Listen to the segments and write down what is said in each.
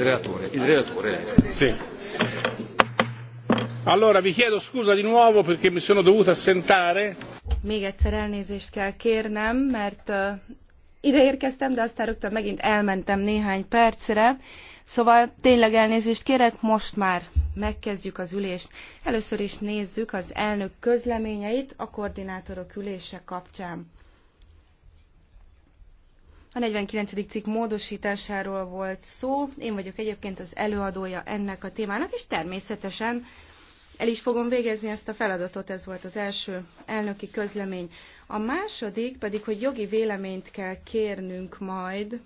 Il relatore, Sì. Allora vi chiedo scusa di nuovo perché mi sono dovuto assentare. Még egyszer elnézést kell kérnem, mert uh, ide érkeztem, de aztán rögtön megint elmentem néhány percre. Szóval tényleg elnézést kérek, most már megkezdjük az ülést. Először is nézzük az elnök közleményeit a koordinátorok ülése kapcsán. A 49. cikk módosításáról volt szó. Én vagyok egyébként az előadója ennek a témának, és természetesen el is fogom végezni ezt a feladatot, ez volt az első elnöki közlemény. A második pedig, hogy jogi véleményt kell kérnünk majd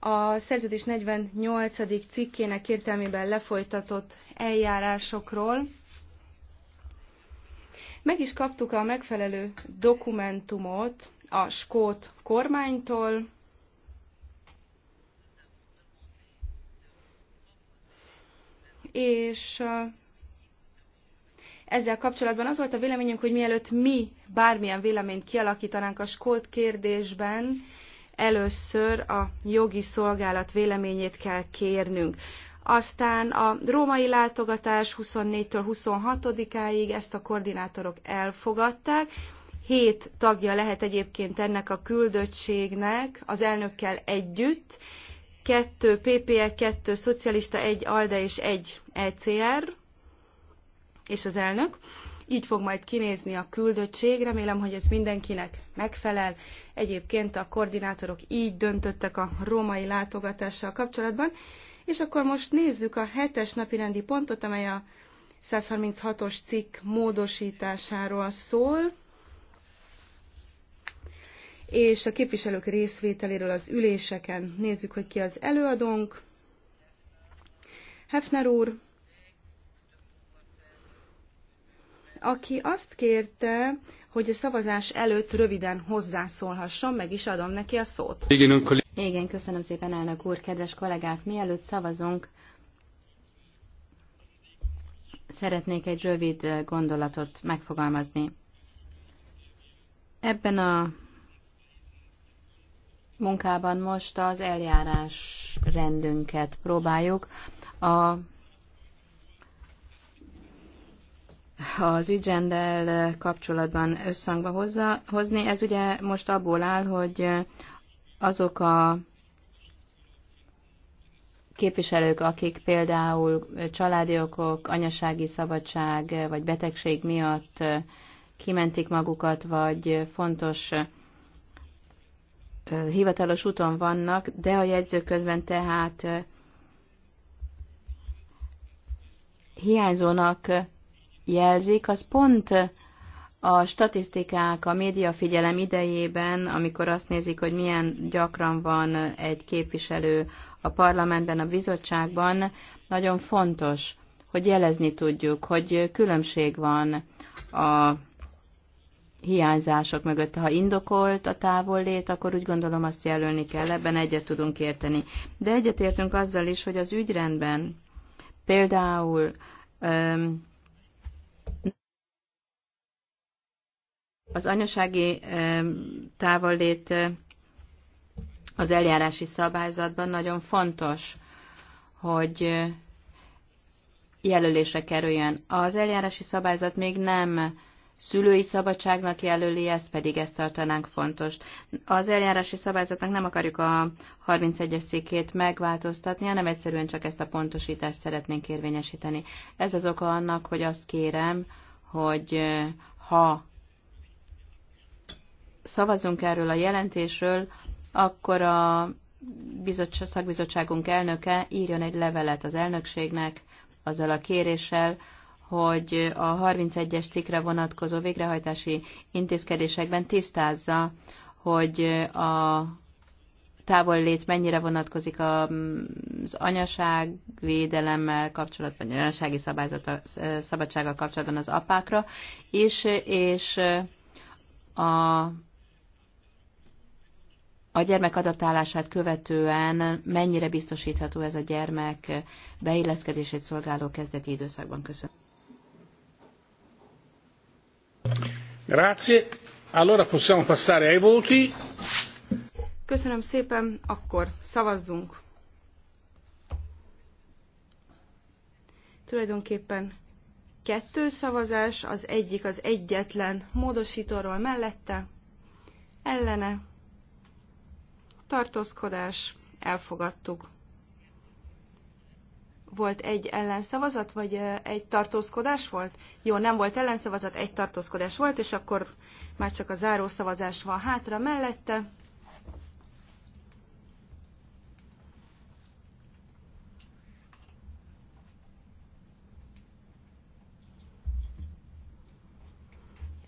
a szerződés 48. cikkének értelmében lefolytatott eljárásokról. Meg is kaptuk a megfelelő dokumentumot a skót kormánytól, és ezzel kapcsolatban az volt a véleményünk, hogy mielőtt mi bármilyen véleményt kialakítanánk a skót kérdésben, először a jogi szolgálat véleményét kell kérnünk. Aztán a római látogatás 24-től 26-áig ezt a koordinátorok elfogadták, Hét tagja lehet egyébként ennek a küldöttségnek az elnökkel együtt, kettő PPE, kettő szocialista, egy ALDE és egy ECR, és az elnök. Így fog majd kinézni a küldöttség, remélem, hogy ez mindenkinek megfelel. Egyébként a koordinátorok így döntöttek a római látogatással kapcsolatban. És akkor most nézzük a hetes napi rendi pontot, amely a 136-os cikk módosításáról szól és a képviselők részvételéről az üléseken. Nézzük, hogy ki az előadónk. Hefner úr, aki azt kérte, hogy a szavazás előtt röviden hozzászólhasson, meg is adom neki a szót. Igen, köszönöm szépen, elnök úr, kedves kollégák, mielőtt szavazunk, szeretnék egy rövid gondolatot megfogalmazni. Ebben a munkában most az eljárás rendünket próbáljuk. A, az ügyrendel kapcsolatban összhangba hozza, hozni. Ez ugye most abból áll, hogy azok a képviselők, akik például családi okok, anyasági szabadság vagy betegség miatt kimentik magukat, vagy fontos hivatalos úton vannak, de a jegyzőkönyvben tehát hiányzónak jelzik, az pont a statisztikák, a média figyelem idejében, amikor azt nézik, hogy milyen gyakran van egy képviselő a parlamentben, a bizottságban, nagyon fontos, hogy jelezni tudjuk, hogy különbség van a hiányzások mögött. Ha indokolt a távollét, akkor úgy gondolom azt jelölni kell, ebben egyet tudunk érteni. De egyetértünk azzal is, hogy az ügyrendben például öm, az anyasági távollét az eljárási szabályzatban nagyon fontos, hogy jelölésre kerüljön. Az eljárási szabályzat még nem szülői szabadságnak jelöli ezt, pedig ezt tartanánk fontos. Az eljárási szabályzatnak nem akarjuk a 31-es cikkét megváltoztatni, hanem egyszerűen csak ezt a pontosítást szeretnénk érvényesíteni. Ez az oka annak, hogy azt kérem, hogy ha szavazunk erről a jelentésről, akkor a bizottság, szakbizottságunk elnöke írjon egy levelet az elnökségnek azzal a kéréssel, hogy a 31-es cikkre vonatkozó végrehajtási intézkedésekben tisztázza, hogy a távollét mennyire vonatkozik az anyaságvédelemmel kapcsolatban, az anyasági szabadsággal kapcsolatban az apákra is, és a, a gyermek adaptálását követően mennyire biztosítható ez a gyermek beilleszkedését szolgáló kezdeti időszakban. Köszönöm. Köszönöm szépen, akkor szavazzunk. Tulajdonképpen kettő szavazás, az egyik az egyetlen módostóról mellette, ellene, tartózkodás, elfogadtuk. Volt egy ellenszavazat, vagy egy tartózkodás volt? Jó, nem volt ellenszavazat, egy tartózkodás volt, és akkor már csak a záró szavazás van hátra mellette.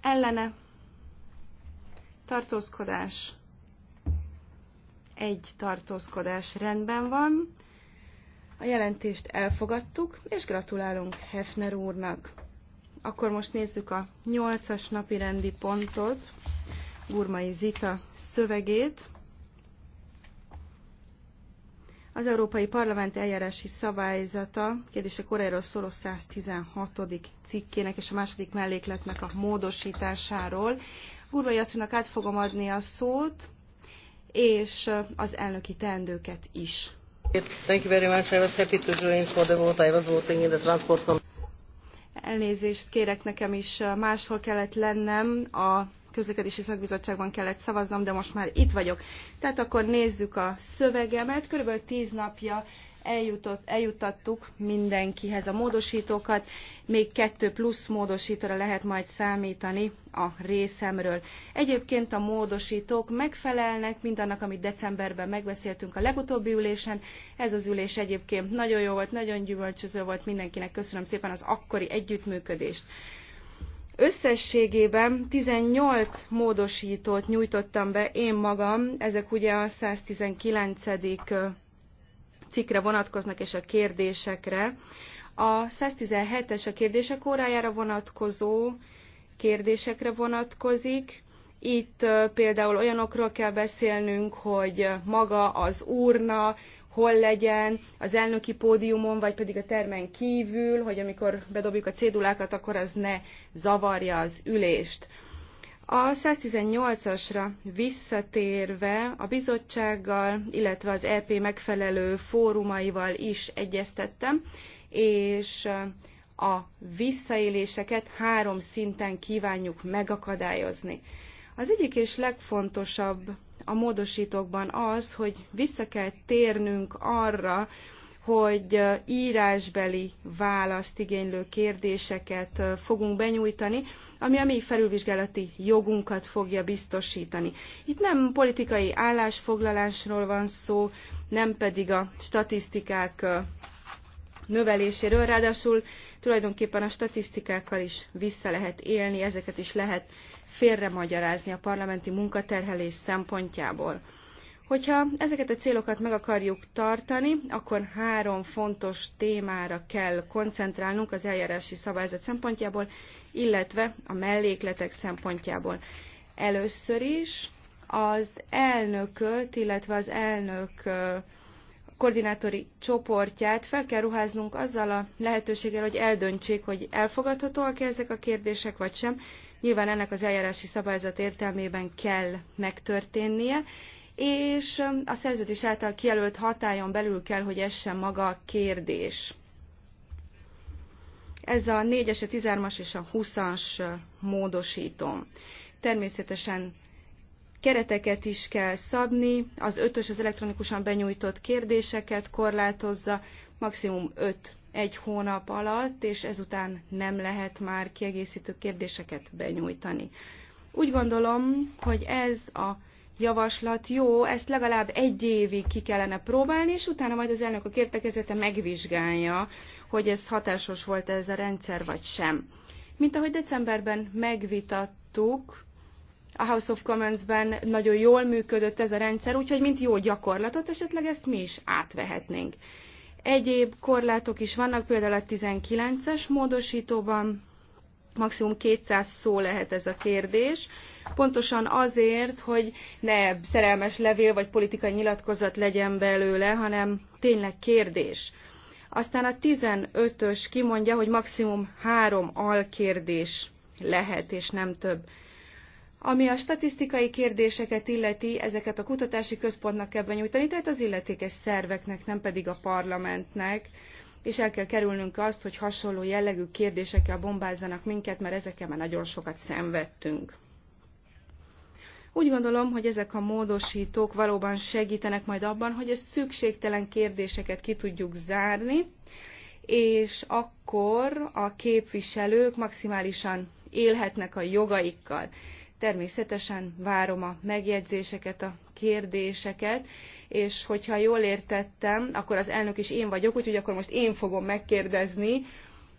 Ellene. Tartózkodás. Egy tartózkodás rendben van. A jelentést elfogadtuk, és gratulálunk Hefner úrnak. Akkor most nézzük a 8-as napi rendi pontot, Gurmai Zita szövegét. Az Európai Parlament eljárási szabályzata kérdése Koreáról szóló 116. cikkének és a második mellékletnek a módosításáról. Gurmai asszonynak át fogom adni a szót, és az elnöki teendőket is. Thank you very much. I was happy to join for the vote. I was voting in the transport Elnézést kérek, nekem is uh, máshol kellett lennem, a közlekedési szakbizottságban kellett szavaznom, de most már itt vagyok. Tehát akkor nézzük a szövegemet. Körülbelül tíz napja eljutott, eljutattuk mindenkihez a módosítókat, még kettő plusz módosítóra lehet majd számítani a részemről. Egyébként a módosítók megfelelnek mindannak, amit decemberben megbeszéltünk a legutóbbi ülésen. Ez az ülés egyébként nagyon jó volt, nagyon gyümölcsöző volt mindenkinek. Köszönöm szépen az akkori együttműködést. Összességében 18 módosítót nyújtottam be én magam, ezek ugye a 119 cikkre vonatkoznak és a kérdésekre. A 117-es a kérdések órájára vonatkozó kérdésekre vonatkozik. Itt például olyanokról kell beszélnünk, hogy maga az urna, hol legyen, az elnöki pódiumon, vagy pedig a termen kívül, hogy amikor bedobjuk a cédulákat, akkor az ne zavarja az ülést. A 118-asra visszatérve a bizottsággal, illetve az EP megfelelő fórumaival is egyeztettem, és a visszaéléseket három szinten kívánjuk megakadályozni. Az egyik és legfontosabb a módosítókban az, hogy vissza kell térnünk arra, hogy írásbeli választ igénylő kérdéseket fogunk benyújtani, ami a mi felülvizsgálati jogunkat fogja biztosítani. Itt nem politikai állásfoglalásról van szó, nem pedig a statisztikák növeléséről, ráadásul tulajdonképpen a statisztikákkal is vissza lehet élni, ezeket is lehet félremagyarázni a parlamenti munkaterhelés szempontjából. Hogyha ezeket a célokat meg akarjuk tartani, akkor három fontos témára kell koncentrálnunk az eljárási szabályzat szempontjából, illetve a mellékletek szempontjából. Először is az elnököt, illetve az elnök koordinátori csoportját fel kell ruháznunk azzal a lehetőséggel, hogy eldöntsék, hogy elfogadhatóak-e ezek a kérdések, vagy sem. Nyilván ennek az eljárási szabályzat értelmében kell megtörténnie, és um, a szerződés által kijelölt hatályon belül kell, hogy essen maga a kérdés. Ez a 4-es, a 13-as és a 20-as uh, módosítom. Természetesen kereteket is kell szabni, az 5-ös az elektronikusan benyújtott kérdéseket korlátozza, maximum 5 egy hónap alatt, és ezután nem lehet már kiegészítő kérdéseket benyújtani. Úgy gondolom, hogy ez a javaslat jó, ezt legalább egy évig ki kellene próbálni, és utána majd az elnök a kértekezete megvizsgálja, hogy ez hatásos volt ez a rendszer, vagy sem. Mint ahogy decemberben megvitattuk, a House of Commons-ben nagyon jól működött ez a rendszer, úgyhogy mint jó gyakorlatot esetleg ezt mi is átvehetnénk. Egyéb korlátok is vannak, például a 19-es módosítóban, maximum 200 szó lehet ez a kérdés, pontosan azért, hogy ne szerelmes levél vagy politikai nyilatkozat legyen belőle, hanem tényleg kérdés. Aztán a 15-ös kimondja, hogy maximum három alkérdés lehet, és nem több. Ami a statisztikai kérdéseket illeti, ezeket a kutatási központnak kell benyújtani, tehát az illetékes szerveknek, nem pedig a parlamentnek és el kell kerülnünk azt, hogy hasonló jellegű kérdésekkel bombázzanak minket, mert ezekkel már nagyon sokat szenvedtünk. Úgy gondolom, hogy ezek a módosítók valóban segítenek majd abban, hogy a szükségtelen kérdéseket ki tudjuk zárni, és akkor a képviselők maximálisan élhetnek a jogaikkal. Természetesen várom a megjegyzéseket a kérdéseket, és hogyha jól értettem, akkor az elnök is én vagyok, úgyhogy akkor most én fogom megkérdezni,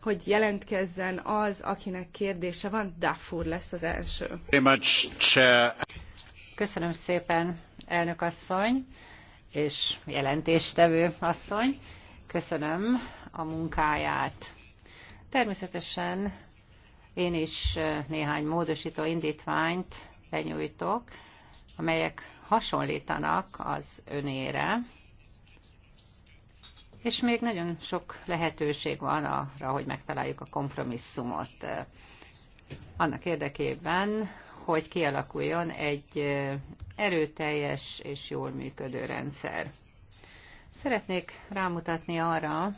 hogy jelentkezzen az, akinek kérdése van. Dafur lesz az első. Köszönöm szépen, elnök asszony és jelentéstevő asszony. Köszönöm a munkáját. Természetesen én is eh, néhány módosító indítványt benyújtok, amelyek hasonlítanak az önére, és még nagyon sok lehetőség van arra, hogy megtaláljuk a kompromisszumot annak érdekében, hogy kialakuljon egy erőteljes és jól működő rendszer. Szeretnék rámutatni arra,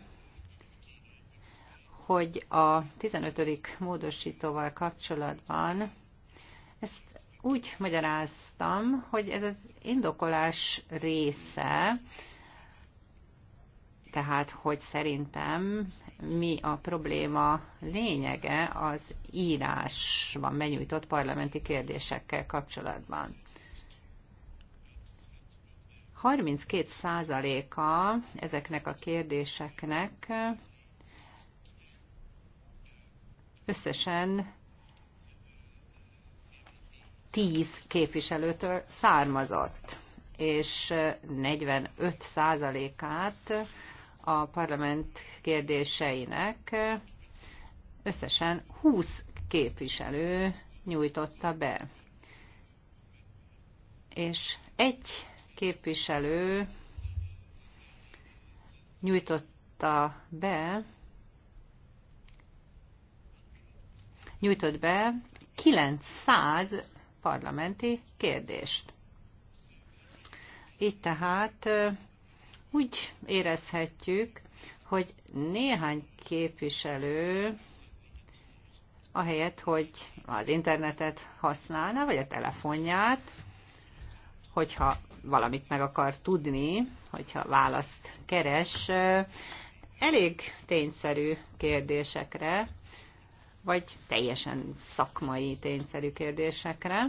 hogy a 15. módosítóval kapcsolatban ezt úgy magyaráztam, hogy ez az indokolás része, tehát hogy szerintem mi a probléma lényege az írásban benyújtott parlamenti kérdésekkel kapcsolatban. 32%-a ezeknek a kérdéseknek összesen tíz képviselőtől származott, és 45 százalékát a parlament kérdéseinek összesen 20 képviselő nyújtotta be. És egy képviselő nyújtotta be, nyújtott be 900 parlamenti kérdést. Így tehát úgy érezhetjük, hogy néhány képviselő ahelyett, hogy az internetet használna, vagy a telefonját, hogyha valamit meg akar tudni, hogyha választ keres, elég tényszerű kérdésekre, vagy teljesen szakmai tényszerű kérdésekre.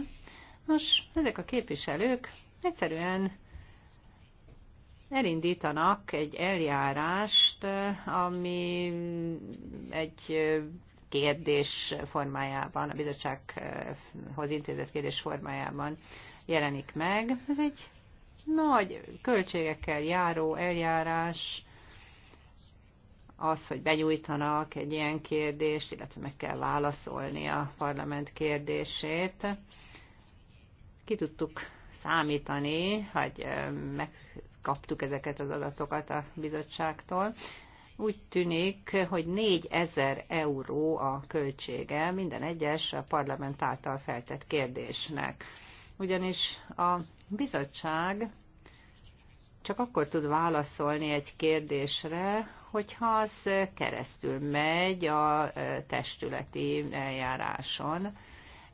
Nos, ezek a képviselők egyszerűen elindítanak egy eljárást, ami egy kérdés formájában, a bizottsághoz intézett kérdés formájában jelenik meg. Ez egy nagy költségekkel járó eljárás, az, hogy benyújtanak egy ilyen kérdést, illetve meg kell válaszolni a parlament kérdését. Ki tudtuk számítani, hogy megkaptuk ezeket az adatokat a bizottságtól. Úgy tűnik, hogy 4000 euró a költsége minden egyes a parlament által feltett kérdésnek. Ugyanis a bizottság csak akkor tud válaszolni egy kérdésre, hogyha az keresztül megy a testületi eljáráson,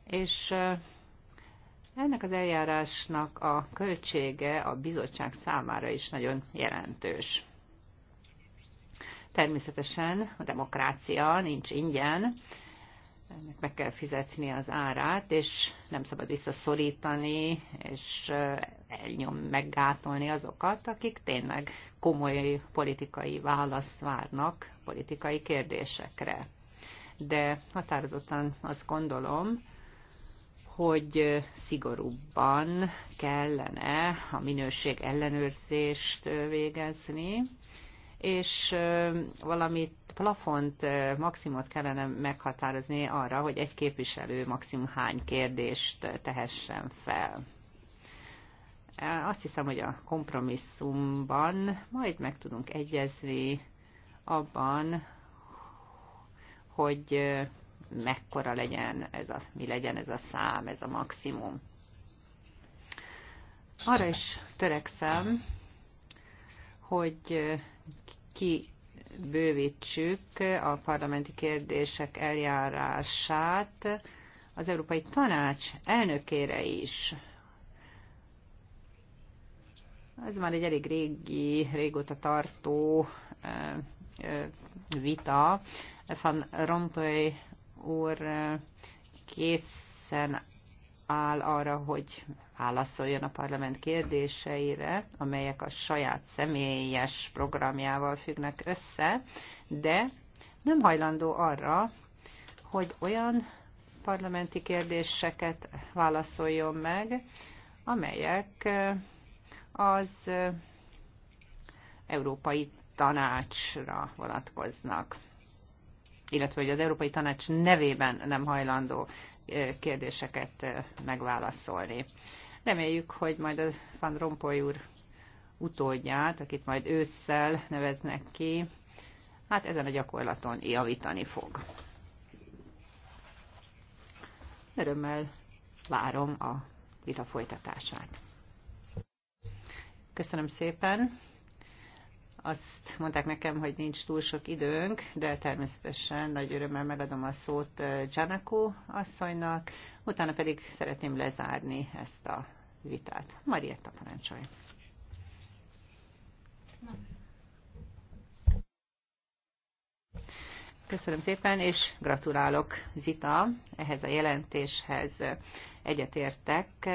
és ennek az eljárásnak a költsége a bizottság számára is nagyon jelentős. Természetesen a demokrácia nincs ingyen, ennek meg kell fizetni az árát, és nem szabad visszaszorítani, és elnyom meggátolni azokat, akik tényleg komoly politikai választ várnak politikai kérdésekre. De határozottan azt gondolom, hogy szigorúbban kellene a minőség ellenőrzést végezni, és valamit plafont, maximumot kellene meghatározni arra, hogy egy képviselő maximum hány kérdést tehessen fel. Azt hiszem, hogy a kompromisszumban majd meg tudunk egyezni abban, hogy mekkora legyen ez a, mi legyen ez a szám, ez a maximum. Arra is törekszem, hogy kibővítsük a parlamenti kérdések eljárását az Európai Tanács elnökére is. Ez már egy elég régi, régóta tartó vita. Van Rompuy úr készen áll arra, hogy válaszoljon a parlament kérdéseire, amelyek a saját személyes programjával függnek össze, de nem hajlandó arra, hogy olyan parlamenti kérdéseket válaszoljon meg, amelyek eh, az eh, Európai Tanácsra vonatkoznak illetve hogy az Európai Tanács nevében nem hajlandó kérdéseket megválaszolni. Reméljük, hogy majd a Van Rompuy úr utódját, akit majd ősszel neveznek ki, hát ezen a gyakorlaton javítani fog. Örömmel várom a vita folytatását. Köszönöm szépen! Azt mondták nekem, hogy nincs túl sok időnk, de természetesen nagy örömmel megadom a szót Janako asszonynak, utána pedig szeretném lezárni ezt a vitát. Marietta parancsolj! Köszönöm szépen, és gratulálok Zita ehhez a jelentéshez. Egyetértek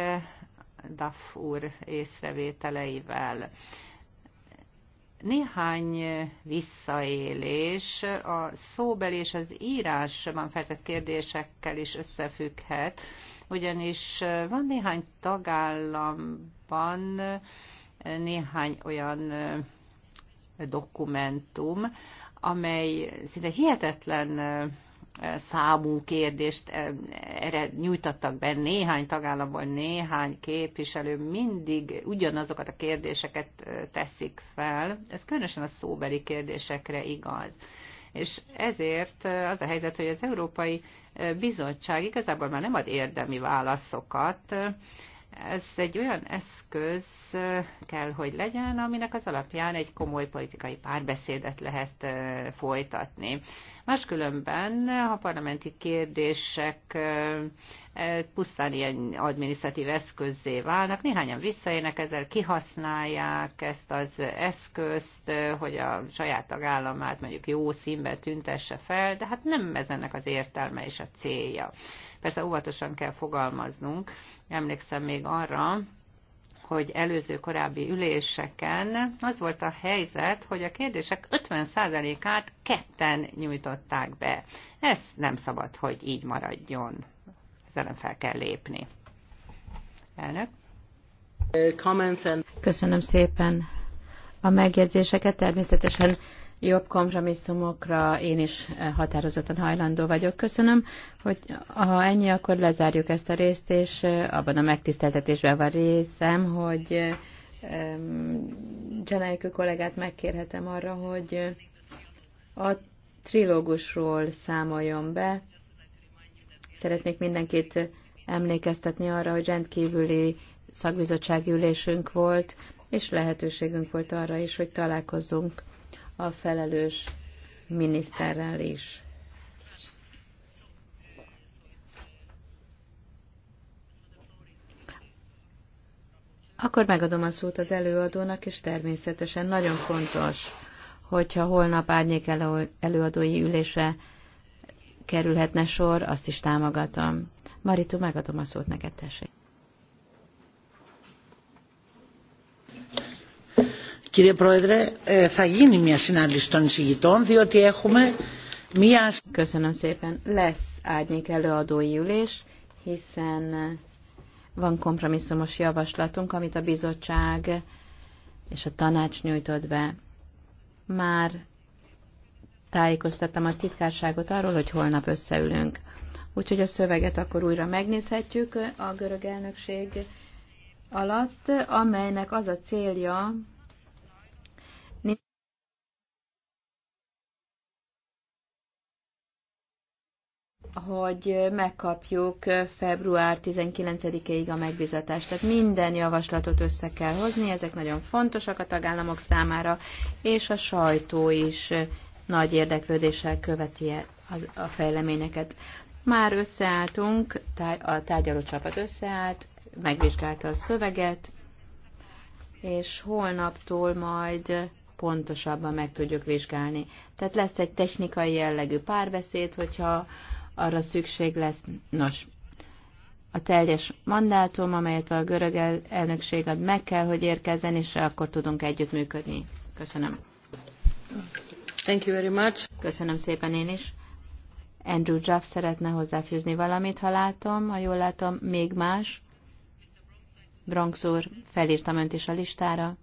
DAF úr észrevételeivel. Néhány visszaélés a szóbeli és az írásban feltett kérdésekkel is összefügghet, ugyanis van néhány tagállamban néhány olyan dokumentum, amely szinte hihetetlen számú kérdést eh, erre nyújtattak be néhány tagállamban, néhány képviselő mindig ugyanazokat a kérdéseket eh, teszik fel. Ez különösen a szóbeli kérdésekre igaz. És ezért eh, az a helyzet, hogy az Európai Bizottság igazából már nem ad érdemi válaszokat, ez egy olyan eszköz kell, hogy legyen, aminek az alapján egy komoly politikai párbeszédet lehet folytatni. Máskülönben a parlamenti kérdések pusztán ilyen adminisztratív eszközzé válnak. Néhányan visszaének ezzel, kihasználják ezt az eszközt, hogy a saját tagállamát mondjuk jó színben tüntesse fel, de hát nem ez ennek az értelme és a célja. Persze óvatosan kell fogalmaznunk. Emlékszem még arra, hogy előző korábbi üléseken az volt a helyzet, hogy a kérdések 50%-át ketten nyújtották be. Ez nem szabad, hogy így maradjon. Ezzel nem fel kell lépni. Elnök. Köszönöm szépen a megjegyzéseket. Természetesen jobb kompromisszumokra én is eh, határozottan hajlandó vagyok. Köszönöm, hogy ha ennyi, akkor lezárjuk ezt a részt, és eh, abban a megtiszteltetésben van részem, hogy Csenelykő eh, kollégát megkérhetem arra, hogy a trilógusról számoljon be. Szeretnék mindenkit emlékeztetni arra, hogy rendkívüli szakbizottsági ülésünk volt, és lehetőségünk volt arra is, hogy találkozzunk a felelős miniszterrel is. Akkor megadom a szót az előadónak, és természetesen nagyon fontos, hogyha holnap árnyék előadói ülése, kerülhetne sor, azt is támogatom. Maritu, megadom a szót neked, tessék. Κύριε Πρόεδρε, θα γίνει μια συνάντηση των εισηγητών, διότι έχουμε μια... Köszönöm szépen. Lesz árnyék előadói ülés, hiszen eh, van kompromisszumos javaslatunk, amit a bizottság és a tanács nyújtott be. Már tájékoztattam a titkárságot arról, hogy holnap összeülünk. Úgyhogy a szöveget akkor újra megnézhetjük a görög elnökség alatt, amelynek az a célja, hogy megkapjuk február 19-ig a megbizatást. Tehát minden javaslatot össze kell hozni, ezek nagyon fontosak a tagállamok számára, és a sajtó is nagy érdeklődéssel követi e- a fejleményeket. Már összeálltunk, a tárgyalócsapat összeállt, megvizsgálta a szöveget, és holnaptól majd pontosabban meg tudjuk vizsgálni. Tehát lesz egy technikai jellegű párbeszéd, hogyha arra szükség lesz. Nos, a teljes mandátum, amelyet a görög elnökség ad, meg kell, hogy érkezzen, és akkor tudunk együttműködni. Köszönöm. Thank you very much. Köszönöm szépen én is. Andrew Jaff szeretne hozzáfűzni valamit, ha látom, ha jól látom, még más. Bronx úr, felírtam önt is a listára.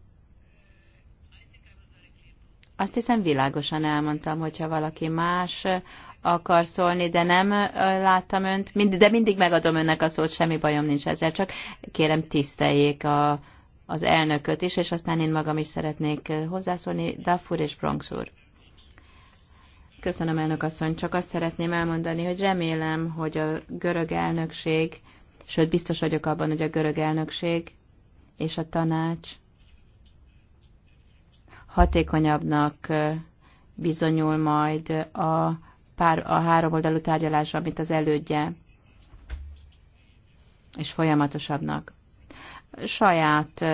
Azt hiszem világosan elmondtam, hogyha valaki más akar szólni, de nem láttam önt, mind, de mindig megadom önnek a szót, semmi bajom nincs ezzel, csak kérem tiszteljék a, az elnököt is, és aztán én magam is szeretnék hozzászólni, Dafur és Bronx úr. Köszönöm, elnök asszony. Csak azt szeretném elmondani, hogy remélem, hogy a görög elnökség, sőt biztos vagyok abban, hogy a görög elnökség és a tanács hatékonyabbnak bizonyul majd a pár, a három oldalú tárgyalásra, mint az elődje, és folyamatosabbnak. Saját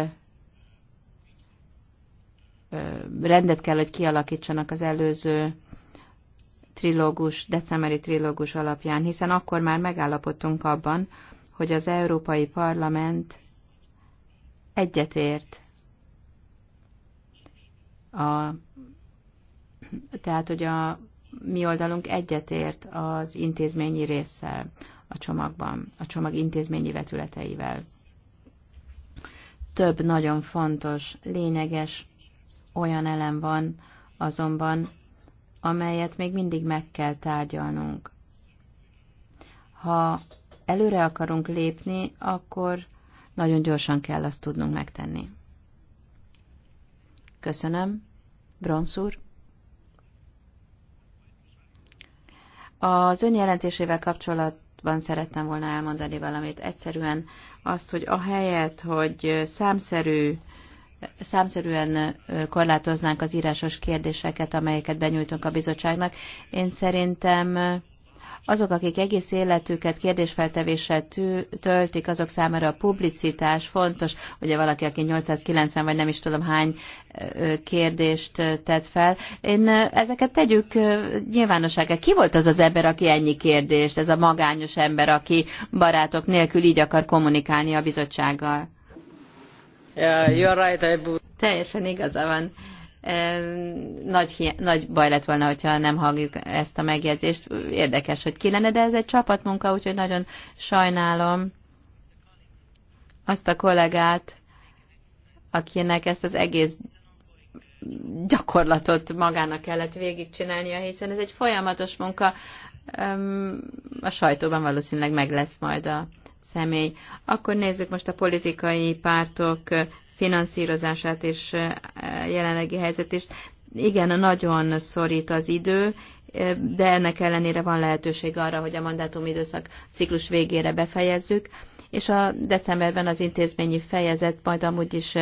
rendet kell, hogy kialakítsanak az előző trilógus, decemberi trilógus alapján, hiszen akkor már megállapodtunk abban, hogy az Európai Parlament egyetért a, tehát, hogy a mi oldalunk egyetért az intézményi résszel a csomagban, a csomag intézményi vetületeivel. Több nagyon fontos, lényeges olyan elem van azonban, amelyet még mindig meg kell tárgyalnunk. Ha előre akarunk lépni, akkor nagyon gyorsan kell azt tudnunk megtenni. Köszönöm, Bronsz Az jelentésével kapcsolatban szerettem volna elmondani valamit. Egyszerűen azt, hogy ahelyett, hogy számszerű számszerűen korlátoznánk az írásos kérdéseket, amelyeket benyújtunk a bizottságnak. Én szerintem azok, akik egész életüket kérdésfeltevéssel töltik, azok számára a publicitás fontos. Ugye valaki, aki 890 vagy nem is tudom hány kérdést tett fel. Én ezeket tegyük nyilvánosságra. Ki volt az az ember, aki ennyi kérdést, ez a magányos ember, aki barátok nélkül így akar kommunikálni a bizottsággal? Yeah, you're right, I... Teljesen igaza van nagy, nagy baj lett volna, hogyha nem halljuk ezt a megjegyzést. Érdekes, hogy ki lenne, de ez egy csapatmunka, úgyhogy nagyon sajnálom azt a kollégát, akinek ezt az egész gyakorlatot magának kellett végigcsinálnia, hiszen ez egy folyamatos munka. A sajtóban valószínűleg meg lesz majd a személy. Akkor nézzük most a politikai pártok finanszírozását és jelenlegi helyzetést. Igen, nagyon szorít az idő, de ennek ellenére van lehetőség arra, hogy a mandátum időszak ciklus végére befejezzük, és a decemberben az intézményi fejezet majd amúgy is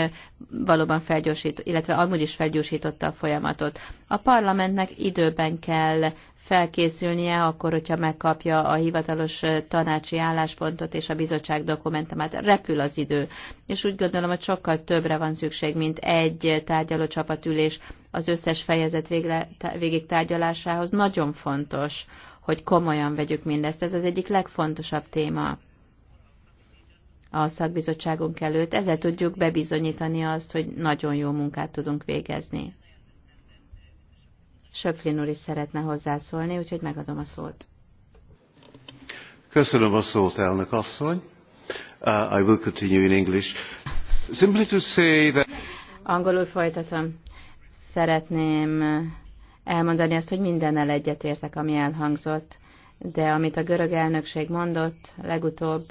valóban felgyorsít, illetve amúgy is felgyorsította a folyamatot. A parlamentnek időben kell felkészülnie akkor, hogyha megkapja a hivatalos tanácsi álláspontot és a bizottság dokumentumát. Repül az idő, és úgy gondolom, hogy sokkal többre van szükség, mint egy tárgyaló csapatülés az összes fejezet végle, végig tárgyalásához. Nagyon fontos, hogy komolyan vegyük mindezt. Ez az egyik legfontosabb téma a szakbizottságunk előtt. Ezzel tudjuk bebizonyítani azt, hogy nagyon jó munkát tudunk végezni. Söplin úr is szeretne hozzászólni, úgyhogy megadom a szót. Köszönöm a szót, elnök asszony. Uh, I will continue in English. Simply to say that... Angolul folytatom. Szeretném elmondani azt, hogy mindennel egyetértek, ami elhangzott, de amit a görög elnökség mondott legutóbb,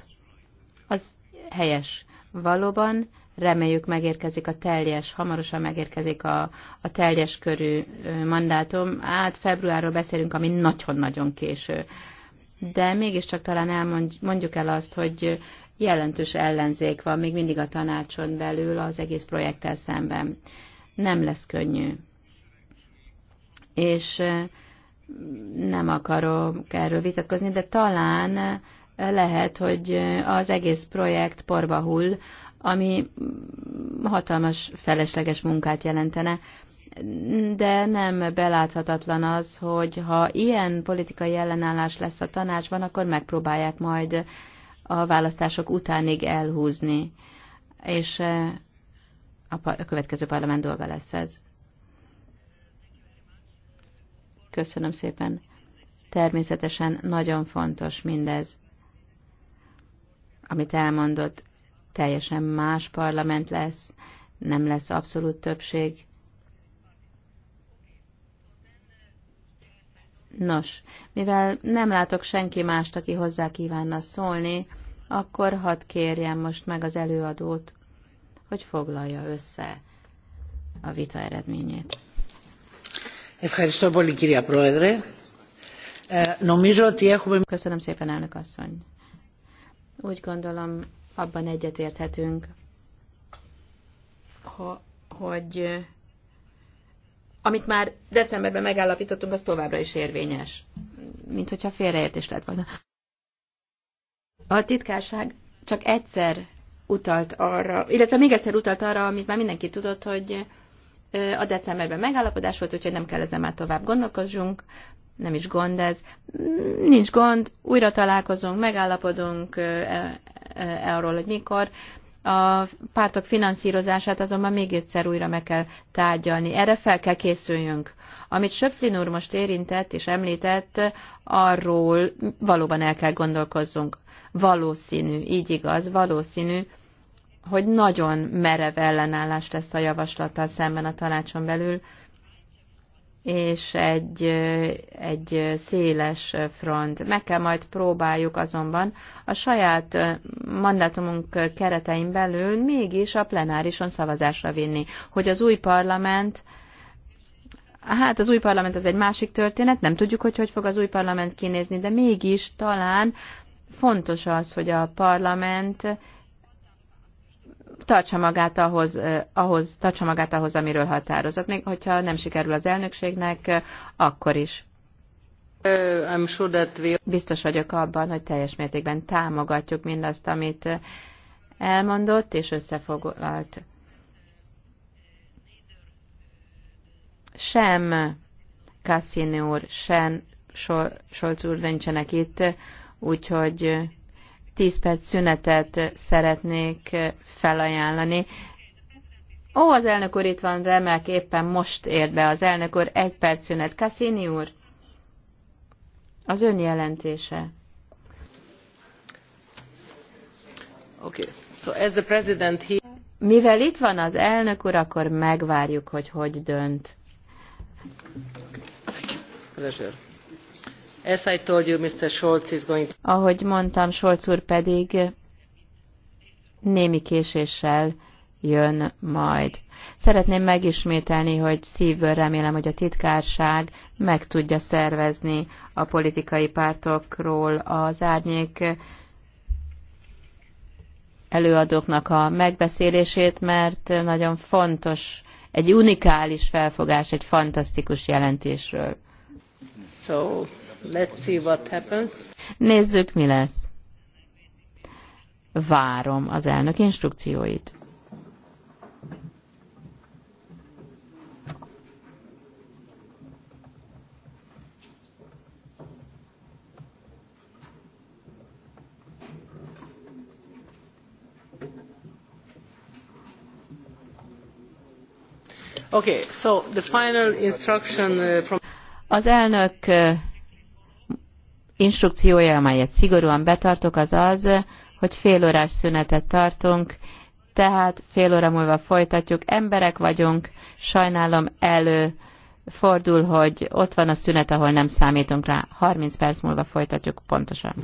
az helyes. Valóban reméljük megérkezik a teljes, hamarosan megérkezik a, a teljes körű mandátum. Hát februárról beszélünk, ami nagyon-nagyon késő. De mégiscsak talán elmondjuk el azt, hogy jelentős ellenzék van még mindig a tanácson belül az egész projekttel szemben. Nem lesz könnyű. És nem akarok erről vitatkozni, de talán lehet, hogy az egész projekt porba hull ami hatalmas felesleges munkát jelentene. De nem beláthatatlan az, hogy ha ilyen politikai ellenállás lesz a tanácsban, akkor megpróbálják majd a választások utánig elhúzni. És eh, a következő parlament dolga lesz ez. Köszönöm szépen. Természetesen nagyon fontos mindez, amit elmondott teljesen más parlament lesz, nem lesz abszolút többség. Nos, mivel nem látok senki mást, aki hozzá kívánna szólni, akkor hadd kérjem most meg az előadót, hogy foglalja össze a vita eredményét. Köszönöm szépen, elnök asszony. Úgy gondolom, abban egyetérthetünk, hogy eh, amit már decemberben megállapítottunk, az továbbra is érvényes. Mint hogyha félreértés lett volna. A titkárság csak egyszer utalt arra, illetve még egyszer utalt arra, amit már mindenki tudott, hogy eh, a decemberben megállapodás volt, úgyhogy nem kell ezen már tovább gondolkozzunk, nem is gond ez. Nincs gond, újra találkozunk, megállapodunk, eh, arról, hogy mikor. A pártok finanszírozását azonban még egyszer újra meg kell tárgyalni. Erre fel kell készüljünk. Amit Söpflin úr most érintett és említett, arról valóban el kell gondolkozzunk. Valószínű, így igaz, valószínű, hogy nagyon merev ellenállás lesz a javaslattal szemben a tanácson belül, és egy, egy széles front. Meg kell majd próbáljuk azonban a saját mandátumunk keretein belül mégis a plenárison szavazásra vinni, hogy az új parlament Hát az új parlament az egy másik történet, nem tudjuk, hogy hogy fog az új parlament kinézni, de mégis talán fontos az, hogy a parlament tartsa magát ahhoz, ahhoz, tartsa magát ahhoz, amiről határozott, még hogyha nem sikerül az elnökségnek, akkor is. Biztos vagyok abban, hogy teljes mértékben támogatjuk mindazt, amit elmondott és összefoglalt. Sem Cassini úr, sem Scholz úr nincsenek itt, úgyhogy Tíz perc szünetet szeretnék felajánlani. Ó, az elnök úr itt van, remek, éppen most ért be az elnök úr. Egy perc szünet. Cassini úr, az ön jelentése. Okay. So as the president, he... Mivel itt van az elnök úr, akkor megvárjuk, hogy hogy dönt. Okay. As I told you, Mr. Scholz is going to... Ahogy mondtam, Scholz úr pedig némi késéssel jön majd. Szeretném megismételni, hogy szívből remélem, hogy a titkárság meg tudja szervezni a politikai pártokról az árnyék előadóknak a megbeszélését, mert nagyon fontos, egy unikális felfogás, egy fantasztikus jelentésről. So, Let's see what happens. Nézzük, mi lesz. Várom az elnök instrukcióit. Okay, so the final instruction uh, from... Az elnök uh, instrukciója, amelyet szigorúan betartok, az az, hogy fél órás szünetet tartunk, tehát fél óra múlva folytatjuk. Emberek vagyunk, sajnálom elő fordul, hogy ott van a szünet, ahol nem számítunk rá. 30 perc múlva folytatjuk pontosan.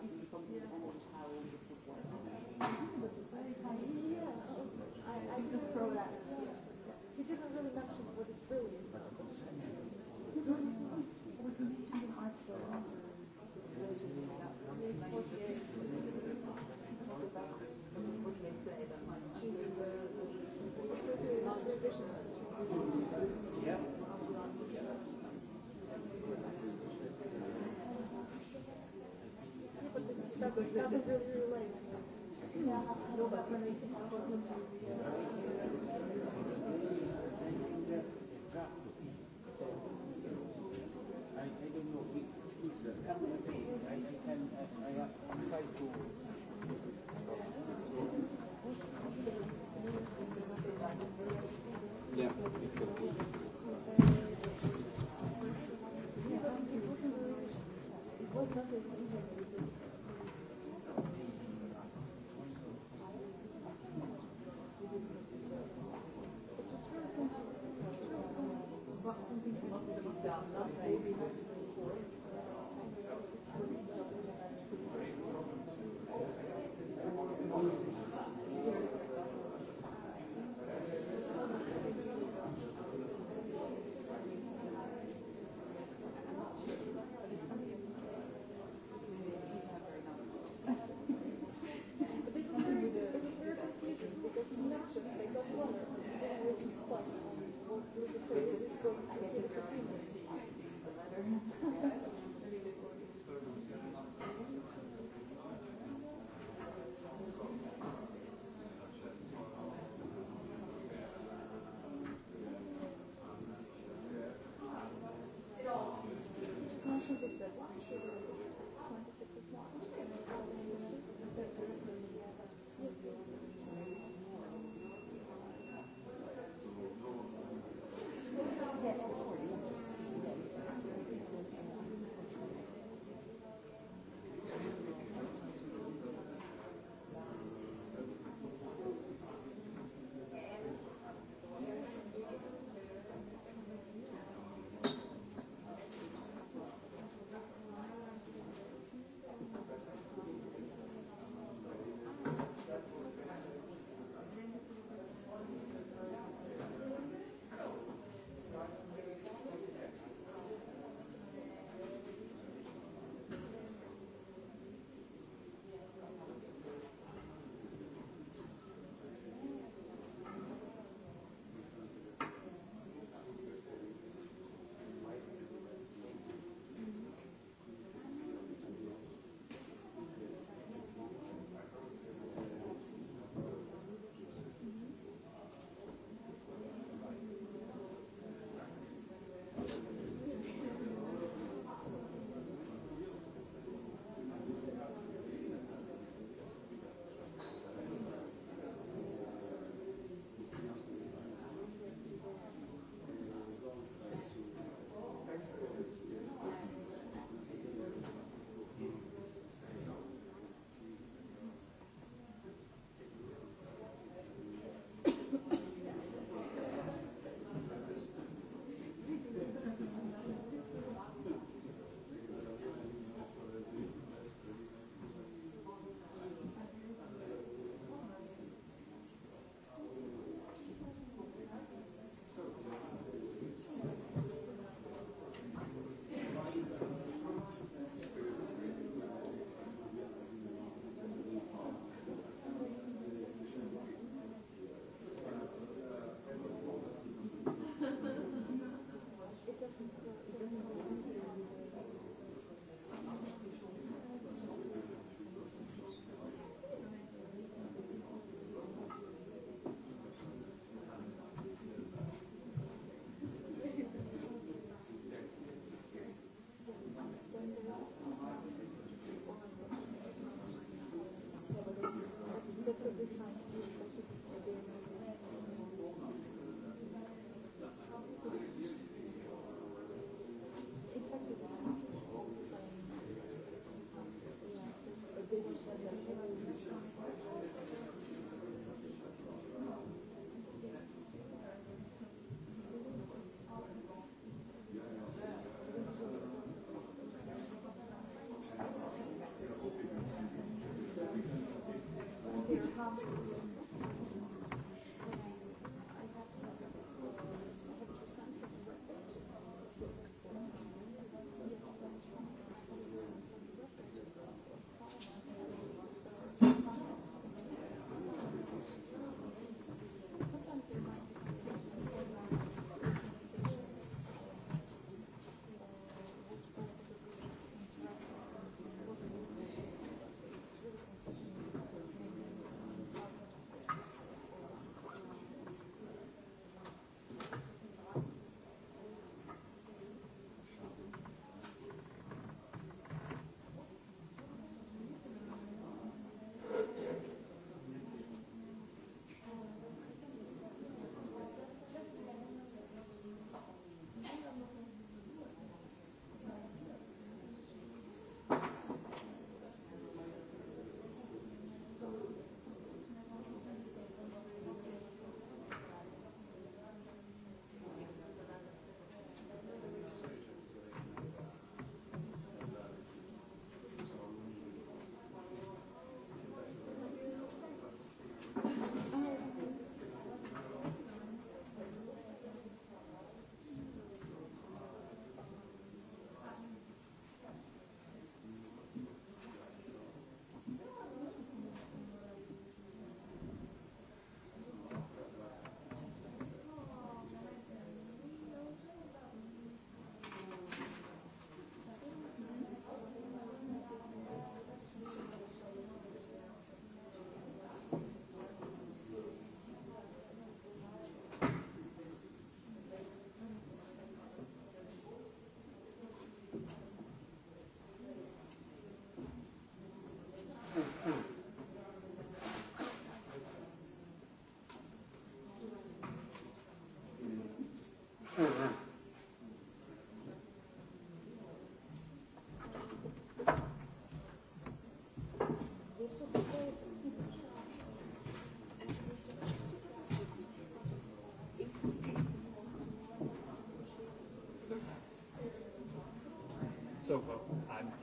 I, I just throw that. He doesn't really mention I don't know. Uh, Please, I, I can. I, I have tried to.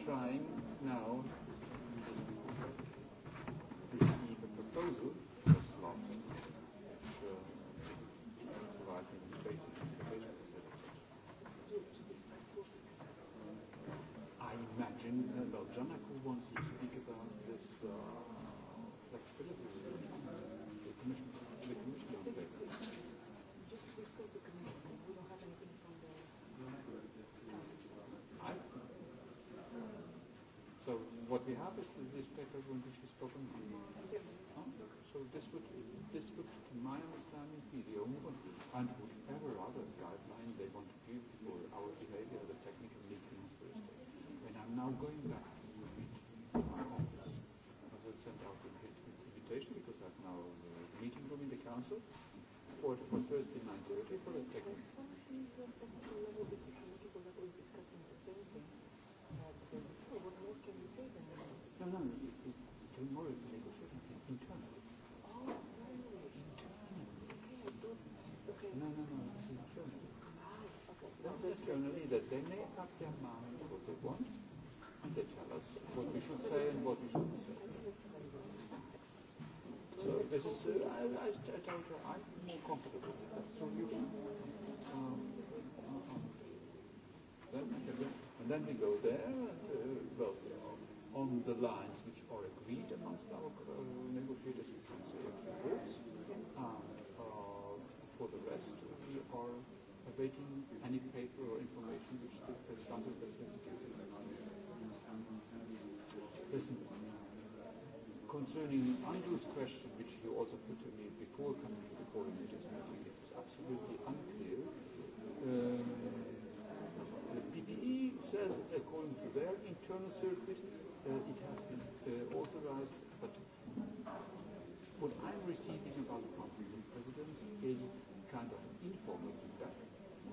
trying now to receive a proposal for slot which uh, basic information I imagine uh, Belgium wants to speak about this uh, What we have is this paper when which is spoken to you. Huh? So this would, this would, to my understanding, be the only one. And whatever other guideline they want to give for our behavior at the technical meeting on Thursday. And I'm now going back to the meeting in my office. I will send out the invitation because I've now uh, the meeting room in the council for, for Thursday 9.30 for the technical. no, no. It, it, tomorrow is the legal shooting thing internally. Oh, internally. Okay, okay. No, no, no. This is internally. Ah, okay. That's internally that they make up their mind what they want, and they tell us what we should say and what we shouldn't say. So this is, uh, I, I, I told her I'm more comfortable with that solution. Um, um, then, and then we go there, and uh, well, on the lines which are agreed amongst our uh, negotiators, we can say a few words, and uh, for the rest, we are awaiting any paper or information which the press council has instituted. Listen, concerning Andrew's question, which you also put to me before coming to the coordinators meeting, it is absolutely unclear. Um, the PPE says, according to their internal circuit, uh, it has been uh, authorized, but what I'm receiving about the conference of presidents is kind of informal feedback.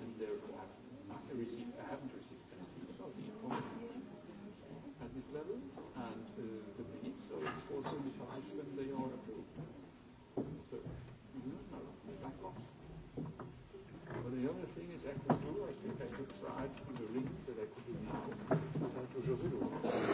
And there have, I, received, I haven't received anything about the informal at this level, and uh, the minutes are also revised when they are approved. So, we don't know, back off. But the other thing is, Ecuador. I think I could try to do the link that I could do now, to José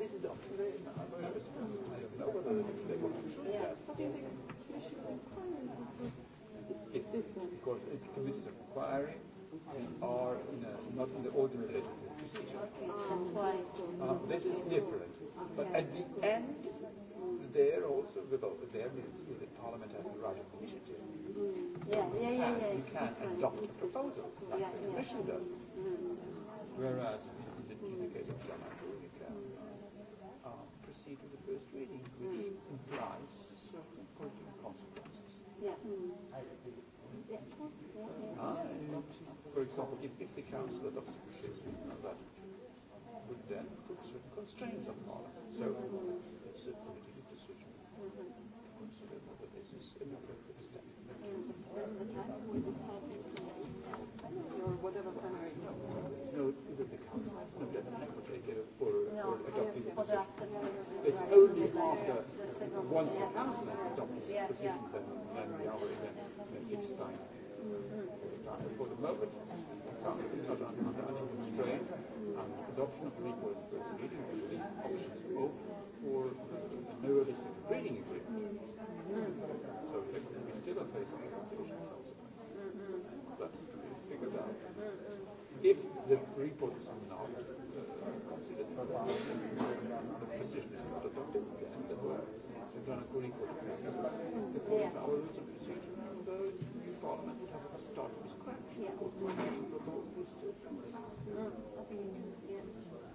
yeah. It's different because it's committed to inquiry and are in a, not in the ordinary procedure. Uh, this is different. But at the end, there also, without there means the parliament has the right of initiative. Yeah, yeah, yeah, yeah. You can adopt a proposal, like the commission does. Mm-hmm. Whereas example, if, if the council adopts a procedure know, that, it would then put certain constraints on Parliament. So it's a political decision. Consider whether this is an step. Or whatever plenary. No, that the council has no deadline for for, no, for adopting yes, yes. the decision. It's only after once the council has adopted the decision, then, then we are in a fixed time. Mm-hmm done. For the moment, some is not under, under any constraint, and adoption of legal and first reading will leave options open for uh, the neuralistic reading agreement. So there could be still a phase of negotiations also. But to be figured out. If the report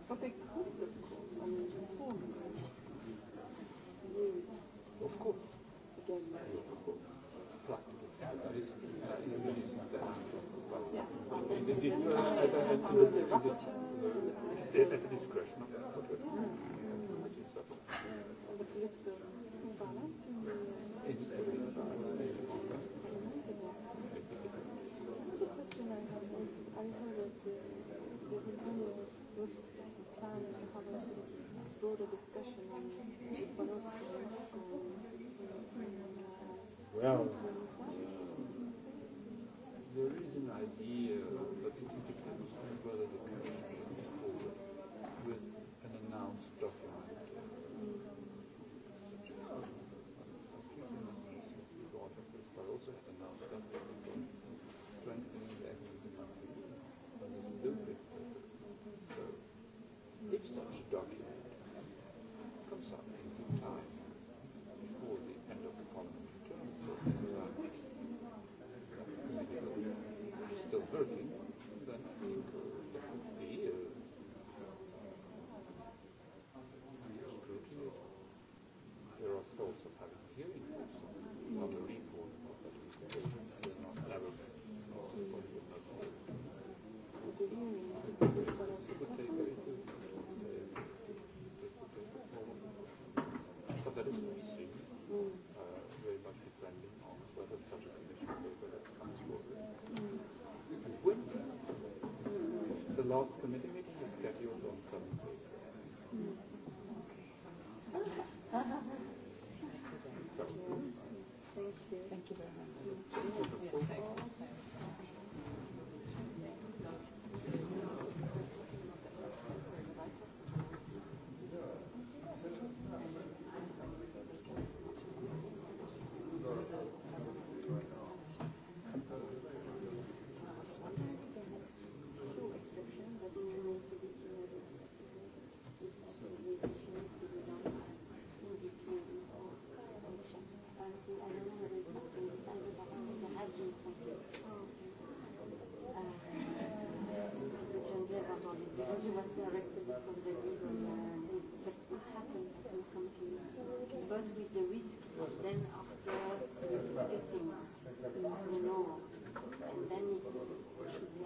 Wat ik goed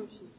Sophie.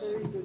Thursday.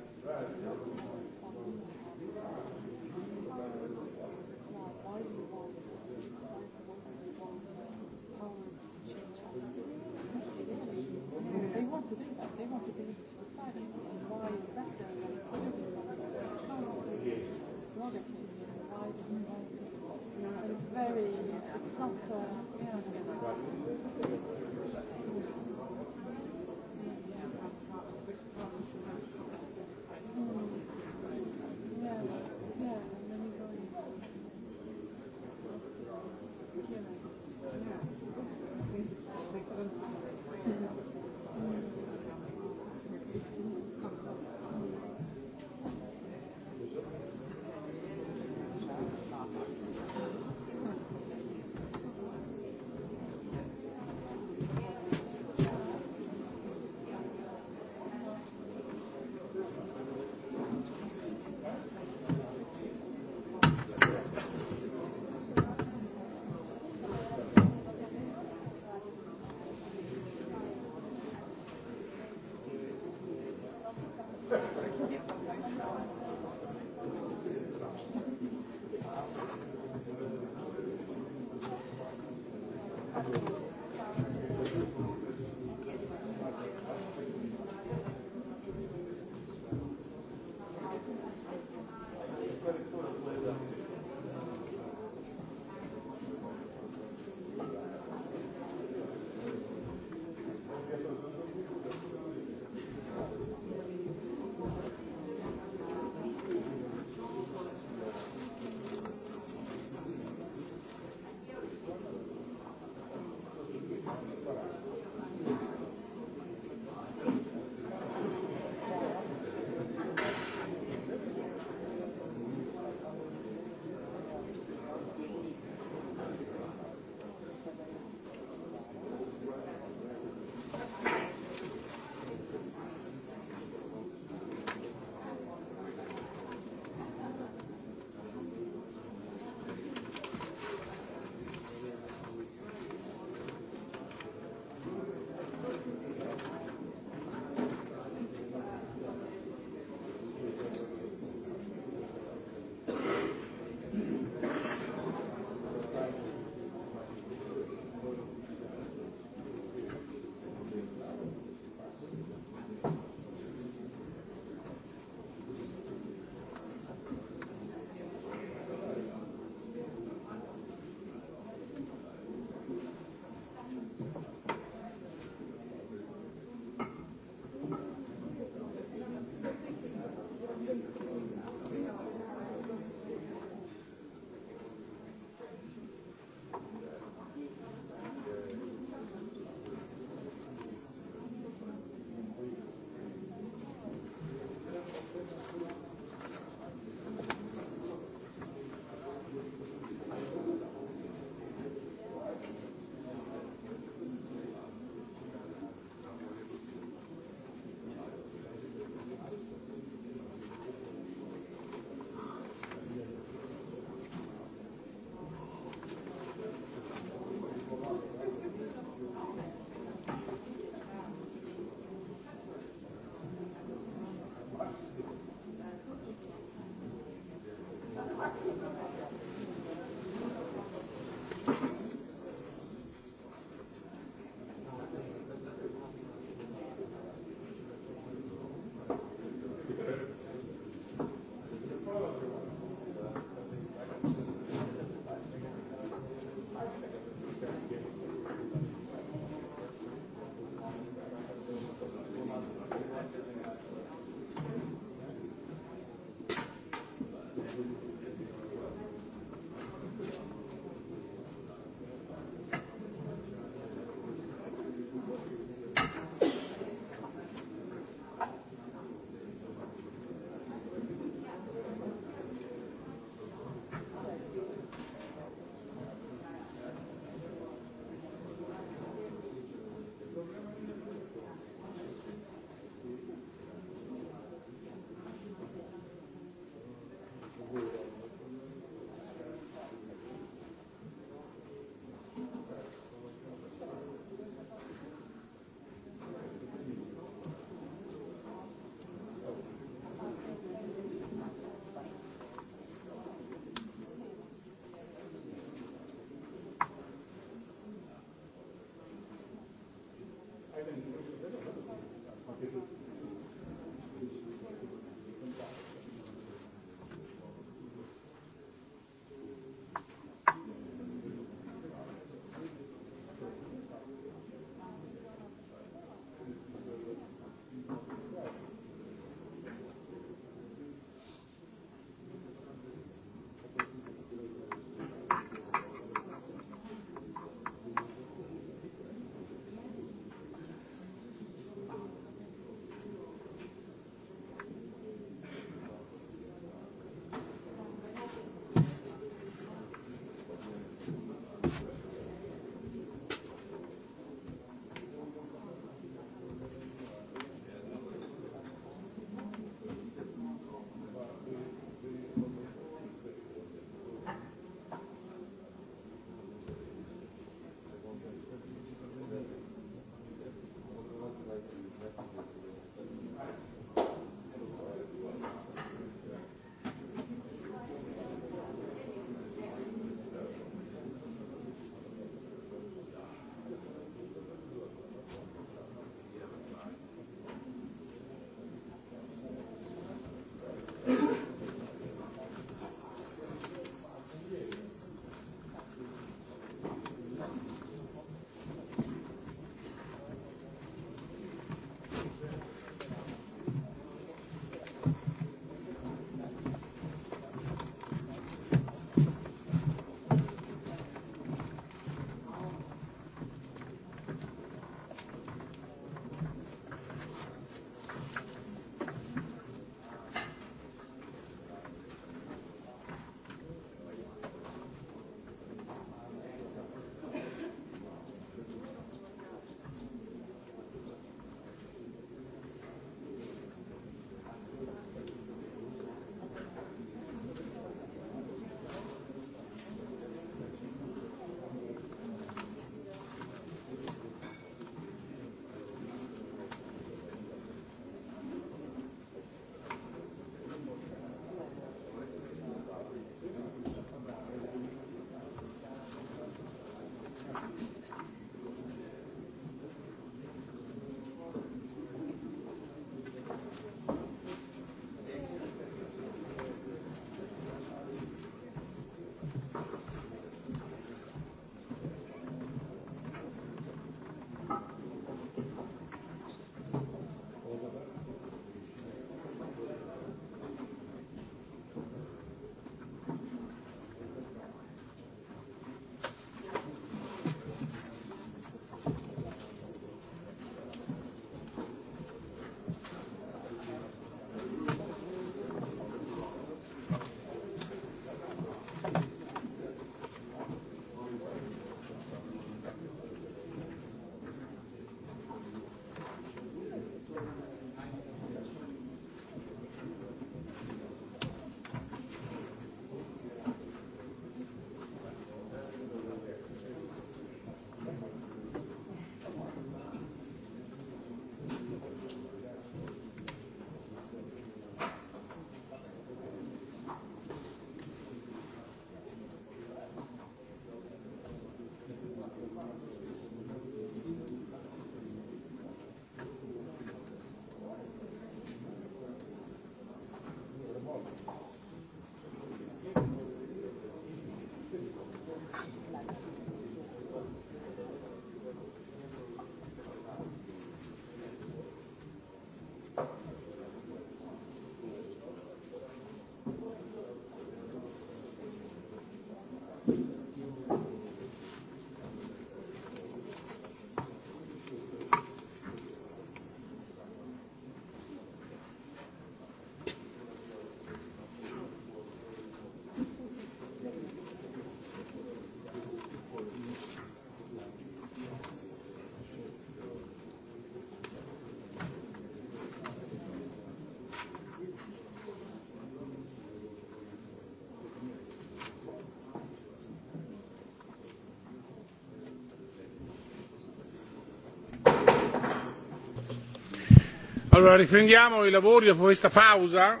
Allora riprendiamo i lavori dopo questa pausa.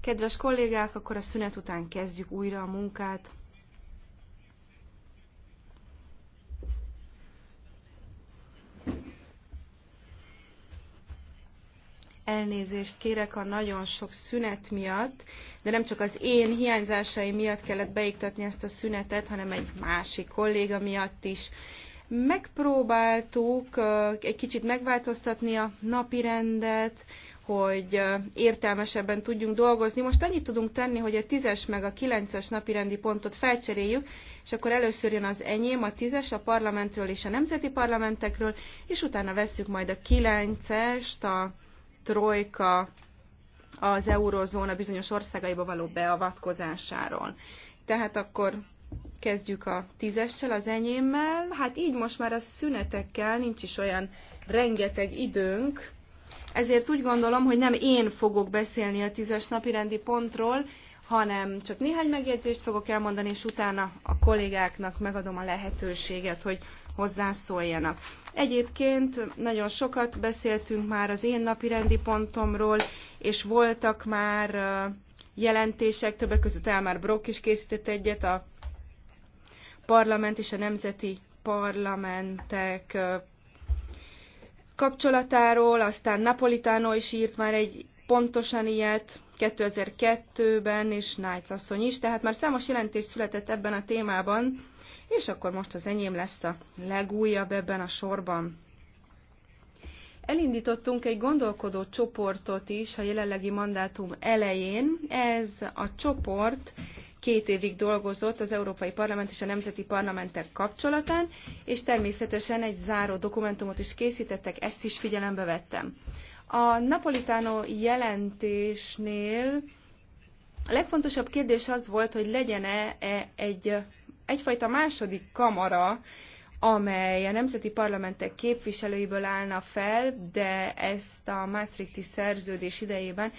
Kedves kollégák, akkor a szünet után kezdjük újra a munkát. elnézést kérek a nagyon sok szünet miatt, de nem csak az én hiányzásaim miatt kellett beiktatni ezt a szünetet, hanem egy másik kolléga miatt is. Megpróbáltuk egy kicsit megváltoztatni a napi rendet, hogy értelmesebben tudjunk dolgozni. Most annyit tudunk tenni, hogy a tízes meg a kilences napirendi pontot felcseréljük, és akkor először jön az enyém, a tízes a parlamentről és a nemzeti parlamentekről, és utána vesszük majd a kilencest, a trojka az eurozóna bizonyos országaiba való beavatkozásáról. Tehát akkor Kezdjük a tízessel, az enyémmel. Hát így most már a szünetekkel nincs is olyan rengeteg időnk, ezért úgy gondolom, hogy nem én fogok beszélni a tízes napirendi pontról, hanem csak néhány megjegyzést fogok elmondani, és utána a kollégáknak megadom a lehetőséget, hogy hozzászóljanak. Egyébként nagyon sokat beszéltünk már az én napirendi pontomról, és voltak már jelentések, többek között Elmar Brock is készített egyet a Parlament és a nemzeti parlamentek kapcsolatáról, aztán Napolitano is írt már egy pontosan ilyet 2002-ben, és Nájc asszony is, tehát már számos jelentés született ebben a témában, és akkor most az enyém lesz a legújabb ebben a sorban. Elindítottunk egy gondolkodó csoportot is a jelenlegi mandátum elején. Ez a csoport két évig dolgozott az Európai Parlament és a Nemzeti Parlamentek kapcsolatán, és természetesen egy záró dokumentumot is készítettek, ezt is figyelembe vettem. A Napolitano jelentésnél a legfontosabb kérdés az volt, hogy legyen-e e egy, egyfajta második kamara, amely a nemzeti parlamentek képviselőiből állna fel, de ezt a Maastrichti szerződés idejében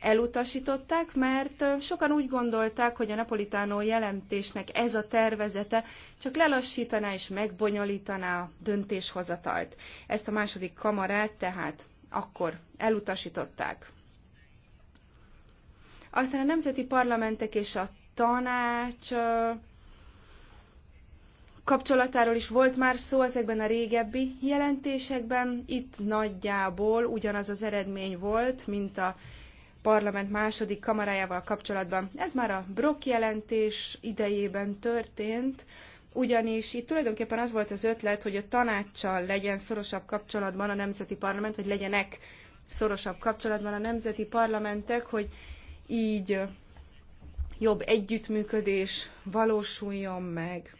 elutasították, mert sokan úgy gondolták, hogy a Napolitánó jelentésnek ez a tervezete csak lelassítaná és megbonyolítaná a döntéshozatalt. Ezt a második kamarát tehát akkor elutasították. Aztán a nemzeti parlamentek és a tanács kapcsolatáról is volt már szó ezekben a régebbi jelentésekben. Itt nagyjából ugyanaz az eredmény volt, mint a parlament második kamarájával kapcsolatban. Ez már a Brock jelentés idejében történt, ugyanis itt tulajdonképpen az volt az ötlet, hogy a tanácssal legyen szorosabb kapcsolatban a nemzeti parlament, vagy legyenek szorosabb kapcsolatban a nemzeti parlamentek, hogy így jobb együttműködés valósuljon meg.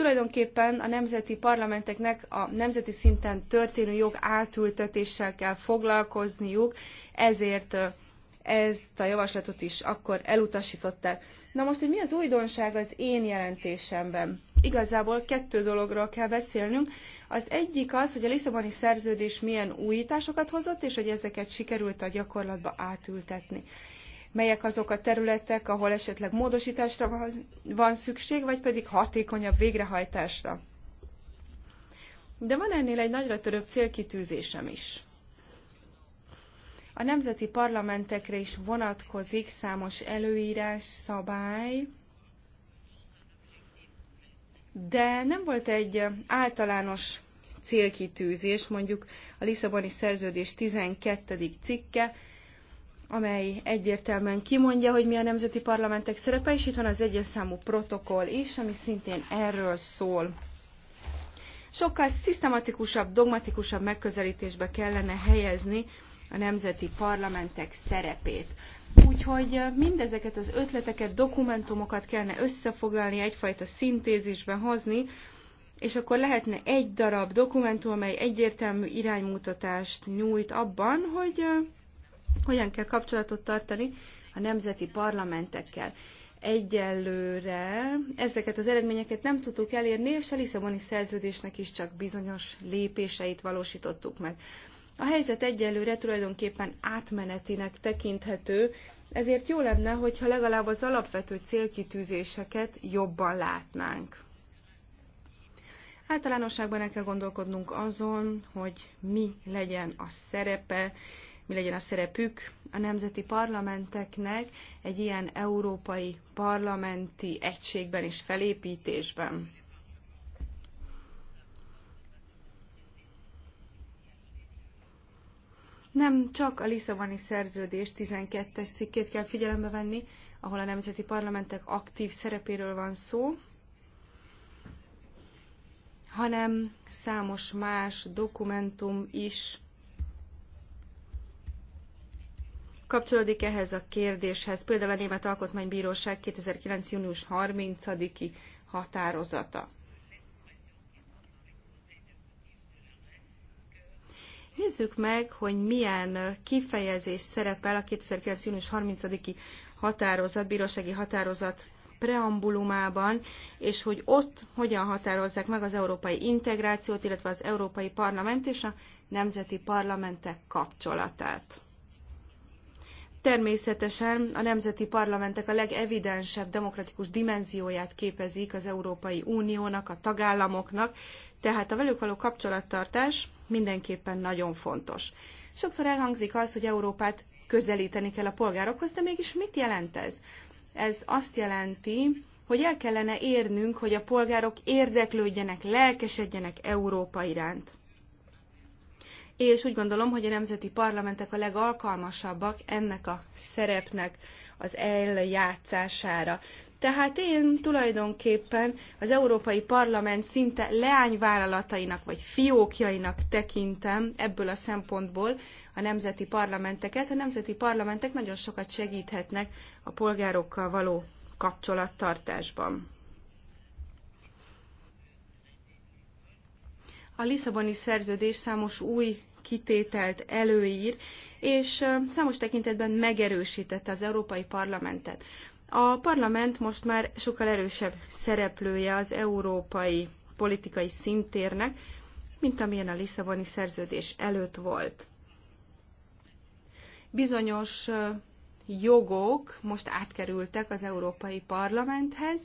Tulajdonképpen a nemzeti parlamenteknek a nemzeti szinten történő jog átültetéssel kell foglalkozniuk, ezért ezt a javaslatot is akkor elutasították. Na most, hogy mi az újdonság az én jelentésemben? Igazából kettő dologról kell beszélnünk. Az egyik az, hogy a Lisszaboni szerződés milyen újításokat hozott, és hogy ezeket sikerült a gyakorlatba átültetni melyek azok a területek, ahol esetleg módosításra van szükség, vagy pedig hatékonyabb végrehajtásra. De van ennél egy nagyra törőbb célkitűzésem is. A nemzeti parlamentekre is vonatkozik számos előírás, szabály, de nem volt egy általános célkitűzés, mondjuk a Lisszaboni Szerződés 12. cikke amely egyértelműen kimondja, hogy mi a nemzeti parlamentek szerepe, és itt van az egyes számú protokoll is, ami szintén erről szól. Sokkal szisztematikusabb, dogmatikusabb megközelítésbe kellene helyezni a nemzeti parlamentek szerepét. Úgyhogy mindezeket az ötleteket, dokumentumokat kellene összefoglalni, egyfajta szintézisbe hozni, és akkor lehetne egy darab dokumentum, amely egyértelmű iránymutatást nyújt abban, hogy hogyan kell kapcsolatot tartani a nemzeti parlamentekkel. Egyelőre ezeket az eredményeket nem tudtuk elérni, és a Lisszaboni szerződésnek is csak bizonyos lépéseit valósítottuk meg. A helyzet egyelőre tulajdonképpen átmenetinek tekinthető, ezért jó lenne, hogyha legalább az alapvető célkitűzéseket jobban látnánk. Általánosságban el kell gondolkodnunk azon, hogy mi legyen a szerepe mi legyen a szerepük a nemzeti parlamenteknek egy ilyen európai parlamenti egységben és felépítésben. Nem csak a Lisszaboni szerződés 12-es cikkét kell figyelembe venni, ahol a nemzeti parlamentek aktív szerepéről van szó, hanem számos más dokumentum is kapcsolódik ehhez a kérdéshez. Például a Német Alkotmánybíróság 2009. június 30-i határozata. Nézzük meg, hogy milyen kifejezés szerepel a 2009. június 30-i határozat, bírósági határozat preambulumában, és hogy ott hogyan határozzák meg az európai integrációt, illetve az Európai Parlament és a nemzeti parlamentek kapcsolatát. Természetesen a nemzeti parlamentek a legevidensebb demokratikus dimenzióját képezik az Európai Uniónak, a tagállamoknak, tehát a velük való kapcsolattartás mindenképpen nagyon fontos. Sokszor elhangzik az, hogy Európát közelíteni kell a polgárokhoz, de mégis mit jelent ez? Ez azt jelenti, hogy el kellene érnünk, hogy a polgárok érdeklődjenek, lelkesedjenek Európa iránt és úgy gondolom, hogy a nemzeti parlamentek a legalkalmasabbak ennek a szerepnek az eljátszására. Tehát én tulajdonképpen az Európai Parlament szinte leányvállalatainak vagy fiókjainak tekintem ebből a szempontból a nemzeti parlamenteket. A nemzeti parlamentek nagyon sokat segíthetnek a polgárokkal való kapcsolattartásban. A Lisszaboni szerződés számos új kitételt előír, és számos tekintetben megerősítette az Európai Parlamentet. A parlament most már sokkal erősebb szereplője az európai politikai szintérnek, mint amilyen a Lisszaboni szerződés előtt volt. Bizonyos jogok most átkerültek az Európai Parlamenthez,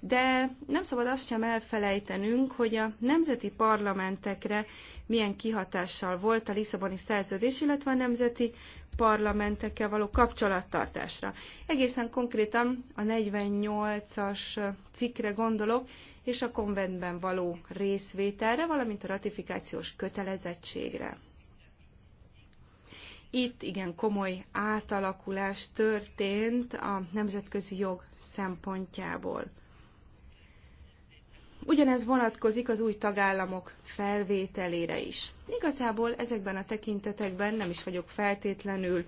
de nem szabad azt sem elfelejtenünk, hogy a nemzeti parlamentekre milyen kihatással volt a Lisszaboni szerződés, illetve a nemzeti parlamentekkel való kapcsolattartásra. Egészen konkrétan a 48-as cikkre gondolok, és a konventben való részvételre, valamint a ratifikációs kötelezettségre. Itt igen komoly átalakulás történt a nemzetközi jog szempontjából. Ugyanez vonatkozik az új tagállamok felvételére is. Igazából ezekben a tekintetekben nem is vagyok feltétlenül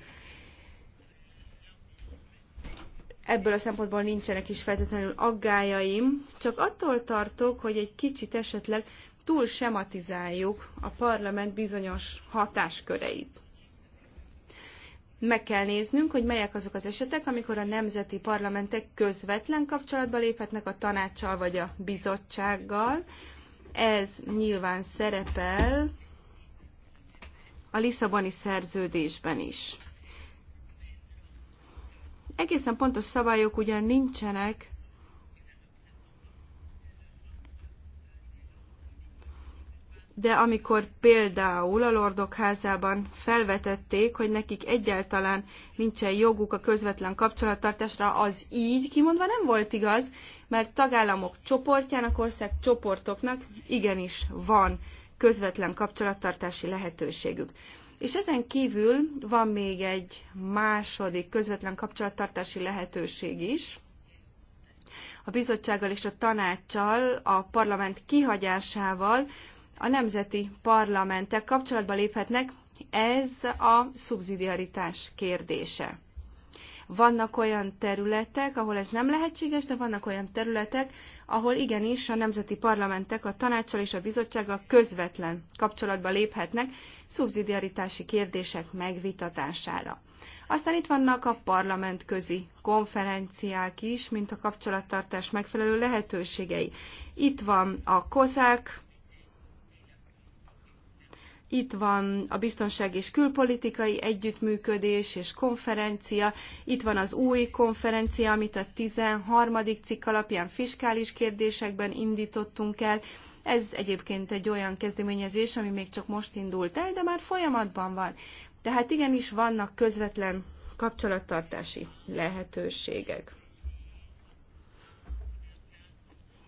ebből a szempontból nincsenek is feltétlenül aggájaim, csak attól tartok, hogy egy kicsit esetleg túl sematizáljuk a parlament bizonyos hatásköreit. Meg kell néznünk, hogy melyek azok az esetek, amikor a nemzeti parlamentek közvetlen kapcsolatba léphetnek a tanácssal vagy a bizottsággal. Ez nyilván szerepel a Lisszaboni szerződésben is. Egészen pontos szabályok ugyan nincsenek de amikor például a Lordok házában felvetették, hogy nekik egyáltalán nincsen joguk a közvetlen kapcsolattartásra, az így kimondva nem volt igaz, mert tagállamok csoportjának, ország csoportoknak igenis van közvetlen kapcsolattartási lehetőségük. És ezen kívül van még egy második közvetlen kapcsolattartási lehetőség is, a bizottsággal és a tanácssal, a parlament kihagyásával, a nemzeti parlamentek kapcsolatba léphetnek, ez a szubszidiaritás kérdése. Vannak olyan területek, ahol ez nem lehetséges, de vannak olyan területek, ahol igenis a nemzeti parlamentek a tanácssal és a bizottsággal közvetlen kapcsolatba léphetnek szubszidiaritási kérdések megvitatására. Aztán itt vannak a parlamentközi konferenciák is, mint a kapcsolattartás megfelelő lehetőségei. Itt van a COSAC, itt van a biztonság és külpolitikai együttműködés és konferencia, itt van az új konferencia, amit a 13. cikk alapján fiskális kérdésekben indítottunk el. Ez egyébként egy olyan kezdeményezés, ami még csak most indult el, de már folyamatban van. Tehát igenis vannak közvetlen kapcsolattartási lehetőségek.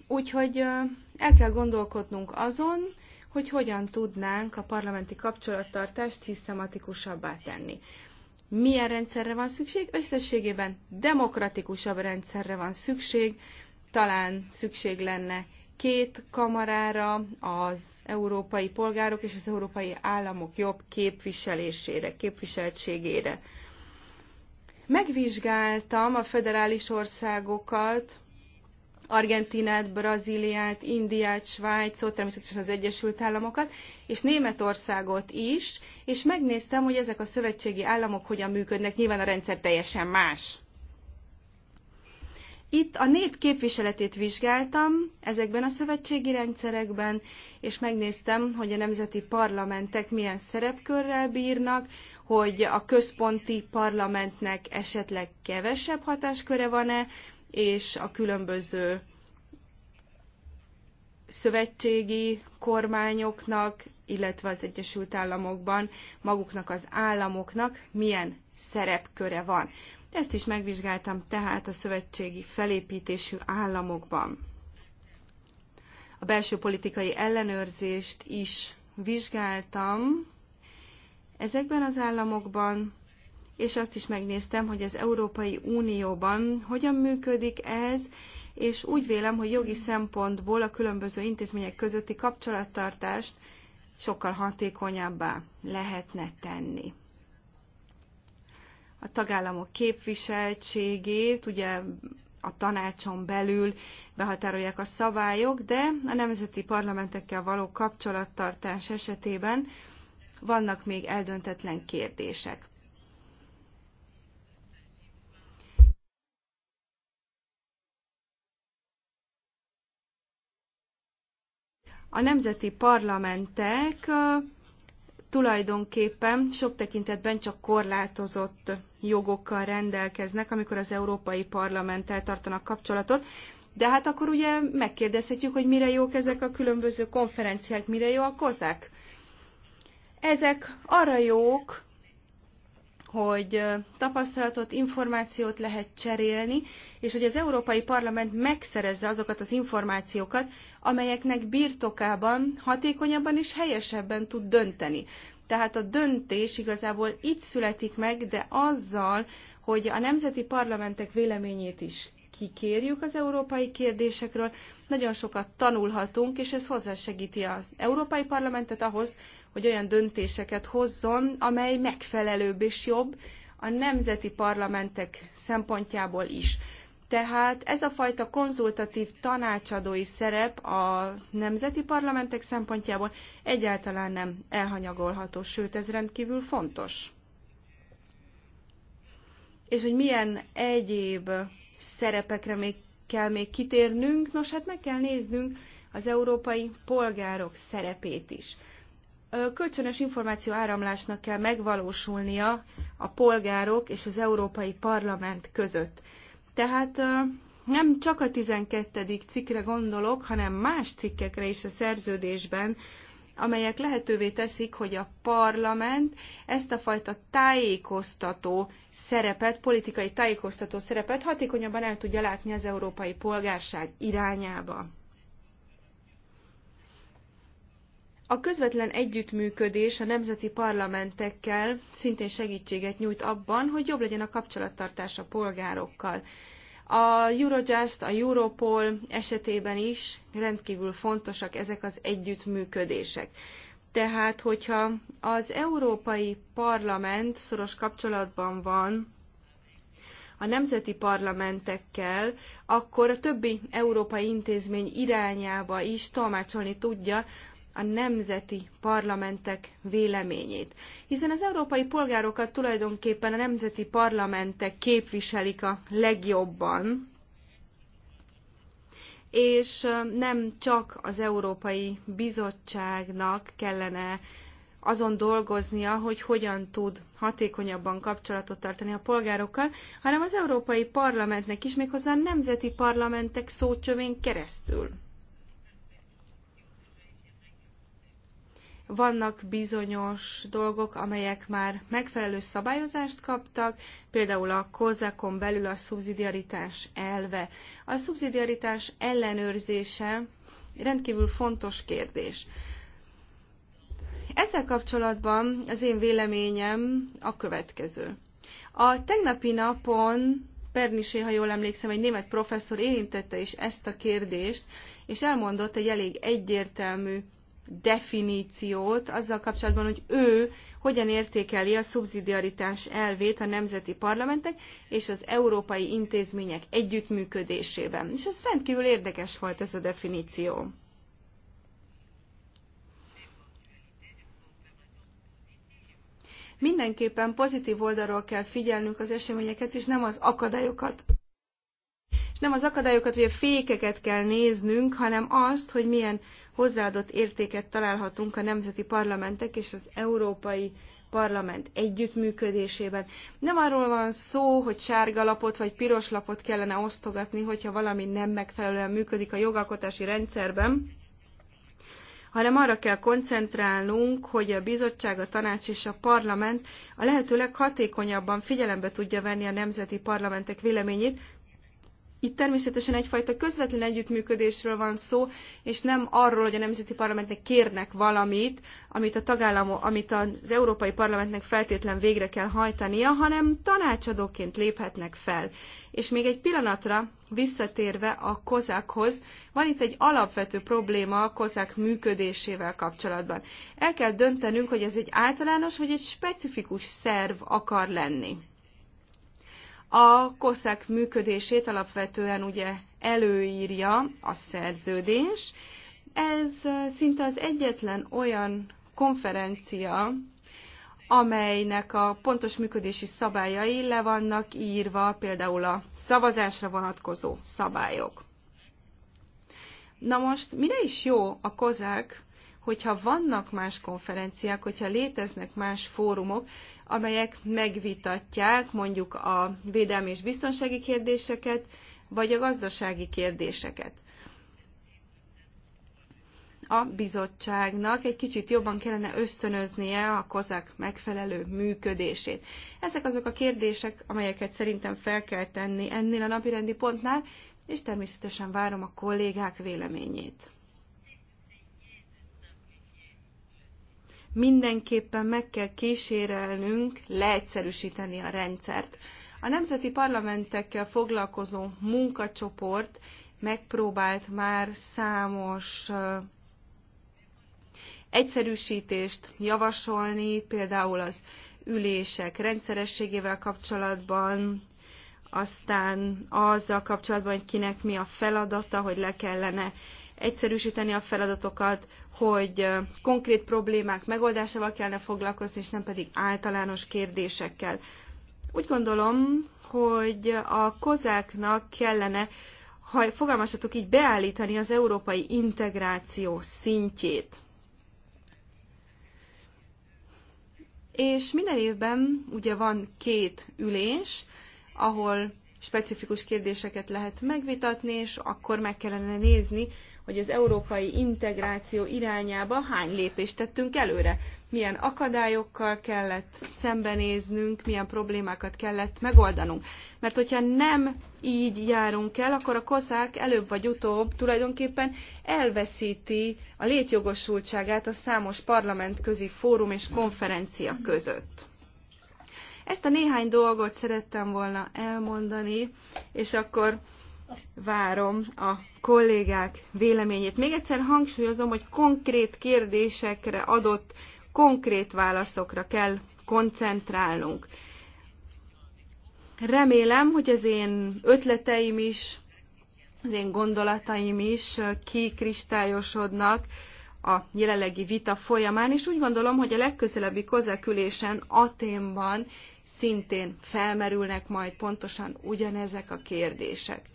Úgyhogy el kell gondolkodnunk azon, hogy hogyan tudnánk a parlamenti kapcsolattartást szisztematikusabbá tenni. Milyen rendszerre van szükség? Összességében demokratikusabb rendszerre van szükség, talán szükség lenne két kamarára, az európai polgárok és az európai államok jobb képviselésére, képviseltségére. Megvizsgáltam a federális országokat, Argentinát, Brazíliát, Indiát, Svájcot, természetesen az Egyesült Államokat, és Németországot is, és megnéztem, hogy ezek a szövetségi államok hogyan működnek, nyilván a rendszer teljesen más. Itt a nép képviseletét vizsgáltam ezekben a szövetségi rendszerekben, és megnéztem, hogy a nemzeti parlamentek milyen szerepkörrel bírnak, hogy a központi parlamentnek esetleg kevesebb hatásköre van-e, és a különböző szövetségi kormányoknak, illetve az Egyesült Államokban maguknak az államoknak milyen szerepköre van. Ezt is megvizsgáltam tehát a szövetségi felépítésű államokban. A belső politikai ellenőrzést is vizsgáltam. Ezekben az államokban és azt is megnéztem, hogy az Európai Unióban hogyan működik ez, és úgy vélem, hogy jogi szempontból a különböző intézmények közötti kapcsolattartást sokkal hatékonyabbá lehetne tenni. A tagállamok képviseltségét ugye a tanácson belül behatárolják a szabályok, de a nemzeti parlamentekkel való kapcsolattartás esetében vannak még eldöntetlen kérdések. A nemzeti parlamentek tulajdonképpen sok tekintetben csak korlátozott jogokkal rendelkeznek, amikor az Európai Parlamenttel tartanak kapcsolatot, de hát akkor ugye megkérdezhetjük, hogy mire jók ezek a különböző konferenciák, mire jó a kozák. Ezek arra jók, hogy tapasztalatot, információt lehet cserélni, és hogy az Európai Parlament megszerezze azokat az információkat, amelyeknek birtokában hatékonyabban és helyesebben tud dönteni. Tehát a döntés igazából itt születik meg, de azzal, hogy a nemzeti parlamentek véleményét is kikérjük az európai kérdésekről, nagyon sokat tanulhatunk, és ez hozzásegíti az Európai Parlamentet ahhoz, hogy olyan döntéseket hozzon, amely megfelelőbb és jobb a nemzeti parlamentek szempontjából is. Tehát ez a fajta konzultatív tanácsadói szerep a nemzeti parlamentek szempontjából egyáltalán nem elhanyagolható, sőt ez rendkívül fontos. És hogy milyen egyéb szerepekre még kell még kitérnünk, nos hát meg kell néznünk az európai polgárok szerepét is. Kölcsönös információ áramlásnak kell megvalósulnia a polgárok és az Európai Parlament között. Tehát nem csak a 12. cikkre gondolok, hanem más cikkekre is a szerződésben, amelyek lehetővé teszik, hogy a parlament ezt a fajta tájékoztató szerepet, politikai tájékoztató szerepet hatékonyabban el tudja látni az európai polgárság irányába. A közvetlen együttműködés a nemzeti parlamentekkel szintén segítséget nyújt abban, hogy jobb legyen a kapcsolattartás a polgárokkal. A Eurojust, a Europol esetében is rendkívül fontosak ezek az együttműködések. Tehát, hogyha az Európai Parlament szoros kapcsolatban van a nemzeti parlamentekkel, akkor a többi európai intézmény irányába is tolmácsolni tudja a nemzeti parlamentek véleményét. Hiszen az európai polgárokat tulajdonképpen a nemzeti parlamentek képviselik a legjobban, és nem csak az Európai Bizottságnak kellene azon dolgoznia, hogy hogyan tud hatékonyabban kapcsolatot tartani a polgárokkal, hanem az Európai Parlamentnek is, méghozzá a nemzeti parlamentek szócsövén keresztül. Vannak bizonyos dolgok, amelyek már megfelelő szabályozást kaptak, például a kozakon belül a szubszidiaritás elve. A szubszidiaritás ellenőrzése rendkívül fontos kérdés. Ezzel kapcsolatban az én véleményem a következő. A tegnapi napon Pernisé, ha jól emlékszem, egy német professzor érintette is ezt a kérdést, és elmondott egy elég egyértelmű definíciót azzal kapcsolatban, hogy ő hogyan értékeli a szubszidiaritás elvét a nemzeti parlamentek és az európai intézmények együttműködésében. És ez rendkívül érdekes volt ez a definíció. Mindenképpen pozitív oldalról kell figyelnünk az eseményeket, és nem az akadályokat nem az akadályokat vagy a fékeket kell néznünk, hanem azt, hogy milyen hozzáadott értéket találhatunk a nemzeti parlamentek és az európai parlament együttműködésében. Nem arról van szó, hogy sárga lapot vagy piros lapot kellene osztogatni, hogyha valami nem megfelelően működik a jogalkotási rendszerben, hanem arra kell koncentrálnunk, hogy a bizottság, a tanács és a parlament a lehető leghatékonyabban figyelembe tudja venni a nemzeti parlamentek véleményét, itt természetesen egyfajta közvetlen együttműködésről van szó, és nem arról, hogy a nemzeti parlamentnek kérnek valamit, amit, a tagállam, amit az Európai Parlamentnek feltétlen végre kell hajtania, hanem tanácsadóként léphetnek fel. És még egy pillanatra visszatérve a kozákhoz, van itt egy alapvető probléma a kozák működésével kapcsolatban. El kell döntenünk, hogy ez egy általános vagy egy specifikus szerv akar lenni. A koszek működését alapvetően ugye előírja a szerződés. Ez szinte az egyetlen olyan konferencia, amelynek a pontos működési szabályai le vannak írva, például a szavazásra vonatkozó szabályok. Na most mire is jó a kozák, hogyha vannak más konferenciák, hogyha léteznek más fórumok, amelyek megvitatják mondjuk a védelmi és biztonsági kérdéseket, vagy a gazdasági kérdéseket. A bizottságnak egy kicsit jobban kellene ösztönöznie a kozák megfelelő működését. Ezek azok a kérdések, amelyeket szerintem fel kell tenni ennél a napirendi pontnál, és természetesen várom a kollégák véleményét. mindenképpen meg kell kísérelnünk leegyszerűsíteni a rendszert. A nemzeti parlamentekkel foglalkozó munkacsoport megpróbált már számos egyszerűsítést javasolni, például az ülések rendszerességével kapcsolatban, aztán azzal kapcsolatban, hogy kinek mi a feladata, hogy le kellene egyszerűsíteni a feladatokat, hogy konkrét problémák megoldásával kellene foglalkozni, és nem pedig általános kérdésekkel. Úgy gondolom, hogy a kozáknak kellene, ha fogalmazhatok így, beállítani az európai integráció szintjét. És minden évben ugye van két ülés, ahol specifikus kérdéseket lehet megvitatni, és akkor meg kellene nézni, hogy az európai integráció irányába hány lépést tettünk előre, milyen akadályokkal kellett szembenéznünk, milyen problémákat kellett megoldanunk. Mert hogyha nem így járunk el, akkor a koszák előbb vagy utóbb tulajdonképpen elveszíti a létjogosultságát a számos parlamentközi fórum és konferencia között. Ezt a néhány dolgot szerettem volna elmondani, és akkor várom a kollégák véleményét. Még egyszer hangsúlyozom, hogy konkrét kérdésekre adott konkrét válaszokra kell koncentrálnunk. Remélem, hogy az én ötleteim is, az én gondolataim is kikristályosodnak a jelenlegi vita folyamán, és úgy gondolom, hogy a legközelebbi kozakülésen, Aténban szintén felmerülnek majd pontosan ugyanezek a kérdések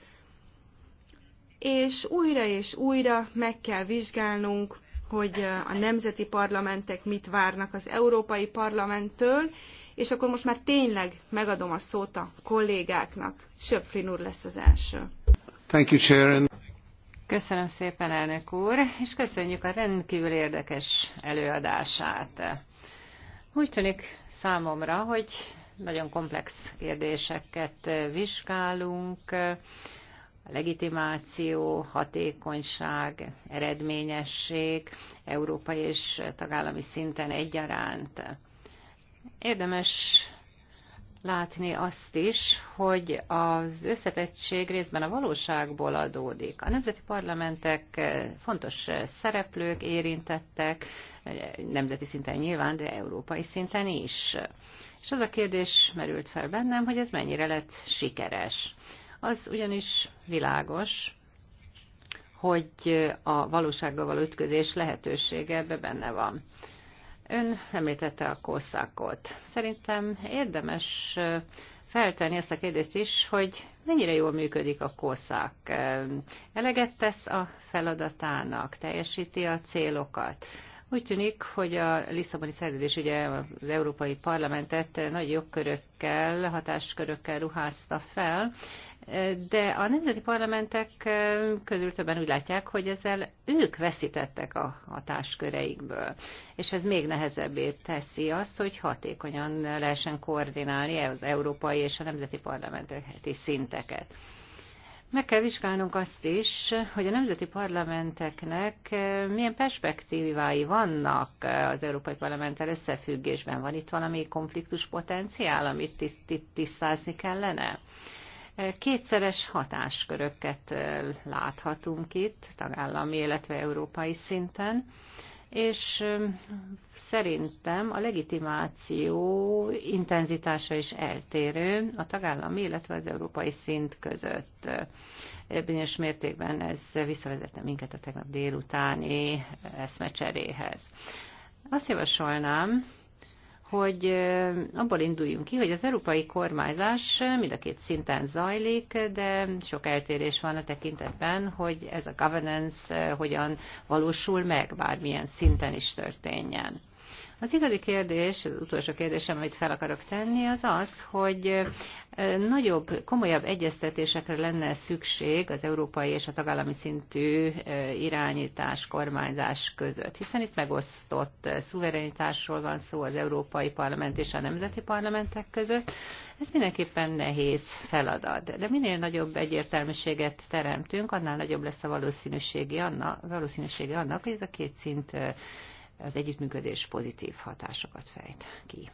és újra és újra meg kell vizsgálnunk, hogy a nemzeti parlamentek mit várnak az Európai Parlamenttől, és akkor most már tényleg megadom a szót a kollégáknak. Söpfrin úr lesz az első. Thank you, Köszönöm szépen, elnök úr, és köszönjük a rendkívül érdekes előadását. Úgy tűnik számomra, hogy nagyon komplex kérdéseket vizsgálunk, a legitimáció, hatékonyság, eredményesség európai és tagállami szinten egyaránt. Érdemes látni azt is, hogy az összetettség részben a valóságból adódik. A nemzeti parlamentek fontos szereplők, érintettek, nemzeti szinten nyilván, de európai szinten is. És az a kérdés merült fel bennem, hogy ez mennyire lett sikeres. Az ugyanis világos, hogy a valósággal való ütközés lehetősége ebbe benne van. Ön említette a korszakot. Szerintem érdemes feltenni ezt a kérdést is, hogy mennyire jól működik a korszak. Eleget tesz a feladatának, teljesíti a célokat. Úgy tűnik, hogy a Lisszaboni szerződés ugye az Európai Parlamentet nagy jogkörökkel, hatáskörökkel ruházta fel, de a nemzeti parlamentek közül többen úgy látják, hogy ezzel ők veszítettek a hatásköreikből. És ez még nehezebbé teszi azt, hogy hatékonyan lehessen koordinálni az európai és a nemzeti parlamenti szinteket. Meg kell vizsgálnunk azt is, hogy a nemzeti parlamenteknek eh, milyen perspektívái vannak eh, az Európai Parlamenttel összefüggésben. Van itt valami konfliktus potenciál, amit tisztázni kellene? Eh, kétszeres hatásköröket láthatunk itt, tagállami, illetve európai szinten és szerintem a legitimáció intenzitása is eltérő a tagállami, illetve az európai szint között. Bizonyos mértékben ez visszavezetne minket a tegnap délutáni eszmecseréhez. Azt javasolnám, hogy abból induljunk ki, hogy az európai kormányzás mind a két szinten zajlik, de sok eltérés van a tekintetben, hogy ez a governance hogyan valósul meg, bármilyen szinten is történjen. Az igazi kérdés, az utolsó kérdésem, amit fel akarok tenni, az az, hogy nagyobb, komolyabb egyeztetésekre lenne szükség az európai és a tagállami szintű irányítás, kormányzás között, hiszen itt megosztott szuverenitásról van szó az Európai Parlament és a nemzeti parlamentek között. Ez mindenképpen nehéz feladat, de minél nagyobb egyértelműséget teremtünk, annál nagyobb lesz a valószínűsége annak, valószínűsége annak hogy ez a két szint az együttműködés pozitív hatásokat fejt ki.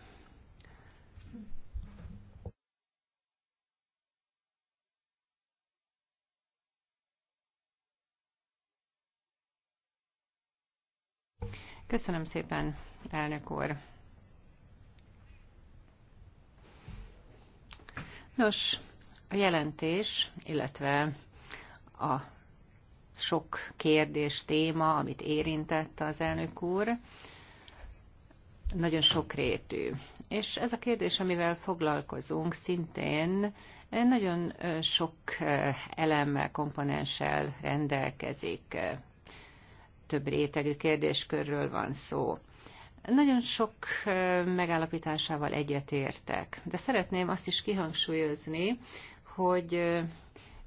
Köszönöm szépen, elnök úr. Nos, a jelentés, illetve a sok kérdés, téma, amit érintett az elnök úr, nagyon sokrétű. És ez a kérdés, amivel foglalkozunk, szintén nagyon sok elemmel, komponenssel rendelkezik. Több rétegű kérdéskörről van szó. Nagyon sok megállapításával egyetértek, de szeretném azt is kihangsúlyozni, hogy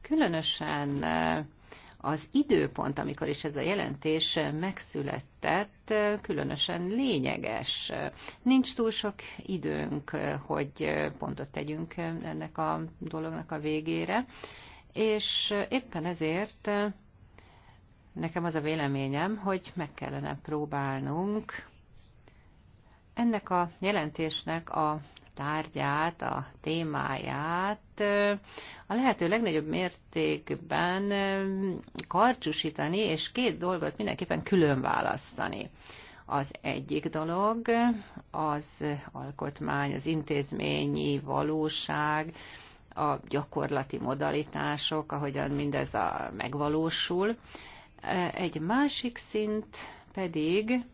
különösen az időpont, amikor is ez a jelentés megszületett, különösen lényeges. Nincs túl sok időnk, hogy pontot tegyünk ennek a dolognak a végére, és éppen ezért nekem az a véleményem, hogy meg kellene próbálnunk ennek a jelentésnek a tárgyát, a témáját ezeket a lehető legnagyobb mértékben karcsúsítani, és két dolgot mindenképpen külön választani. Az egyik dolog az alkotmány, az intézményi valóság, a gyakorlati modalitások, ahogyan mindez a, megvalósul. Egy másik szint pedig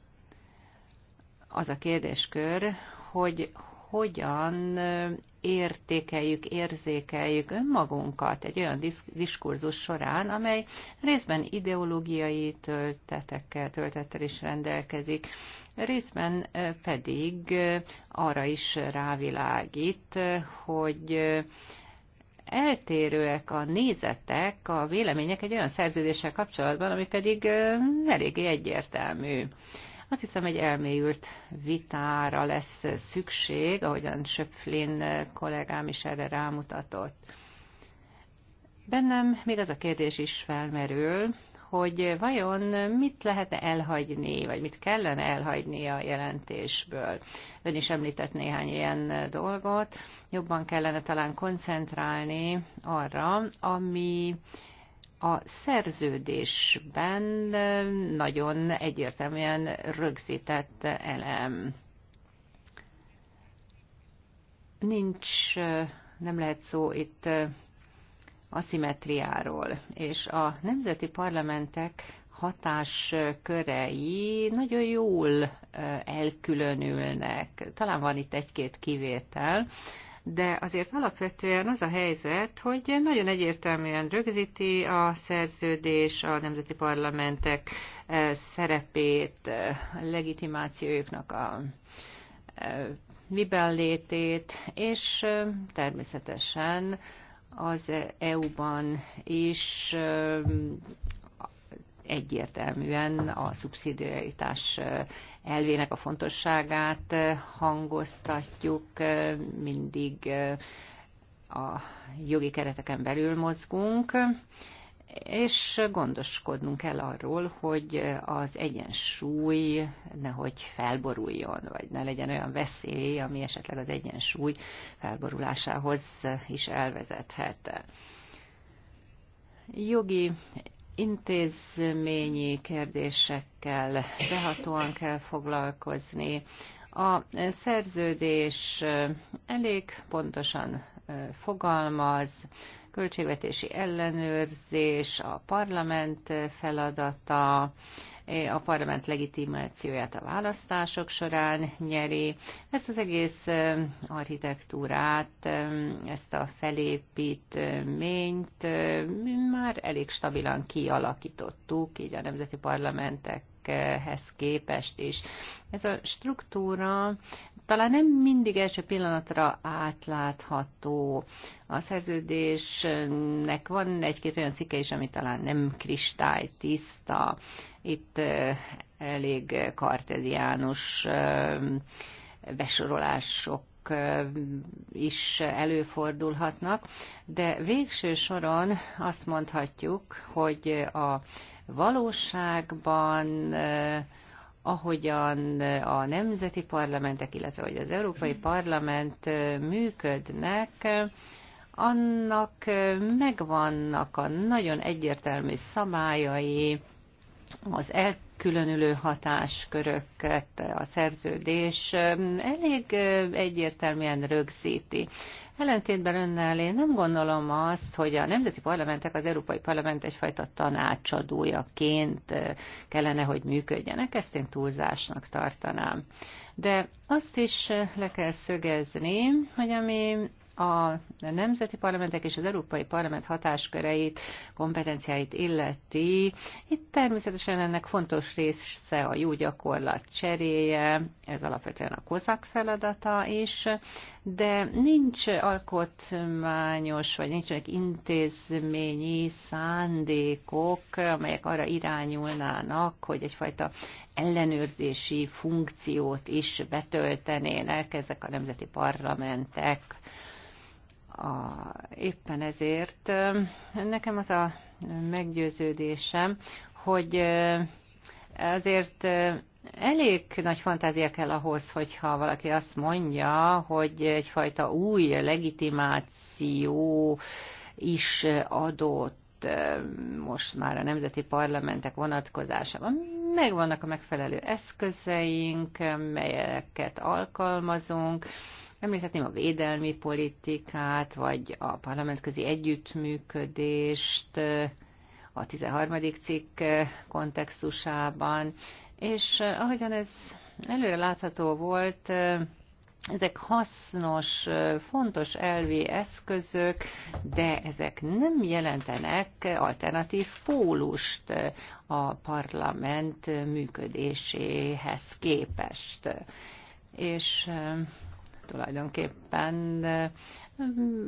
az a kérdéskör, hogy hogyan értékeljük, érzékeljük önmagunkat egy olyan diskurzus során, amely részben ideológiai töltetekkel, töltettel is rendelkezik, részben pedig arra is rávilágít, hogy eltérőek a nézetek, a vélemények egy olyan szerződéssel kapcsolatban, ami pedig eléggé egyértelmű. Azt hiszem, egy elmélyült vitára lesz szükség, ahogyan Söpflin kollégám is erre rámutatott. Bennem még az a kérdés is felmerül, hogy vajon mit lehetne elhagyni, vagy mit kellene elhagyni a jelentésből. Ön is említett néhány ilyen dolgot. Jobban kellene talán koncentrálni arra, ami a szerződésben nagyon egyértelműen rögzített elem. Nincs, nem lehet szó itt aszimetriáról, és a nemzeti parlamentek hatáskörei nagyon jól elkülönülnek. Talán van itt egy-két kivétel, de azért alapvetően az a helyzet, hogy nagyon egyértelműen rögzíti a szerződés a nemzeti parlamentek eh, szerepét, eh, legitimációjuknak a eh, miben létét, és természetesen az EU-ban is egyértelműen a szubszidiaritás elvének a fontosságát hangoztatjuk, mindig a jogi kereteken belül mozgunk, és gondoskodnunk kell arról, hogy az egyensúly nehogy felboruljon, vagy ne legyen olyan veszély, ami esetleg az egyensúly felborulásához is elvezethet. Jogi intézményi kérdésekkel behatóan kell foglalkozni. A szerződés elég pontosan fogalmaz, költségvetési ellenőrzés, a parlament feladata, a parlament legitimációját a választások során nyeri. Ezt az egész architektúrát, ezt a felépítményt már elég stabilan kialakítottuk, így a nemzeti parlamentekhez képest is. Ez a struktúra talán nem mindig első pillanatra átlátható. A szerződésnek van egy-két olyan cikke is, ami talán nem kristálytiszta. Itt elég kartediánus besorolások is előfordulhatnak, de végső soron azt mondhatjuk, hogy a valóságban ahogyan a nemzeti parlamentek, illetve hogy az Európai Parlament működnek, annak megvannak a nagyon egyértelmű szabályai, az elkülönülő hatásköröket a szerződés elég egyértelműen rögzíti. Ellentétben önnel én nem gondolom azt, hogy a nemzeti parlamentek, az Európai Parlament egyfajta tanácsadójaként kellene, hogy működjenek. Ezt én túlzásnak tartanám. De azt is le kell szögezni, hogy ami a nemzeti parlamentek és az Európai Parlament hatásköreit, kompetenciáit illeti, itt természetesen ennek fontos része a jó gyakorlat cseréje, ez alapvetően a kozak feladata is, de nincs alkotmányos, vagy nincsenek intézményi szándékok, amelyek arra irányulnának, hogy egyfajta ellenőrzési funkciót is betöltenének ezek a nemzeti parlamentek a, éppen ezért nekem az a meggyőződésem, hogy azért elég nagy fantázia kell ahhoz, hogyha valaki azt mondja, hogy egyfajta új legitimáció is adott most már a nemzeti parlamentek vonatkozásában. Megvannak a megfelelő eszközeink, melyeket alkalmazunk, Említhetném a védelmi politikát, vagy a parlamentközi együttműködést a 13. cikk kontextusában, és eh, ahogyan ez előre látható volt, eh, ezek hasznos, eh, fontos elvi eszközök, de ezek nem jelentenek alternatív pólust a parlament működéséhez képest. És tulajdonképpen eh,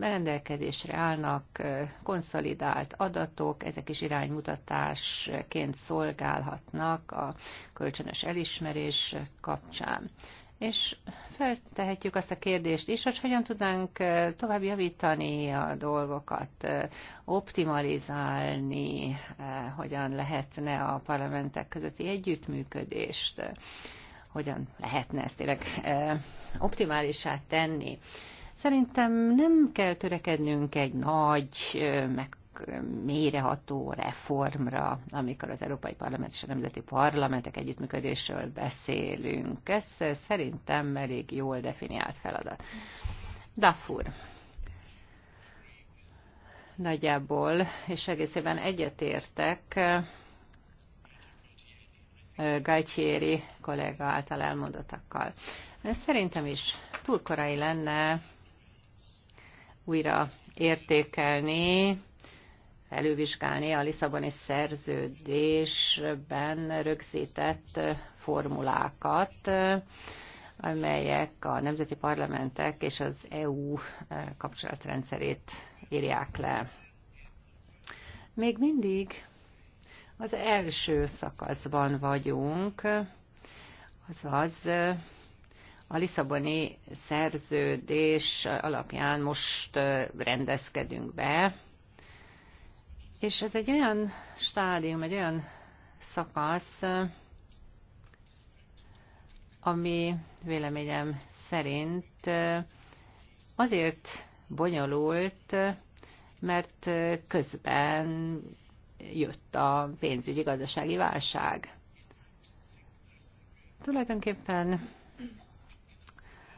rendelkezésre állnak eh, konszolidált adatok, ezek is iránymutatásként szolgálhatnak a kölcsönös elismerés kapcsán. És feltehetjük azt a kérdést is, hogy hogyan tudnánk eh, tovább javítani a dolgokat, optimalizálni, hogyan lehetne a parlamentek közötti együttműködést hogyan lehetne ezt tényleg optimálisá tenni. Szerintem nem kell törekednünk egy nagy, meg méreható reformra, amikor az Európai Parlament és a Nemzeti Parlamentek együttműködésről beszélünk. Ez szerintem elég jól definiált feladat. Dafur nagyjából, és egészében egyetértek Galtieri kollega által elmondottakkal. Szerintem is túl korai lenne újra értékelni, elővizsgálni a Lisszaboni szerződésben rögzített formulákat, amelyek a nemzeti parlamentek és az EU eh, kapcsolatrendszerét írják le. Még mindig az első szakaszban vagyunk, azaz a Lisszaboni szerződés alapján most rendezkedünk be, és ez egy olyan stádium, egy olyan szakasz, ami véleményem szerint azért bonyolult, mert közben jött a pénzügyi gazdasági válság. Tulajdonképpen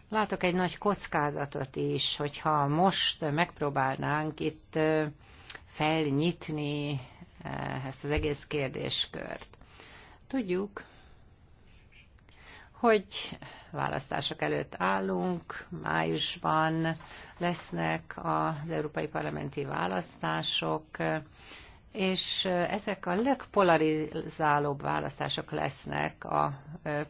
látok egy nagy kockázatot is, hogyha most megpróbálnánk itt felnyitni ezt az egész kérdéskört. Tudjuk, hogy választások előtt állunk, májusban lesznek az európai parlamenti választások, és ezek a legpolarizálóbb választások lesznek a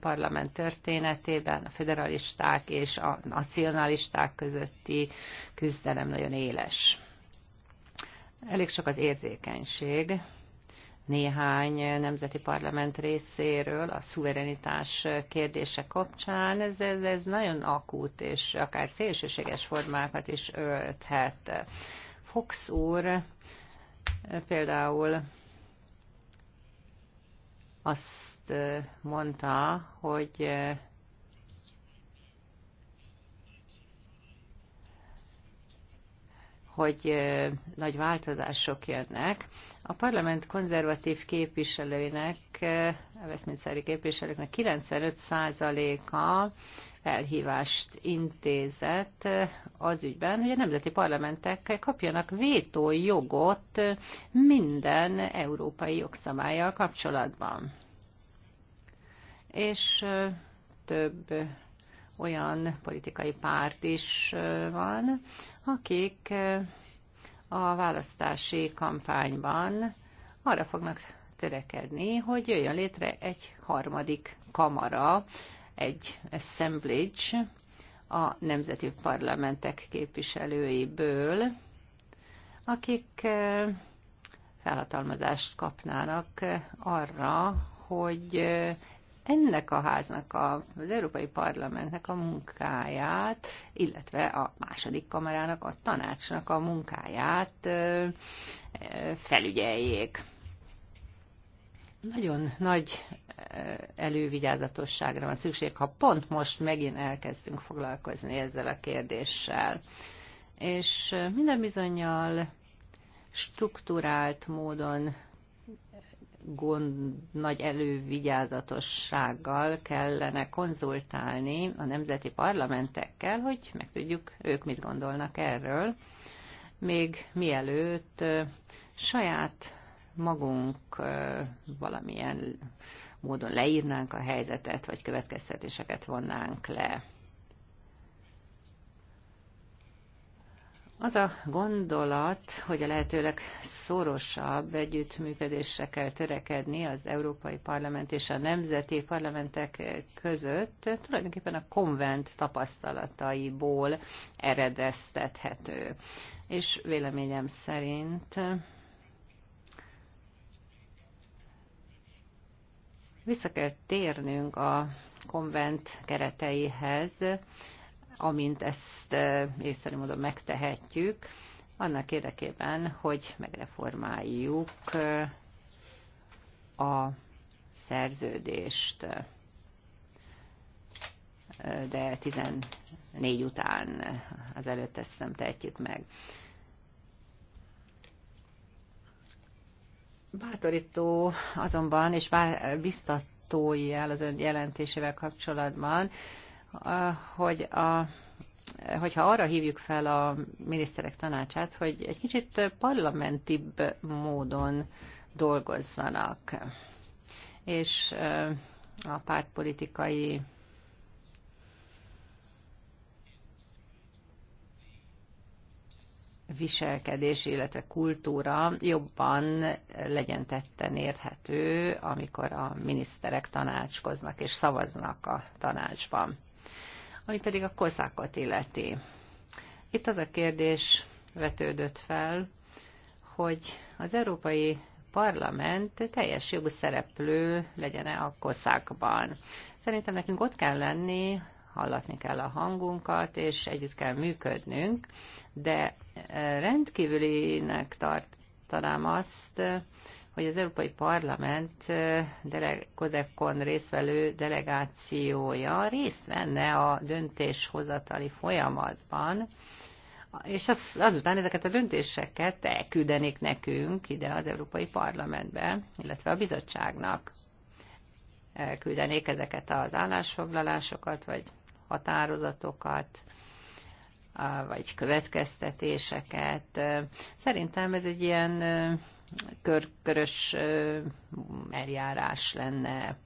parlament történetében, a federalisták és a nacionalisták közötti küzdelem nagyon éles. Elég sok az érzékenység néhány nemzeti parlament részéről a szuverenitás kérdése kapcsán. Ez, ez, ez nagyon akut, és akár szélsőséges formákat is ölthet. Fox úr például azt mondta, hogy hogy nagy változások jönnek. A parlament konzervatív képviselőinek, a Westminsteri képviselőknek 95%-a felhívást intézett az ügyben, hogy a nemzeti parlamentek kapjanak vétójogot minden európai jogszabályjal kapcsolatban. És több olyan politikai párt is van, akik a választási kampányban arra fognak törekedni, hogy jöjjön létre egy harmadik kamara egy assemblage a nemzeti parlamentek képviselőiből, akik eh, felhatalmazást kapnának eh, arra, hogy eh, ennek a háznak, az Európai Parlamentnek a munkáját, illetve a második kamerának a tanácsnak a munkáját felügyeljék. Nagyon nagy elővigyázatosságra van szükség, ha pont most megint elkezdünk foglalkozni ezzel a kérdéssel. És minden bizonyal strukturált módon gond, nagy elővigyázatossággal kellene konzultálni a nemzeti parlamentekkel, hogy megtudjuk ők mit gondolnak erről, még mielőtt saját magunk valamilyen módon leírnánk a helyzetet, vagy következtetéseket vonnánk le. Az a gondolat, hogy a lehetőleg szorosabb együttműködésre kell törekedni az Európai Parlament és a nemzeti parlamentek között, tulajdonképpen a konvent tapasztalataiból eredeztethető. És véleményem szerint Vissza kell térnünk a konvent kereteihez, amint ezt e, észre módon megtehetjük, annak érdekében, hogy megreformáljuk e, a szerződést. E, de 14 után az előtt ezt nem tehetjük meg. Bátorító azonban, és bár biztatói el az ön jelentésével kapcsolatban, hogy a hogyha arra hívjuk fel a miniszterek tanácsát, hogy egy kicsit parlamentibb módon dolgozzanak, és a pártpolitikai viselkedés, illetve kultúra jobban legyen tetten érhető, amikor a miniszterek tanácskoznak és szavaznak a tanácsban. Ami pedig a kozákat illeti. Itt az a kérdés vetődött fel, hogy az Európai Parlament teljes jogú szereplő legyen-e a koszákban. Szerintem nekünk ott kell lenni, hallatni kell a hangunkat, és együtt kell működnünk, de rendkívülinek tartanám azt, hogy az Európai Parlament Kodekon részvelő delegációja részt venne a döntéshozatali folyamatban, és az, azután ezeket a döntéseket elküldenék nekünk ide az Európai Parlamentbe, illetve a bizottságnak. küldenék ezeket az állásfoglalásokat, vagy határozatokat, vagy következtetéseket. Szerintem ez egy ilyen körkörös eljárás lenne.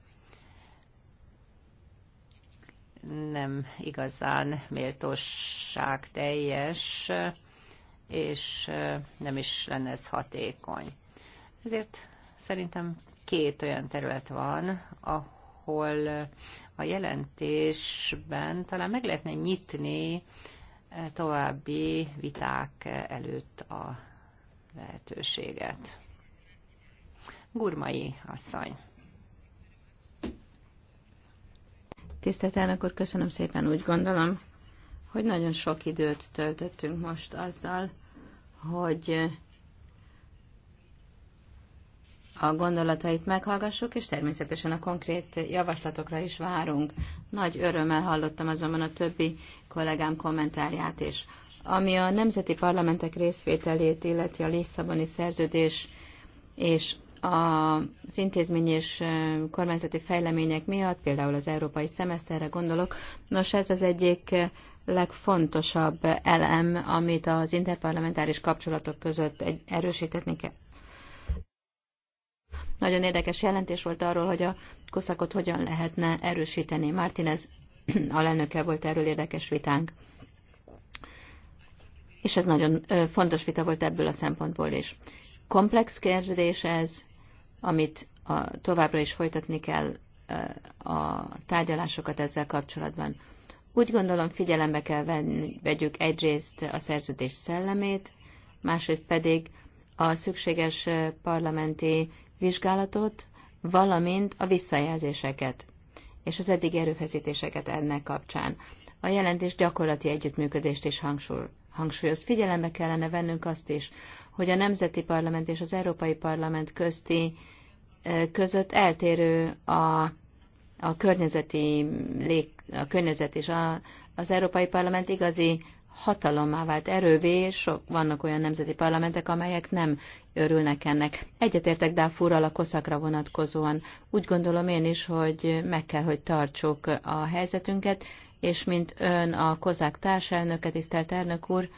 Nem igazán méltóság teljes, és nem is lenne ez hatékony. Ezért szerintem két olyan terület van, ahol a jelentésben talán meg lehetne nyitni további viták előtt a lehetőséget. Gurmai asszony. Tisztelt elnök úr, köszönöm szépen. Úgy gondolom, hogy nagyon sok időt töltöttünk most azzal, hogy a gondolatait meghallgassuk, és természetesen a konkrét javaslatokra is várunk. Nagy örömmel hallottam azonban a többi kollégám kommentárját is. Ami a nemzeti parlamentek részvételét illeti a Lisszaboni szerződés és az intézmény és kormányzati fejlemények miatt, például az európai szemeszterre gondolok, nos ez az egyik legfontosabb elem, amit az interparlamentáris kapcsolatok között erősíteni, nagyon érdekes jelentés volt arról, hogy a koszakot hogyan lehetne erősíteni. Martinez alelnöke volt erről érdekes vitánk. És ez nagyon fontos vita volt ebből a szempontból is. Komplex kérdés ez, amit a, továbbra is folytatni kell a tárgyalásokat ezzel kapcsolatban. Úgy gondolom figyelembe kell venni, vegyük egyrészt a szerződés szellemét, másrészt pedig a szükséges parlamenti vizsgálatot, valamint a visszajelzéseket és az eddig erőfeszítéseket ennek kapcsán. A jelentés gyakorlati együttműködést is hangsúl, hangsúlyoz. Figyelembe kellene vennünk azt is, hogy a Nemzeti Parlament és az Európai Parlament közti között eltérő a, a környezeti lég, a környezet és a, az Európai Parlament igazi hatalommá vált erővé, és vannak olyan nemzeti parlamentek, amelyek nem örülnek ennek. Egyetértek Dáfúrral a koszakra vonatkozóan. Úgy gondolom én is, hogy meg kell, hogy tartsuk a helyzetünket, és mint ön a kozák társelnöke, tisztelt elnök úr,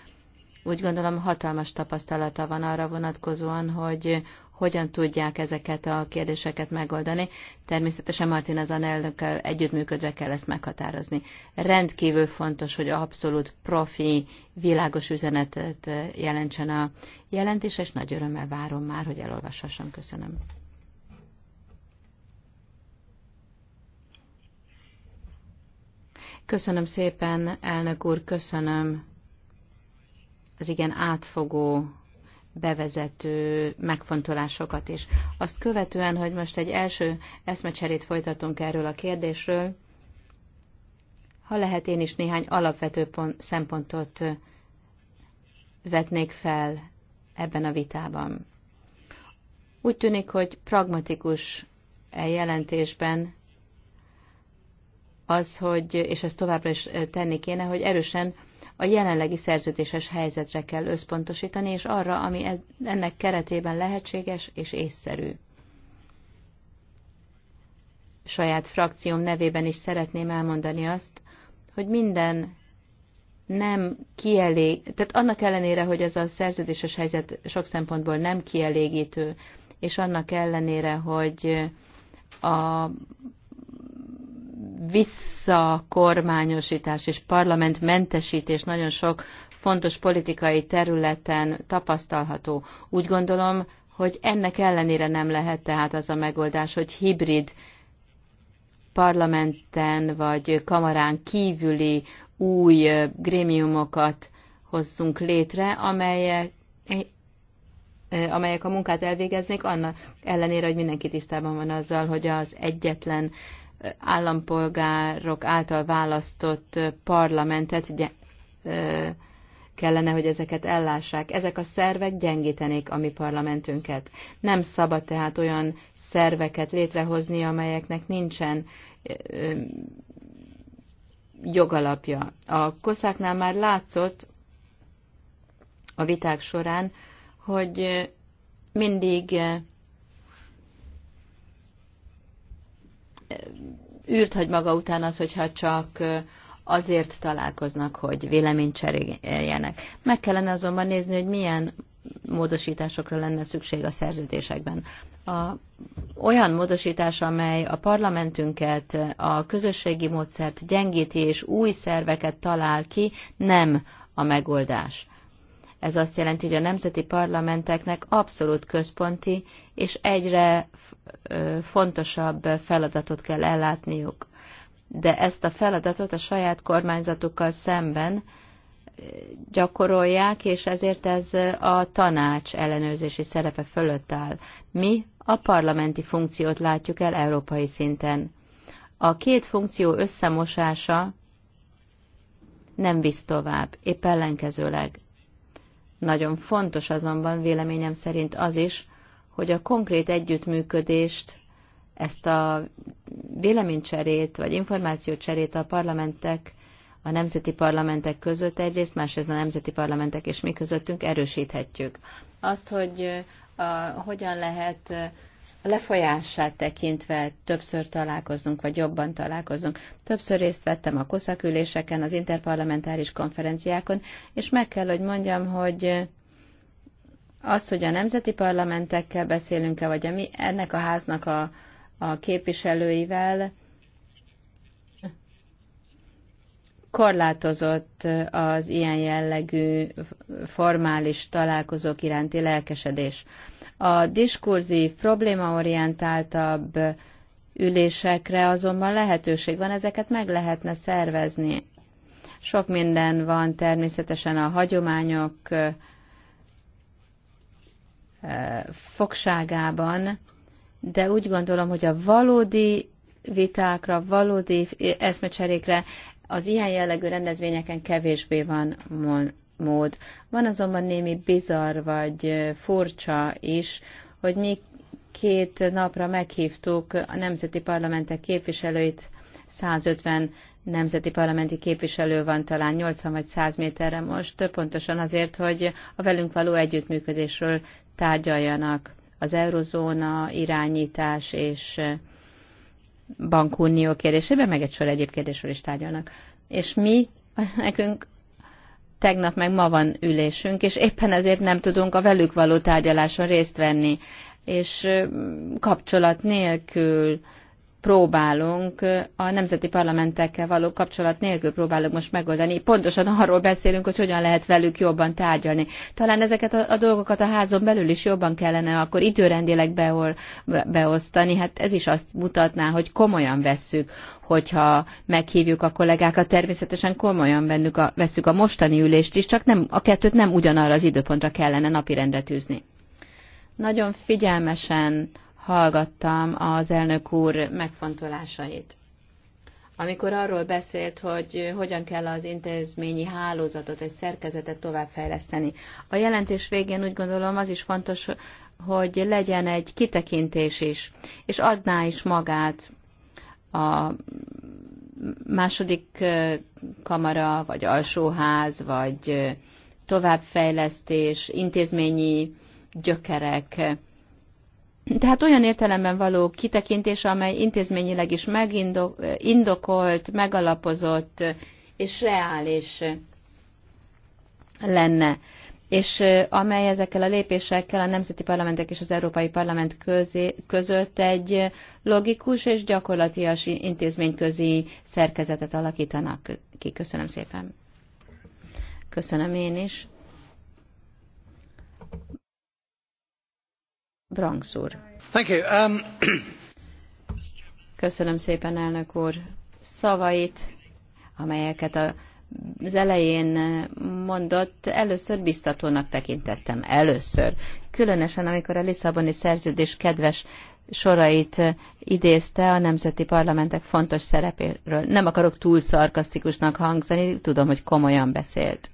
úgy gondolom hatalmas tapasztalata van arra vonatkozóan, hogy hogyan tudják ezeket a kérdéseket megoldani. Természetesen Martin az elnökkel együttműködve kell ezt meghatározni. Rendkívül fontos, hogy abszolút profi, világos üzenetet jelentsen a jelentés, és nagy örömmel várom már, hogy elolvashassam. Köszönöm. Köszönöm szépen, elnök úr, köszönöm az igen átfogó bevezető megfontolásokat is. Azt követően, hogy most egy első eszmecserét folytatunk erről a kérdésről, ha lehet, én is néhány alapvető pont, szempontot vetnék fel ebben a vitában. Úgy tűnik, hogy pragmatikus eljelentésben jelentésben az, hogy, és ezt továbbra is tenni kéne, hogy erősen a jelenlegi szerződéses helyzetre kell összpontosítani, és arra, ami e- ennek keretében lehetséges és észszerű. Saját frakcióm nevében is szeretném elmondani azt, hogy minden nem kielég, tehát annak ellenére, hogy ez a szerződéses helyzet sok szempontból nem kielégítő, és annak ellenére, hogy a visszakormányosítás és parlamentmentesítés nagyon sok fontos politikai területen tapasztalható. Úgy gondolom, hogy ennek ellenére nem lehet tehát az a megoldás, hogy hibrid parlamenten vagy kamarán kívüli új grémiumokat hozzunk létre, amelyek amelyek a munkát elvégeznék, annak ellenére, hogy mindenki tisztában van azzal, hogy az egyetlen állampolgárok által választott parlamentet kellene, hogy ezeket ellássák. Ezek a szervek gyengítenék a mi parlamentünket. Nem szabad tehát olyan szerveket létrehozni, amelyeknek nincsen jogalapja. A koszáknál már látszott a viták során, hogy mindig űrt hagy maga után az, hogyha csak azért találkoznak, hogy véleményt cseréljenek. Meg kellene azonban nézni, hogy milyen módosításokra lenne szükség a szerződésekben. A, olyan módosítás, amely a parlamentünket, a közösségi módszert gyengíti és új szerveket talál ki, nem a megoldás. Ez azt jelenti, hogy a nemzeti parlamenteknek abszolút központi és egyre fontosabb feladatot kell ellátniuk. De ezt a feladatot a saját kormányzatukkal szemben gyakorolják, és ezért ez a tanács ellenőrzési szerepe fölött áll. Mi a parlamenti funkciót látjuk el európai szinten. A két funkció összemosása nem visz tovább, épp ellenkezőleg. Nagyon fontos azonban véleményem szerint az is, hogy a konkrét együttműködést, ezt a véleménycserét vagy információcserét a parlamentek, a nemzeti parlamentek között egyrészt, másrészt a nemzeti parlamentek és mi közöttünk erősíthetjük. Azt, hogy a, hogyan lehet lefolyását tekintve többször találkozunk, vagy jobban találkozunk. Többször részt vettem a koszaküléseken, az interparlamentáris konferenciákon, és meg kell, hogy mondjam, hogy az, hogy a nemzeti parlamentekkel beszélünk-e, vagy a mi, ennek a háznak a, a képviselőivel, korlátozott az ilyen jellegű formális találkozók iránti lelkesedés. A diskurzív, problémaorientáltabb ülésekre azonban lehetőség van, ezeket meg lehetne szervezni. Sok minden van természetesen a hagyományok fogságában, de úgy gondolom, hogy a valódi vitákra, valódi eszmecserékre az ilyen jellegű rendezvényeken kevésbé van mód. Van azonban némi bizarr vagy furcsa is, hogy mi két napra meghívtuk a nemzeti parlamentek képviselőit, 150 nemzeti parlamenti képviselő van talán 80 vagy 100 méterre most, pontosan azért, hogy a velünk való együttműködésről tárgyaljanak az eurozóna irányítás és bankunió kérdésében, meg egy sor egyéb kérdésről is tárgyalnak. És mi, nekünk tegnap meg ma van ülésünk, és éppen ezért nem tudunk a velük való tárgyaláson részt venni. És kapcsolat nélkül próbálunk a nemzeti parlamentekkel való kapcsolat nélkül próbálunk most megoldani. Pontosan arról beszélünk, hogy hogyan lehet velük jobban tárgyalni. Talán ezeket a, a dolgokat a házon belül is jobban kellene akkor időrendileg beol, beosztani. Hát ez is azt mutatná, hogy komolyan vesszük, hogyha meghívjuk a kollégákat, természetesen komolyan bennük a, veszük a mostani ülést is, csak nem, a kettőt nem ugyanarra az időpontra kellene napirendre tűzni. Nagyon figyelmesen hallgattam az elnök úr megfontolásait. Amikor arról beszélt, hogy hogyan kell az intézményi hálózatot, egy szerkezetet továbbfejleszteni. A jelentés végén úgy gondolom az is fontos, hogy legyen egy kitekintés is, és adná is magát a második kamara, vagy alsóház, vagy továbbfejlesztés, intézményi gyökerek tehát olyan értelemben való kitekintés, amely intézményileg is megindokolt, megalapozott és reális lenne, és amely ezekkel a lépésekkel a nemzeti parlamentek és az Európai Parlament közé, között egy logikus és gyakorlatias intézményközi szerkezetet alakítanak ki. Köszönöm szépen. Köszönöm én is úr. Thank you. Um... Köszönöm szépen, elnök úr, szavait, amelyeket a az elején mondott, először biztatónak tekintettem. Először. Különösen, amikor a Lisszaboni szerződés kedves sorait idézte a nemzeti parlamentek fontos szerepéről. Nem akarok túl szarkasztikusnak hangzani, tudom, hogy komolyan beszélt.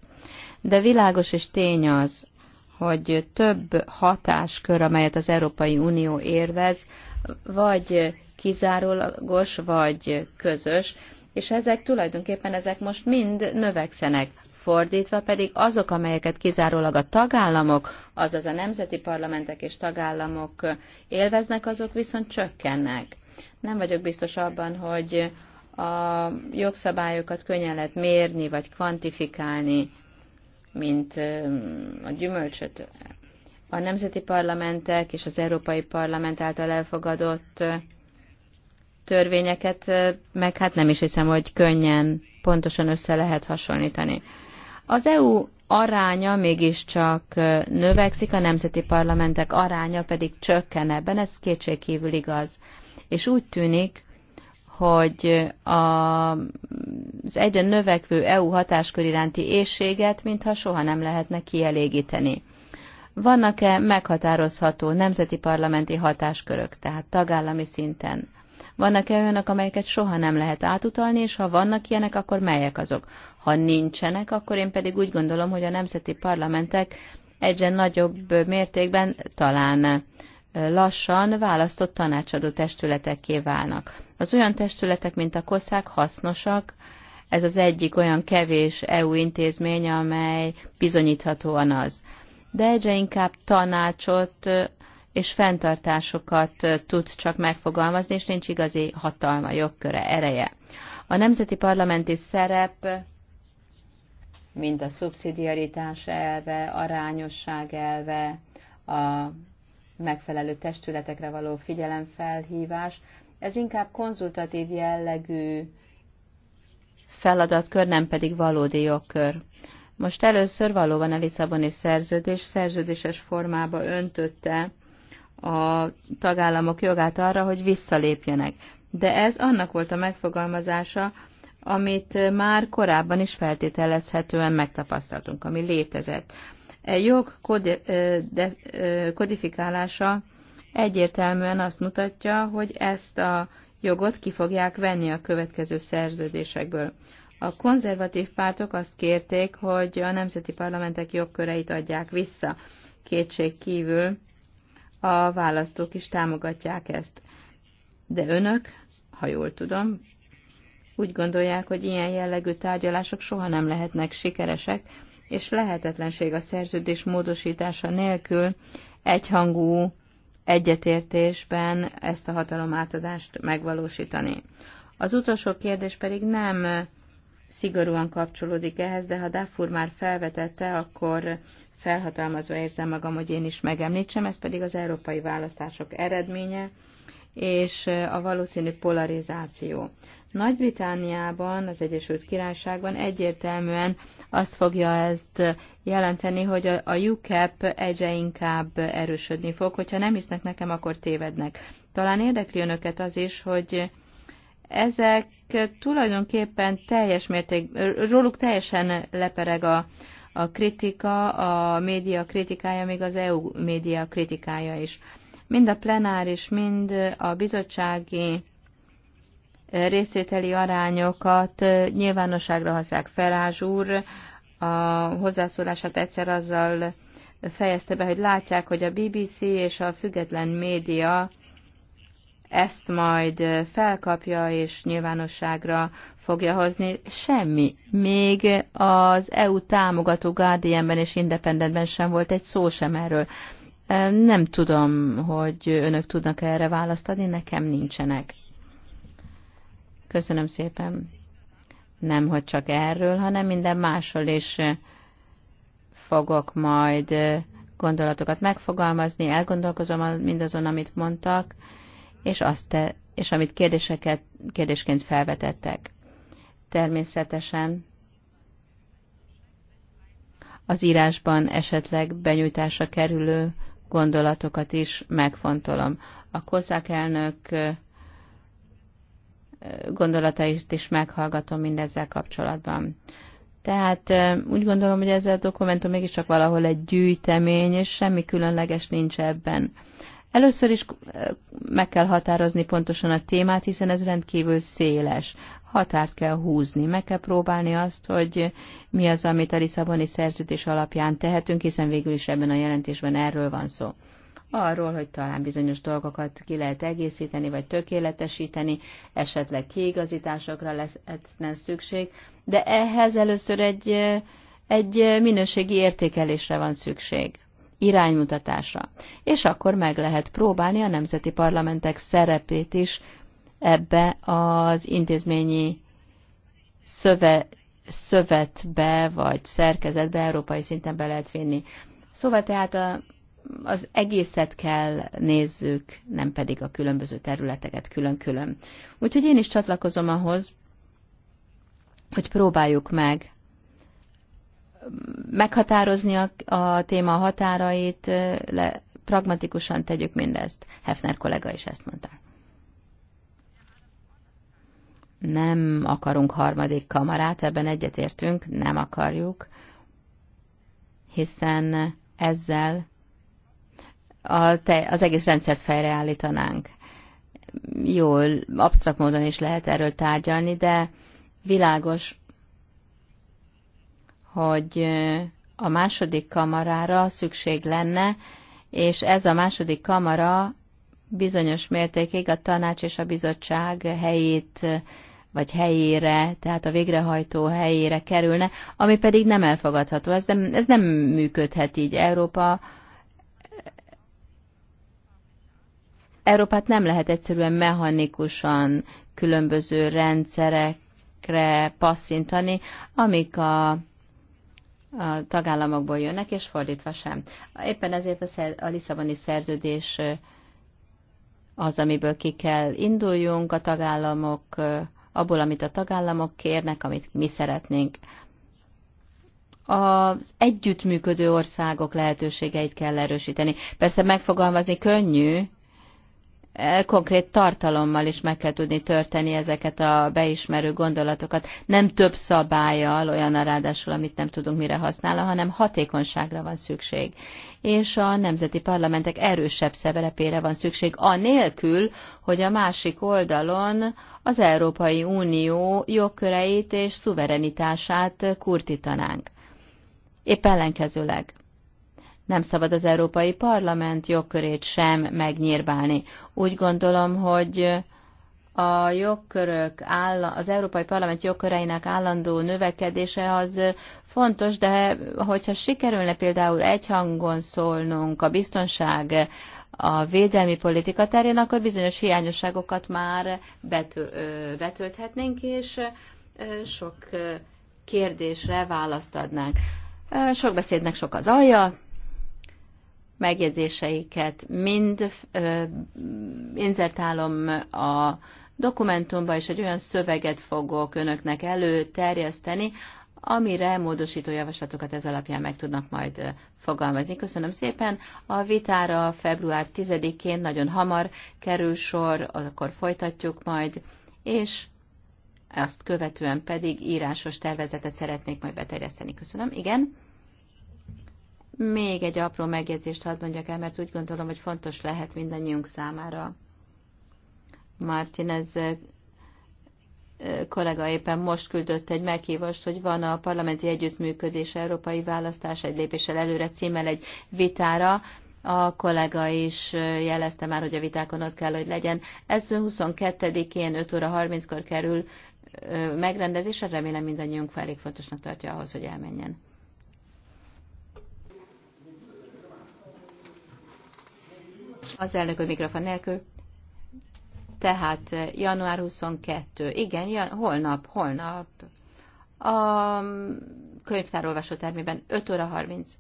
De világos és tény az, hogy több hatáskör, amelyet az Európai Unió érvez, vagy kizárólagos, vagy közös, és ezek tulajdonképpen ezek most mind növekszenek. Fordítva pedig azok, amelyeket kizárólag a tagállamok, azaz a nemzeti parlamentek és tagállamok élveznek, azok viszont csökkennek. Nem vagyok biztos abban, hogy a jogszabályokat könnyen lehet mérni vagy kvantifikálni mint a gyümölcsöt. A nemzeti parlamentek és az Európai Parlament által elfogadott törvényeket, meg hát nem is hiszem, hogy könnyen pontosan össze lehet hasonlítani. Az EU aránya mégiscsak növekszik, a nemzeti parlamentek aránya pedig csökken ebben, ez kétségkívül igaz. És úgy tűnik, hogy a, az egyre növekvő EU hatáskör iránti ésséget, mintha soha nem lehetne kielégíteni. Vannak-e meghatározható nemzeti parlamenti hatáskörök, tehát tagállami szinten? Vannak-e olyanok, amelyeket soha nem lehet átutalni, és ha vannak ilyenek, akkor melyek azok? Ha nincsenek, akkor én pedig úgy gondolom, hogy a nemzeti parlamentek egyre nagyobb mértékben talán lassan választott tanácsadó testületekké válnak. Az olyan testületek, mint a koszák hasznosak, ez az egyik olyan kevés EU intézmény, amely bizonyíthatóan az. De egyre inkább tanácsot és fenntartásokat tud csak megfogalmazni, és nincs igazi hatalma, jogköre, ereje. A nemzeti parlamenti szerep, mint a szubszidiaritás elve, arányosság elve, a megfelelő testületekre való figyelemfelhívás, ez inkább konzultatív jellegű feladatkör, nem pedig valódi jogkör. Most először valóban a Lisszaboni szerződés szerződéses formába öntötte a tagállamok jogát arra, hogy visszalépjenek. De ez annak volt a megfogalmazása, amit már korábban is feltételezhetően megtapasztaltunk, ami létezett. E jog kodifikálása egyértelműen azt mutatja, hogy ezt a jogot ki fogják venni a következő szerződésekből. A konzervatív pártok azt kérték, hogy a nemzeti parlamentek jogköreit adják vissza. Kétség kívül a választók is támogatják ezt. De önök, ha jól tudom, úgy gondolják, hogy ilyen jellegű tárgyalások soha nem lehetnek sikeresek, és lehetetlenség a szerződés módosítása nélkül egyhangú egyetértésben ezt a hatalomátadást megvalósítani. Az utolsó kérdés pedig nem szigorúan kapcsolódik ehhez, de ha Dafur már felvetette, akkor felhatalmazva érzem magam, hogy én is megemlítsem, ez pedig az európai választások eredménye és a valószínű polarizáció. Nagy-Britániában, az Egyesült Királyságban egyértelműen azt fogja ezt jelenteni, hogy a UCAP egyre inkább erősödni fog. Hogyha nem hisznek nekem, akkor tévednek. Talán érdekli önöket az is, hogy ezek tulajdonképpen teljes mérték, róluk teljesen lepereg a, a kritika, a média kritikája, még az EU média kritikája is. Mind a plenáris, mind a bizottsági részételi arányokat nyilvánosságra hozzák Felázs úr, a hozzászólását egyszer azzal fejezte be, hogy látják, hogy a BBC és a független média ezt majd felkapja és nyilvánosságra fogja hozni. Semmi. Még az EU támogató Guardianben és Independentben sem volt egy szó sem erről. Nem tudom, hogy önök tudnak -e erre választani, nekem nincsenek. Köszönöm szépen. Nem, hogy csak erről, hanem minden másról is fogok majd gondolatokat megfogalmazni, elgondolkozom mindazon, amit mondtak, és, azt te, és amit kérdéseket, kérdésként felvetettek. Természetesen az írásban esetleg benyújtásra kerülő gondolatokat is megfontolom. A kozák elnök gondolatait is meghallgatom mindezzel kapcsolatban. Tehát úgy gondolom, hogy ez a dokumentum mégiscsak valahol egy gyűjtemény, és semmi különleges nincs ebben. Először is meg kell határozni pontosan a témát, hiszen ez rendkívül széles. Határt kell húzni, meg kell próbálni azt, hogy mi az, amit a Lisszaboni szerződés alapján tehetünk, hiszen végül is ebben a jelentésben erről van szó arról, hogy talán bizonyos dolgokat ki lehet egészíteni, vagy tökéletesíteni, esetleg kiigazításokra lehetne szükség, de ehhez először egy, egy minőségi értékelésre van szükség iránymutatásra. És akkor meg lehet próbálni a nemzeti parlamentek szerepét is ebbe az intézményi szöve, szövetbe vagy szerkezetbe európai szinten be lehet vinni. Szóval tehát a, az egészet kell nézzük, nem pedig a különböző területeket külön-külön. Úgyhogy én is csatlakozom ahhoz, hogy próbáljuk meg meghatározni a, a téma határait, le, pragmatikusan tegyük mindezt. Hefner kollega is ezt mondta. Nem akarunk harmadik kamarát, ebben egyetértünk, nem akarjuk, hiszen ezzel a te, az egész rendszert fejreállítanánk. Jól, absztrakt módon is lehet erről tárgyalni, de világos, hogy a második kamarára szükség lenne, és ez a második kamara bizonyos mértékig a tanács és a bizottság helyét vagy helyére, tehát a végrehajtó helyére kerülne, ami pedig nem elfogadható. Ez nem, ez nem működhet így. Európa Európát nem lehet egyszerűen mechanikusan különböző rendszerekre passzintani, amik a a tagállamokból jönnek, és fordítva sem. Éppen ezért a, szer- a Lisszaboni szerződés az, amiből ki kell induljunk a tagállamok, abból, amit a tagállamok kérnek, amit mi szeretnénk. Az együttműködő országok lehetőségeit kell erősíteni. Persze megfogalmazni könnyű, Eh, konkrét tartalommal is meg kell tudni törteni ezeket a beismerő gondolatokat. Nem több szabályal, olyan ráadásul, amit nem tudunk mire használni, hanem hatékonyságra van szükség. És a nemzeti parlamentek erősebb szerepére van szükség, anélkül, hogy a másik oldalon az Európai Unió jogköreit és szuverenitását kurtítanánk. Épp ellenkezőleg nem szabad az Európai Parlament jogkörét sem megnyírbálni. Úgy gondolom, hogy a jogkörök, az Európai Parlament jogköreinek állandó növekedése az fontos, de hogyha sikerülne például egyhangon szólnunk a biztonság, a védelmi politika terén, akkor bizonyos hiányosságokat már betö- betölthetnénk, és sok kérdésre választ adnánk. Sok beszédnek sok az alja, megjegyzéseiket mind inzertálom a dokumentumba, és egy olyan szöveget fogok önöknek előterjeszteni, amire módosító javaslatokat ez alapján meg tudnak majd fogalmazni. Köszönöm szépen. A vitára február 10-én nagyon hamar kerül sor, akkor folytatjuk majd, és azt követően pedig írásos tervezetet szeretnék majd beterjeszteni. Köszönöm. Igen. Még egy apró megjegyzést hadd mondjak el, mert úgy gondolom, hogy fontos lehet mindannyiunk számára. Martinez eh, kollega éppen most küldött egy meghívást, hogy van a parlamenti együttműködés európai választás egy lépéssel előre címmel egy vitára. A kollega is eh, jelezte már, hogy a vitákon ott kell, hogy legyen. Ez 22-én 5 óra 30-kor kerül eh, megrendezésre, remélem mindannyiunk elég fontosnak tartja ahhoz, hogy elmenjen. Az elnök mikrofon nélkül. Tehát eh, január 22. Igen, jan- holnap, holnap. A mm, könyvtárolvasó termében 5 óra 30.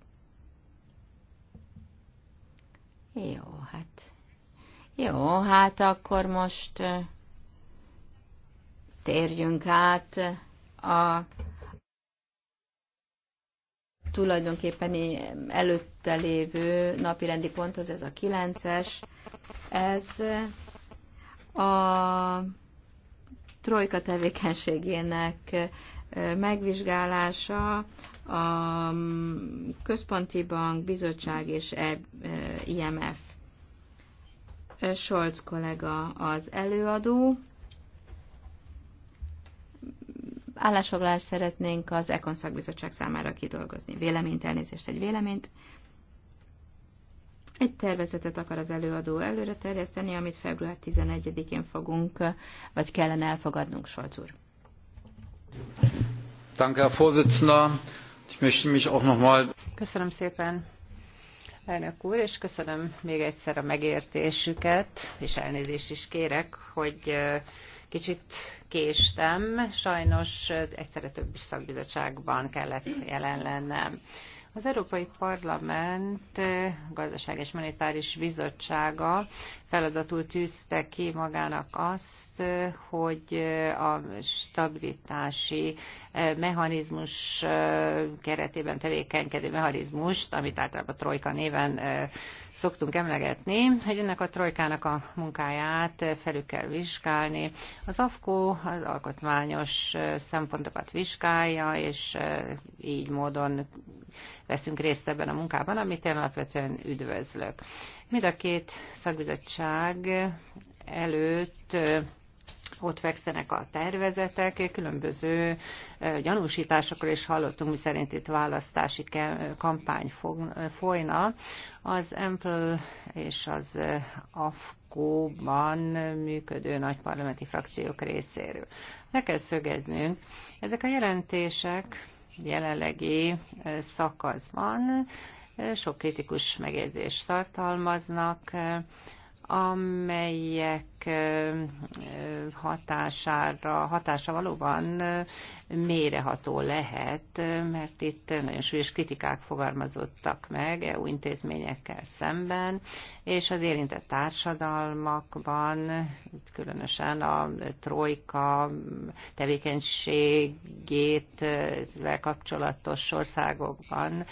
Jó, hát. Jó, hát akkor most eh, térjünk át a tulajdonképpen előtte lévő rendi ponthoz, ez a 9-es, ez a trojka tevékenységének megvizsgálása, a mm, Központi Bank, Bizottság és e-, IMF. Scholz kollega az előadó. állásfoglalást szeretnénk az Econ szakbizottság számára kidolgozni. Véleményt, elnézést, egy véleményt. Egy tervezetet akar az előadó előre terjeszteni, amit február 11-én fogunk, vagy kellene elfogadnunk, Solc úr. Köszönöm szépen, elnök úr, és köszönöm még egyszer a megértésüket, és elnézést is kérek, hogy eh, Kicsit késtem, sajnos egyszerre több szakbizottságban kellett jelen lennem. Az Európai Parlament Gazdaság és Monetáris Bizottsága feladatul tűzte ki magának azt, hogy a stabilitási mechanizmus keretében tevékenykedő mechanizmust, amit általában Trojka néven szoktunk emlegetni, hogy ennek a trojkának a munkáját felül kell vizsgálni. Az AFKO az alkotmányos szempontokat vizsgálja, és így módon veszünk részt ebben a munkában, amit én alapvetően üdvözlök. Mind a két szakbizottság előtt ott fekszenek a tervezetek, különböző gyanúsításokról is hallottunk, miszerint itt választási kampány folyna. Az Ample és az AFKO-ban működő nagy parlamenti frakciók részéről. Le kell szögeznünk, ezek a jelentések jelenlegi szakaszban sok kritikus megjegyzést tartalmaznak, amelyek hatására, hatása valóban méreható lehet, mert itt nagyon súlyos kritikák fogalmazottak meg EU intézményekkel szemben, és az érintett társadalmakban, itt különösen a trojka tevékenységét kapcsolatos országokban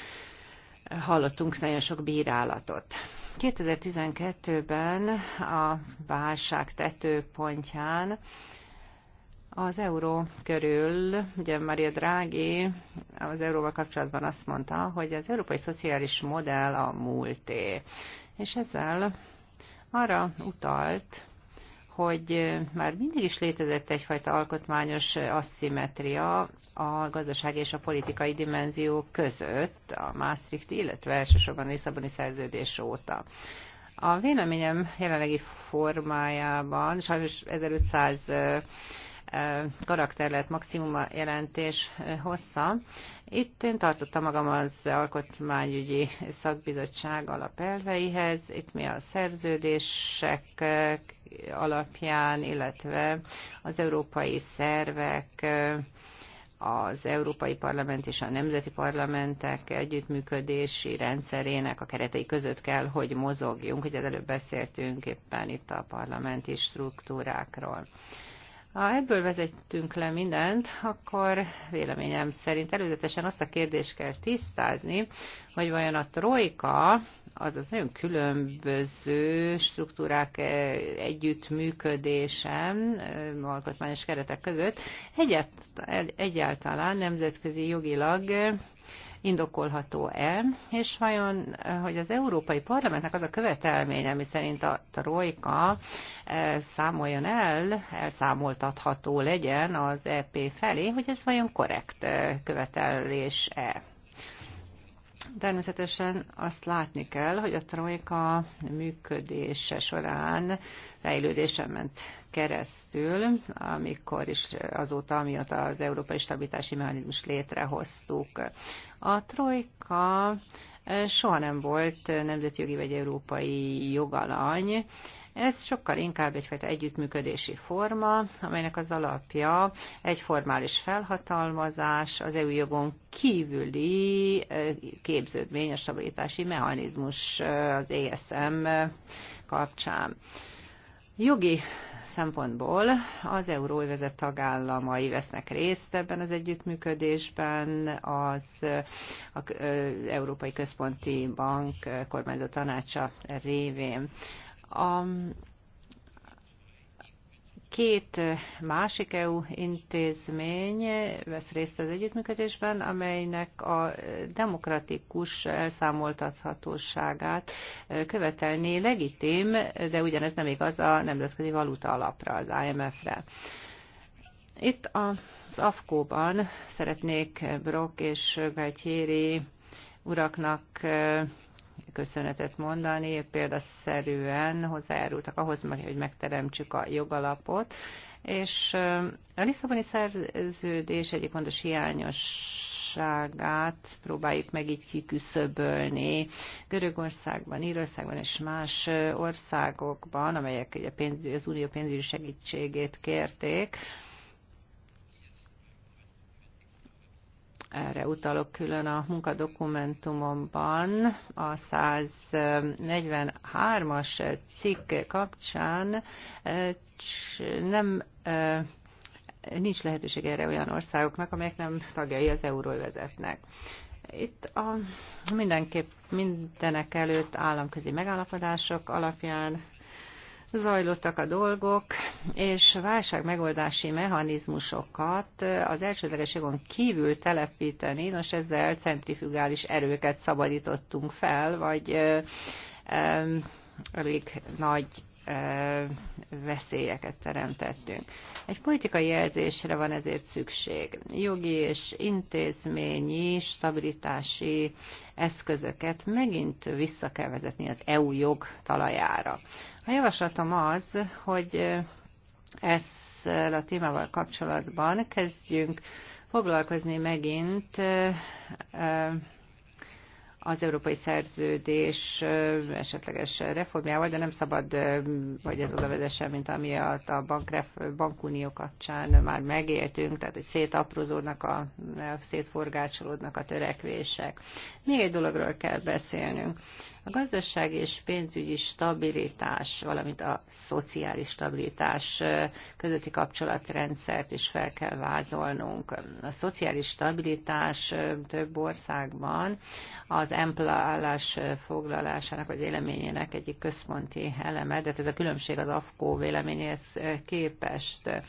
hallottunk nagyon sok bírálatot. 2012-ben a válság tetőpontján az euró körül, ugye Maria Draghi az euróval kapcsolatban azt mondta, hogy az európai szociális modell a múlté. És ezzel arra utalt, hogy már mindig is létezett egyfajta alkotmányos asszimetria a gazdasági és a politikai dimenzió között, a Maastricht, illetve elsősorban a Lisszaboni szerződés óta. A véleményem jelenlegi formájában, sajnos 1500 karakter lett maximum a jelentés hossza. Itt én tartottam magam az alkotmányügyi szakbizottság alapelveihez, itt mi a szerződések alapján, illetve az európai szervek, az Európai Parlament és a Nemzeti Parlamentek együttműködési rendszerének a keretei között kell, hogy mozogjunk. Ugye előbb beszéltünk éppen itt a parlamenti struktúrákról. Ha ebből vezetünk le mindent, akkor véleményem szerint előzetesen azt a kérdést kell tisztázni, hogy vajon a trojka, azaz nagyon különböző struktúrák eh, együttműködésen, eh, alkotmányos keretek között egyáltalán nemzetközi jogilag eh, indokolható-e, és vajon, hogy az Európai Parlamentnek az a követelménye, ami szerint a trojka számoljon el, elszámoltatható legyen az EP felé, hogy ez vajon korrekt követelés-e? Természetesen azt látni kell, hogy a trojka működése során fejlődésen ment keresztül, amikor is azóta, amiatt az Európai Stabilitási Mechanizmus létrehoztuk. A trojka eh, soha nem volt nemzetjogi vagy európai jogalany, ez sokkal inkább egyfajta együttműködési forma, amelynek az alapja egy formális felhatalmazás, az EU jogon kívüli eh, képződmény, a stabilitási mechanizmus eh, az ESM eh, kapcsán. Jogi szempontból az euróvezet tagállamai vesznek részt ebben az együttműködésben, az, az Európai Központi Bank kormányzó tanácsa révén. A két másik EU intézmény vesz részt az együttműködésben, amelynek a demokratikus elszámoltathatóságát követelni legitim, de ugyanez nem igaz a nemzetközi valuta alapra, az IMF-re. Itt az AFKO-ban szeretnék Brock és Gajtjéri uraknak köszönetet mondani, példaszerűen hozzájárultak ahhoz, hogy megteremtsük a jogalapot, és a Lisszaboni szerződés egyik fontos hiányosságát próbáljuk meg így kiküszöbölni. Görögországban, Írországban és más országokban, amelyek ugye pénz, az unió pénzügyi segítségét kérték, erre utalok külön a munkadokumentumomban, a 143-as cikk kapcsán eh, nem eh, nincs lehetőség erre olyan országoknak, amelyek nem tagjai az euróvezetnek. Itt a, mindenképp mindenek előtt államközi megállapodások alapján zajlottak a dolgok, és válságmegoldási mechanizmusokat az elsődleges jogon kívül telepíteni, nos ezzel centrifugális erőket szabadítottunk fel, vagy elég nagy veszélyeket teremtettünk. Egy politikai jelzésre van ezért szükség. Jogi és intézményi stabilitási eszközöket megint vissza kell vezetni az EU jog talajára. A javaslatom az, hogy ezzel a témával kapcsolatban kezdjünk foglalkozni megint az európai szerződés esetleges reformjával, de nem szabad, hogy ez oda vezessen, mint ami a bankref, bankunió kapcsán már megéltünk, tehát hogy szétaprózódnak, a, szétforgácsolódnak a törekvések. Még egy dologról kell beszélnünk. A gazdaság és pénzügyi stabilitás, valamint a szociális stabilitás közötti kapcsolatrendszert is fel kell vázolnunk. A szociális stabilitás több országban az állás foglalásának vagy véleményének egyik központi eleme, de hát ez a különbség az AFKO véleményéhez képest.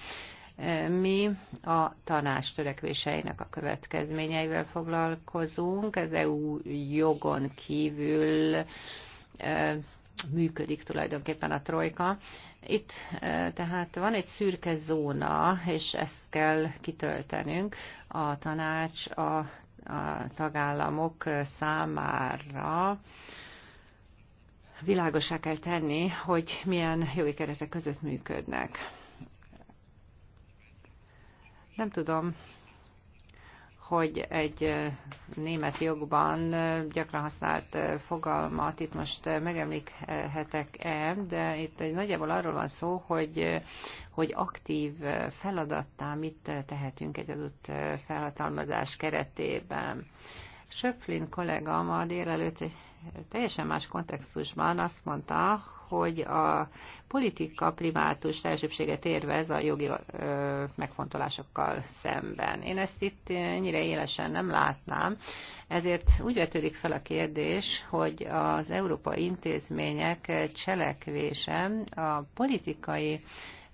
Mi a tanács törekvéseinek a következményeivel foglalkozunk, ez EU jogon kívül működik tulajdonképpen a trojka. Itt tehát van egy szürke zóna, és ezt kell kitöltenünk. A tanács a a tagállamok számára világosá kell tenni, hogy milyen jogi keretek között működnek. Nem tudom, hogy egy német jogban gyakran használt fogalmat itt most megemlíthetek-e, de itt egy nagyjából arról van szó, hogy, hogy aktív feladattá mit tehetünk egy adott felhatalmazás keretében. Söpflin kollega ma délelőtt egy teljesen más kontextusban azt mondta, hogy a politika primátus elsőbséget érvez a jogi ö, megfontolásokkal szemben. Én ezt itt ennyire élesen nem látnám, ezért úgy vetődik fel a kérdés, hogy az európai intézmények cselekvése a politikai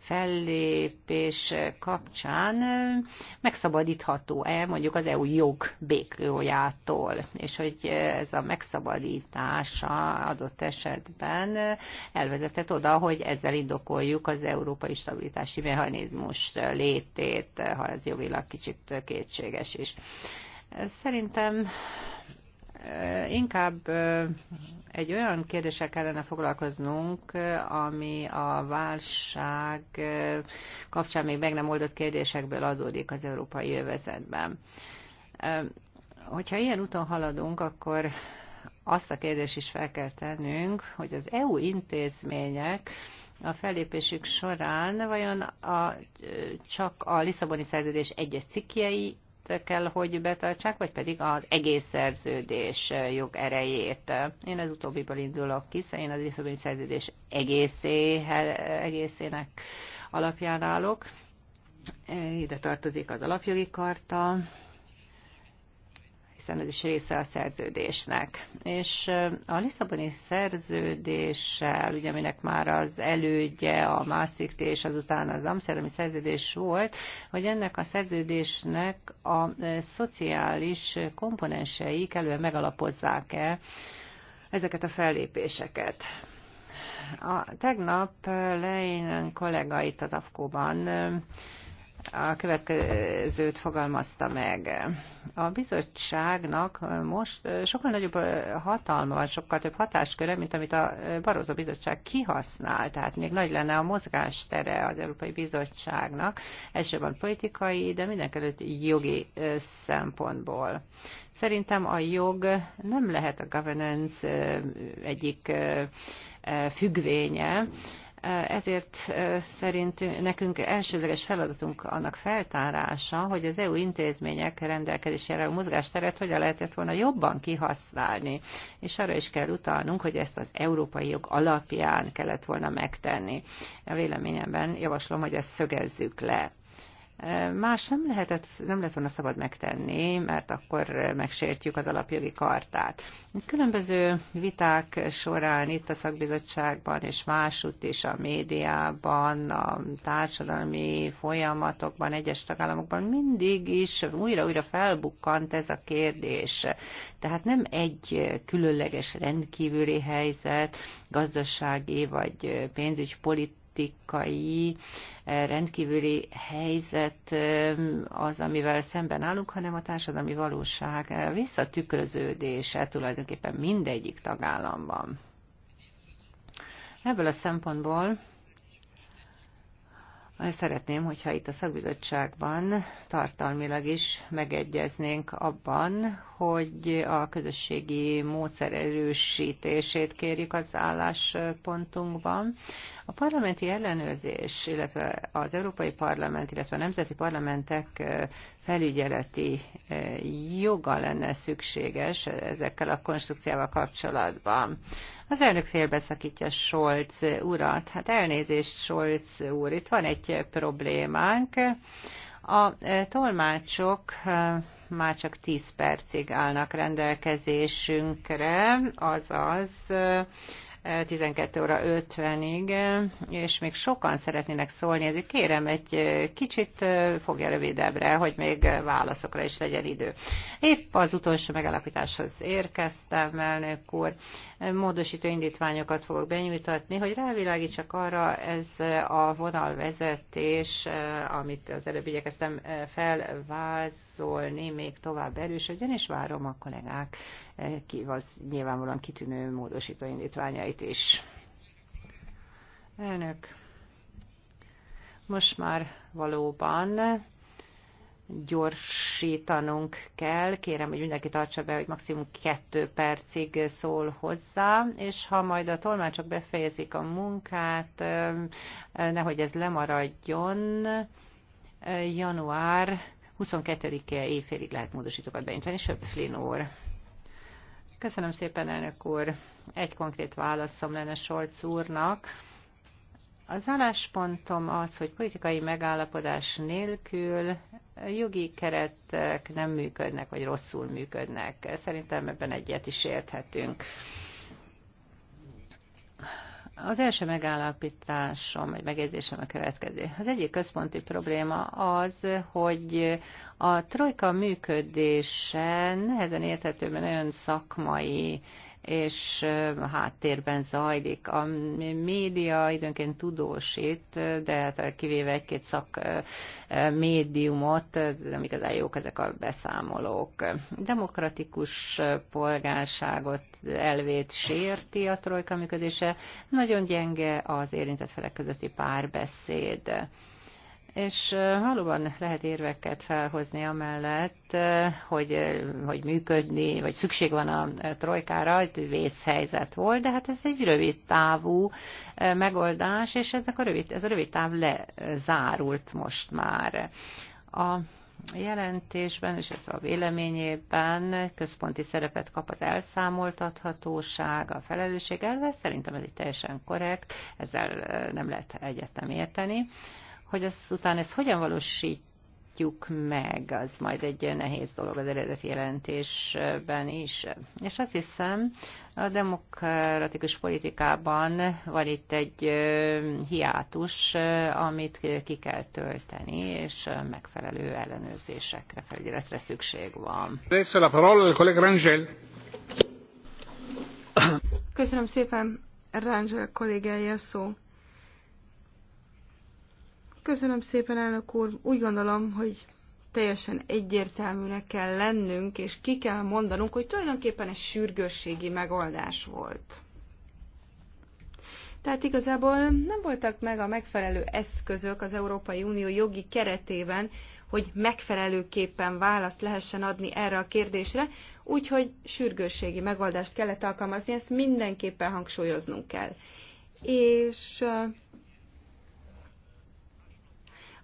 fellépés kapcsán megszabadítható-e mondjuk az EU jog békjójától, és hogy ez a megszabadítása adott esetben elvezetett oda, hogy ezzel indokoljuk az európai stabilitási mechanizmus létét, ha ez jogilag kicsit kétséges is. Szerintem inkább egy olyan kérdéssel kellene foglalkoznunk, ami a válság kapcsán még meg nem oldott kérdésekből adódik az európai övezetben. Hogyha ilyen úton haladunk, akkor azt a kérdést is fel kell tennünk, hogy az EU intézmények a fellépésük során vajon a, csak a Lisszaboni szerződés egyes cikkjei kell, hogy betartsák, vagy pedig az egész szerződés jog erejét. Én ez utóbbiból indulok ki, szóval én az Lisszaboni szerződés egészé, egészének alapján állok. Ide tartozik az alapjogi karta, hiszen ez is része a szerződésnek. És a Lisszaboni szerződéssel, ugye aminek már az elődje a Maastricht és azután az Amsterdami szerződés volt, hogy ennek a szerződésnek a szociális komponensei kellően megalapozzák-e ezeket a fellépéseket. A, tegnap Leinen kollega itt az AFKO-ban a következőt fogalmazta meg. A bizottságnak most sokkal nagyobb hatalma van, sokkal több hatásköre, mint amit a Barozó Bizottság kihasznál. Tehát még nagy lenne a mozgástere az Európai Bizottságnak, elsősorban politikai, de mindenkelőtt jogi szempontból. Szerintem a jog nem lehet a governance egyik függvénye, ezért szerint nekünk elsődleges feladatunk annak feltárása, hogy az EU intézmények rendelkezésére a mozgásteret hogyan lehetett volna jobban kihasználni, és arra is kell utalnunk, hogy ezt az európai jog alapján kellett volna megtenni. A véleményemben javaslom, hogy ezt szögezzük le. Más nem, lehetett, nem lett volna szabad megtenni, mert akkor megsértjük az alapjogi kartát. Különböző viták során itt a szakbizottságban és másutt is a médiában, a társadalmi folyamatokban, egyes tagállamokban mindig is újra-újra felbukkant ez a kérdés. Tehát nem egy különleges rendkívüli helyzet, gazdasági vagy pénzügypolitikai politikai eh, rendkívüli helyzet eh, az, amivel szemben állunk, hanem a társadalmi valóság eh, visszatükröződése tulajdonképpen mindegyik tagállamban. Ebből a szempontból Szeretném, hogyha itt a szakbizottságban tartalmilag is megegyeznénk abban, hogy a közösségi módszer erősítését kérjük az álláspontunkban. A parlamenti ellenőrzés, illetve az Európai Parlament, illetve a nemzeti parlamentek felügyeleti joga lenne szükséges ezekkel a konstrukciával kapcsolatban. Az elnök félbeszakítja Scholz urat. Hát elnézést, Scholz úr, itt van egy problémánk. A e, tolmácsok e, már csak 10 percig állnak rendelkezésünkre, azaz 12 e, óra 50-ig, és még sokan szeretnének szólni, ezért kérem egy kicsit fogja rövidebbre, hogy még válaszokra is legyen idő. Épp az utolsó megállapításhoz érkeztem, elnök úr módosító indítványokat fogok benyújtatni, hogy rávilágítsak arra ez a vonalvezetés, eh, amit az előbb igyekeztem eh, felvázolni, még tovább erősödjön, és várom a kollégák eh, ki az nyilvánvalóan kitűnő módosító indítványait is. Elnök, most már valóban gyorsítanunk kell. Kérem, hogy mindenki tartsa be, hogy maximum kettő percig szól hozzá, és ha majd a tolmácsok befejezik a munkát, nehogy ez lemaradjon, január 22-e éjfélig lehet módosítókat beinteni, Söpflin úr. Köszönöm szépen, elnök úr. Egy konkrét válaszom lenne Solc úrnak az álláspontom az, hogy politikai megállapodás nélkül jogi keretek nem működnek, vagy rosszul működnek. Szerintem ebben egyet is érthetünk. Az első megállapításom, vagy megjegyzésem a következő. Az egyik központi probléma az, hogy a trojka működése nehezen érthető, mert nagyon szakmai, és háttérben zajlik. A média időnként tudósít, de hát kivéve egy-két szak médiumot, nem igazán jók ezek a beszámolók. Demokratikus polgárságot elvét sérti a trojka működése, nagyon gyenge az érintett felek közötti párbeszéd és valóban lehet érveket felhozni amellett, hogy, hogy működni, vagy szükség van a trojkára, hogy vészhelyzet volt, de hát ez egy rövid távú megoldás, és ennek a rövid, ez a rövid táv lezárult most már. A jelentésben, és a véleményében központi szerepet kap az elszámoltathatóság, a felelősség elve, szerintem ez egy teljesen korrekt, ezzel nem lehet egyetem érteni hogy utána ezt hogyan valósítjuk meg, az majd egy nehéz dolog az eredeti jelentésben is. És azt hiszem, a demokratikus politikában van itt egy hiátus, amit ki kell tölteni, és megfelelő ellenőrzésekre, felügyeletre szükség van. Köszönöm szépen, Rangel kollégája szó. Köszönöm szépen, elnök úr. Úgy gondolom, hogy teljesen egyértelműnek kell lennünk, és ki kell mondanunk, hogy tulajdonképpen ez sürgősségi megoldás volt. Tehát igazából nem voltak meg a megfelelő eszközök az Európai Unió jogi keretében, hogy megfelelőképpen választ lehessen adni erre a kérdésre, úgyhogy sürgősségi megoldást kellett alkalmazni, ezt mindenképpen hangsúlyoznunk kell. És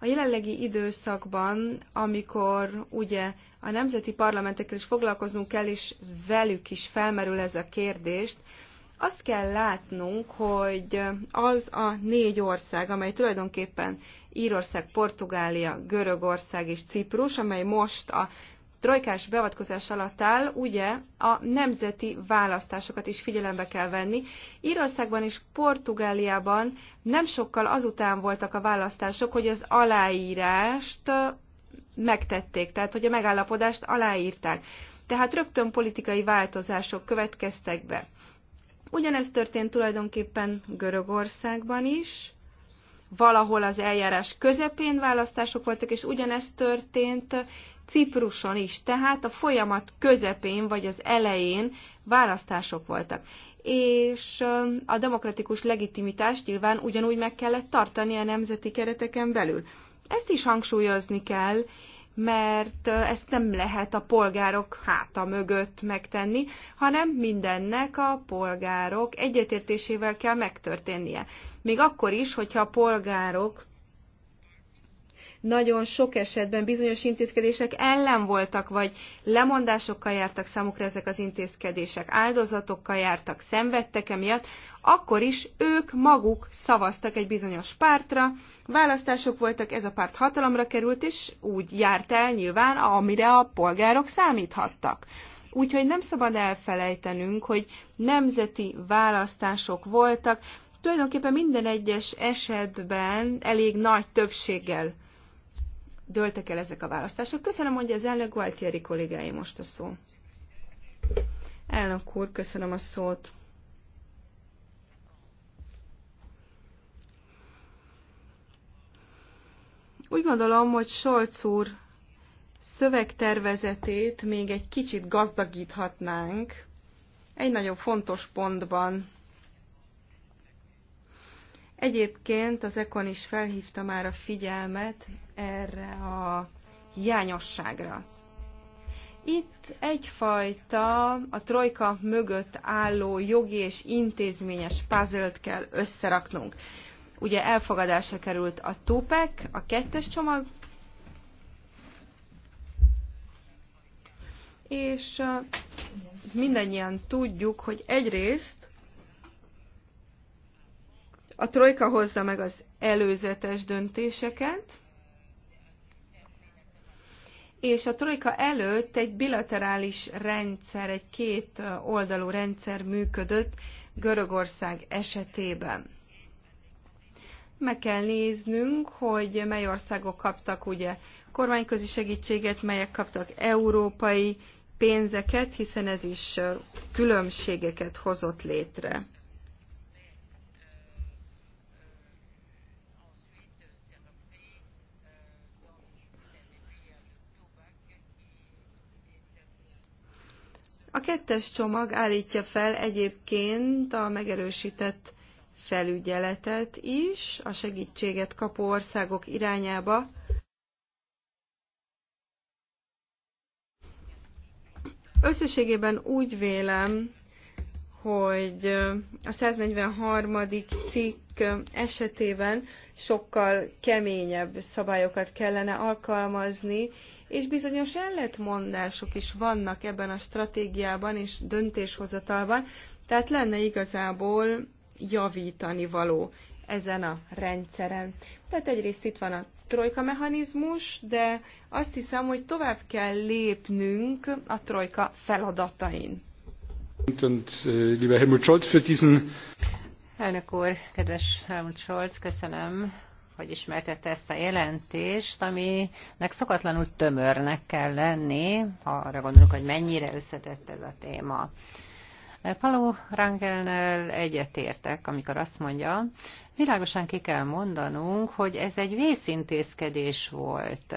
a jelenlegi időszakban, amikor ugye a nemzeti parlamentekkel is foglalkoznunk kell, és velük is felmerül ez a kérdést, azt kell látnunk, hogy az a négy ország, amely tulajdonképpen Írország, Portugália, Görögország és Ciprus, amely most a trojkás beavatkozás alatt áll, ugye a nemzeti választásokat is figyelembe kell venni. Írországban és Portugáliában nem sokkal azután voltak a választások, hogy az aláírást megtették, tehát hogy a megállapodást aláírták. Tehát rögtön politikai változások következtek be. Ugyanezt történt tulajdonképpen Görögországban is, valahol az eljárás közepén választások voltak, és ugyanezt történt Cipruson is, tehát a folyamat közepén vagy az elején választások voltak. És a demokratikus legitimitást nyilván ugyanúgy meg kellett tartani a nemzeti kereteken belül. Ezt is hangsúlyozni kell, mert ezt nem lehet a polgárok háta mögött megtenni, hanem mindennek a polgárok egyetértésével kell megtörténnie. Még akkor is, hogyha a polgárok nagyon sok esetben bizonyos intézkedések ellen voltak, vagy lemondásokkal jártak számukra ezek az intézkedések, áldozatokkal jártak, szenvedtek emiatt, akkor is ők maguk szavaztak egy bizonyos pártra, választások voltak, ez a párt hatalomra került, és úgy járt el nyilván, amire a polgárok számíthattak. Úgyhogy nem szabad elfelejtenünk, hogy nemzeti választások voltak, tulajdonképpen minden egyes esetben elég nagy többséggel dőltek el ezek a választások. Köszönöm, mondja az elnök Gualtieri kollégái most a szó. Elnök úr, köszönöm a szót. Úgy gondolom, hogy Solc úr szövegtervezetét még egy kicsit gazdagíthatnánk egy nagyon fontos pontban. Egyébként az Ekon is felhívta már a figyelmet erre a hiányosságra. Itt egyfajta a trojka mögött álló jogi és intézményes puzzle kell összeraknunk. Ugye elfogadásra került a TUPEK, a kettes csomag, és mindannyian tudjuk, hogy egyrészt a trojka hozza meg az előzetes döntéseket, és a trojka előtt egy bilaterális rendszer, egy két oldalú rendszer működött Görögország esetében. Meg kell néznünk, hogy mely országok kaptak ugye kormányközi segítséget, melyek kaptak európai pénzeket, hiszen ez is különbségeket hozott létre. A kettes csomag állítja fel egyébként a megerősített felügyeletet is a segítséget kapó országok irányába. Összességében úgy vélem, hogy a 143. cikk esetében sokkal keményebb szabályokat kellene alkalmazni, és bizonyos ellentmondások is vannak ebben a stratégiában és döntéshozatalban, tehát lenne igazából javítani való ezen a rendszeren. Tehát egyrészt itt van a trojka mechanizmus, de azt hiszem, hogy tovább kell lépnünk a trojka feladatain. Elnök úr, kedves Helmut Scholz, köszönöm hogy ismertette ezt a jelentést, aminek szokatlanul tömörnek kell lenni, ha arra gondolunk, hogy mennyire összetett ez a téma. Paló Rangelnel egyetértek, amikor azt mondja, világosan ki kell mondanunk, hogy ez egy vészintézkedés volt.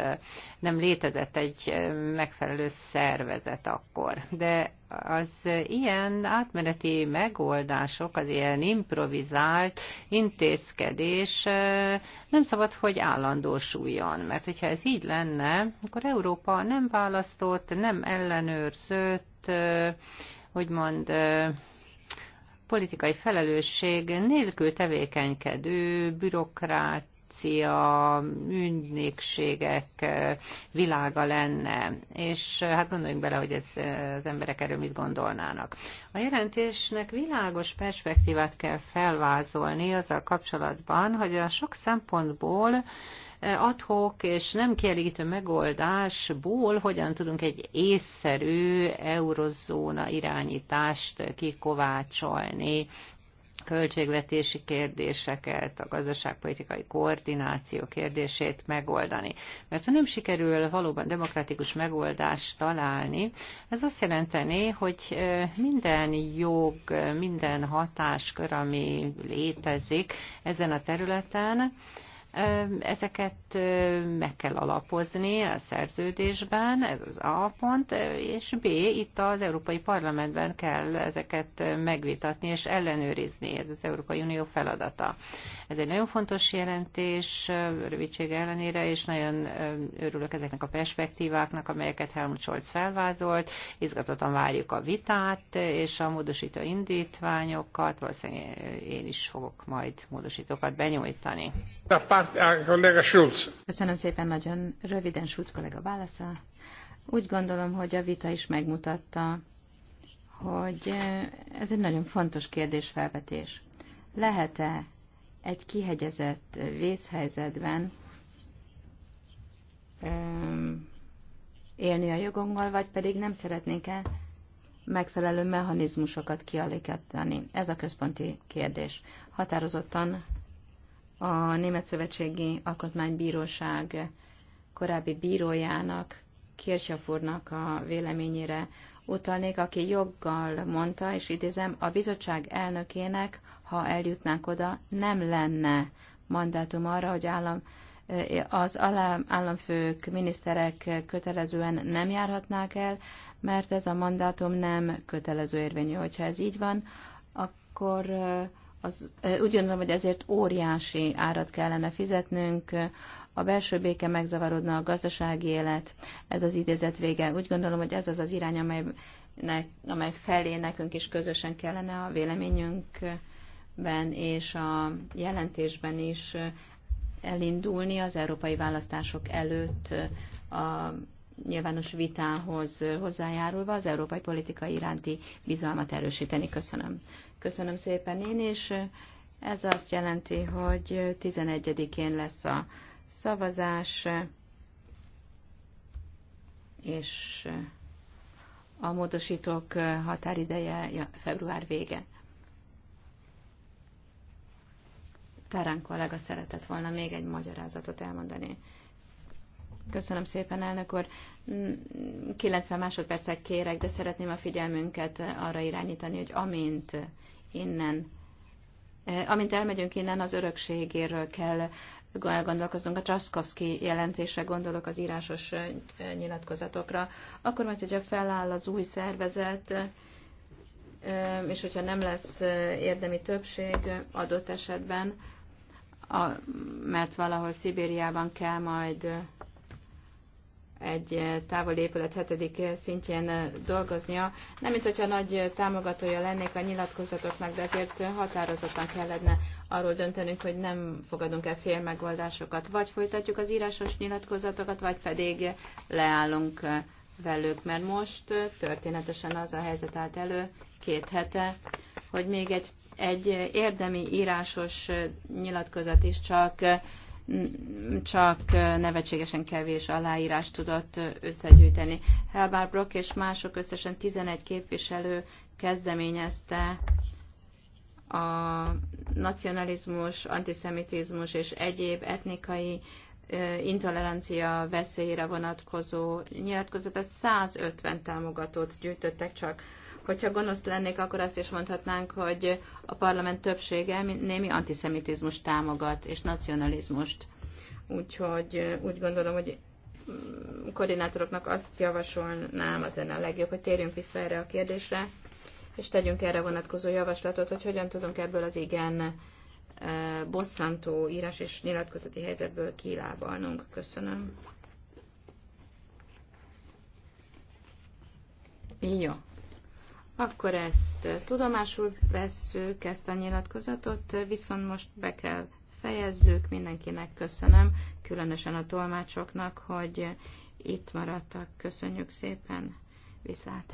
Nem létezett egy megfelelő szervezet akkor, de az ilyen átmeneti megoldások, az ilyen improvizált intézkedés nem szabad, hogy állandósuljon, mert hogyha ez így lenne, akkor Európa nem választott, nem ellenőrzött, úgymond politikai felelősség nélkül tevékenykedő bürokrát francia ügynökségek világa lenne. És hát gondoljunk bele, hogy ez, az emberek erről mit gondolnának. A jelentésnek világos perspektívát kell felvázolni azzal kapcsolatban, hogy a sok szempontból adhok és nem kielégítő megoldásból hogyan tudunk egy észszerű eurozóna irányítást kikovácsolni költségvetési kérdéseket, a gazdaságpolitikai koordináció kérdését megoldani. Mert ha nem sikerül valóban demokratikus megoldást találni, ez azt jelenteni, hogy minden jog, minden hatáskör, ami létezik ezen a területen, Ezeket meg kell alapozni a szerződésben, ez az A pont, és B, itt az Európai Parlamentben kell ezeket megvitatni és ellenőrizni, ez az Európai Unió feladata. Ez egy nagyon fontos jelentés, rövidség ellenére, és nagyon örülök ezeknek a perspektíváknak, amelyeket Helmut Scholz felvázolt. Izgatottan várjuk a vitát, és a módosító indítványokat, valószínűleg én is fogok majd módosítókat benyújtani kollega Schulz. Köszönöm szépen, nagyon röviden Schulz kollega válasza. Úgy gondolom, hogy a vita is megmutatta, hogy ez egy nagyon fontos kérdésfelvetés. Lehet-e egy kihegyezett vészhelyzetben élni a jogongal, vagy pedig nem szeretnénk-e megfelelő mechanizmusokat kialakítani? Ez a központi kérdés. Határozottan a Német Szövetségi Alkotmánybíróság korábbi bírójának, Kirchhoffurnak a véleményére utalnék, aki joggal mondta, és idézem, a bizottság elnökének, ha eljutnánk oda, nem lenne mandátum arra, hogy állam, az államfők, miniszterek kötelezően nem járhatnák el, mert ez a mandátum nem kötelező érvényű. Hogyha ez így van, akkor az, úgy gondolom, hogy ezért óriási árat kellene fizetnünk, a belső béke megzavarodna a gazdasági élet, ez az idézet vége. Úgy gondolom, hogy ez az az irány, amelynek, amely felé nekünk is közösen kellene a véleményünkben és a jelentésben is elindulni az európai választások előtt a nyilvános vitához hozzájárulva az európai politika iránti bizalmat erősíteni. Köszönöm. Köszönöm szépen én is. Ez azt jelenti, hogy 11-én lesz a szavazás, és a módosítók határideje február vége. Tárán kollega szeretett volna még egy magyarázatot elmondani. Köszönöm szépen, elnök úr. 90 másodpercet kérek, de szeretném a figyelmünket arra irányítani, hogy amint innen. Eh, amint elmegyünk innen, az örökségéről kell elgondolkoznunk, a Traszkowski jelentésre gondolok, az írásos eh, nyilatkozatokra, akkor majd, hogyha feláll az új szervezet, eh, és hogyha nem lesz érdemi többség adott esetben, a, mert valahol Szibériában kell majd egy eh, távoli épület hetedik eh, szintjén eh, dolgoznia. Nem, mint hogyha nagy támogatója lennék a nyilatkozatoknak, de azért határozottan kellene arról döntenünk, hogy nem fogadunk el fél megoldásokat. Vagy folytatjuk az írásos nyilatkozatokat, vagy pedig leállunk velük, mert most történetesen az a helyzet állt elő két hete, hogy még egy, egy érdemi írásos nyilatkozat is csak csak nevetségesen kevés aláírást tudott összegyűjteni. Helbár Brock és mások összesen 11 képviselő kezdeményezte a nacionalizmus, antiszemitizmus és egyéb etnikai intolerancia veszélyére vonatkozó nyilatkozatot. 150 támogatót gyűjtöttek csak. Hogyha gonosz lennék, akkor azt is mondhatnánk, hogy a parlament többsége némi antiszemitizmus támogat, és nacionalizmust. Úgyhogy úgy gondolom, hogy mm, koordinátoroknak azt javasolnám, az lenne a legjobb, hogy térjünk vissza erre a kérdésre, és tegyünk erre vonatkozó javaslatot, hogy hogyan tudunk ebből az igen bosszantó írás és nyilatkozati helyzetből kilábalnunk. Köszönöm. Jó. Akkor ezt tudomásul vesszük, ezt a nyilatkozatot, viszont most be kell fejezzük. Mindenkinek köszönöm, különösen a tolmácsoknak, hogy itt maradtak. Köszönjük szépen, viszlát!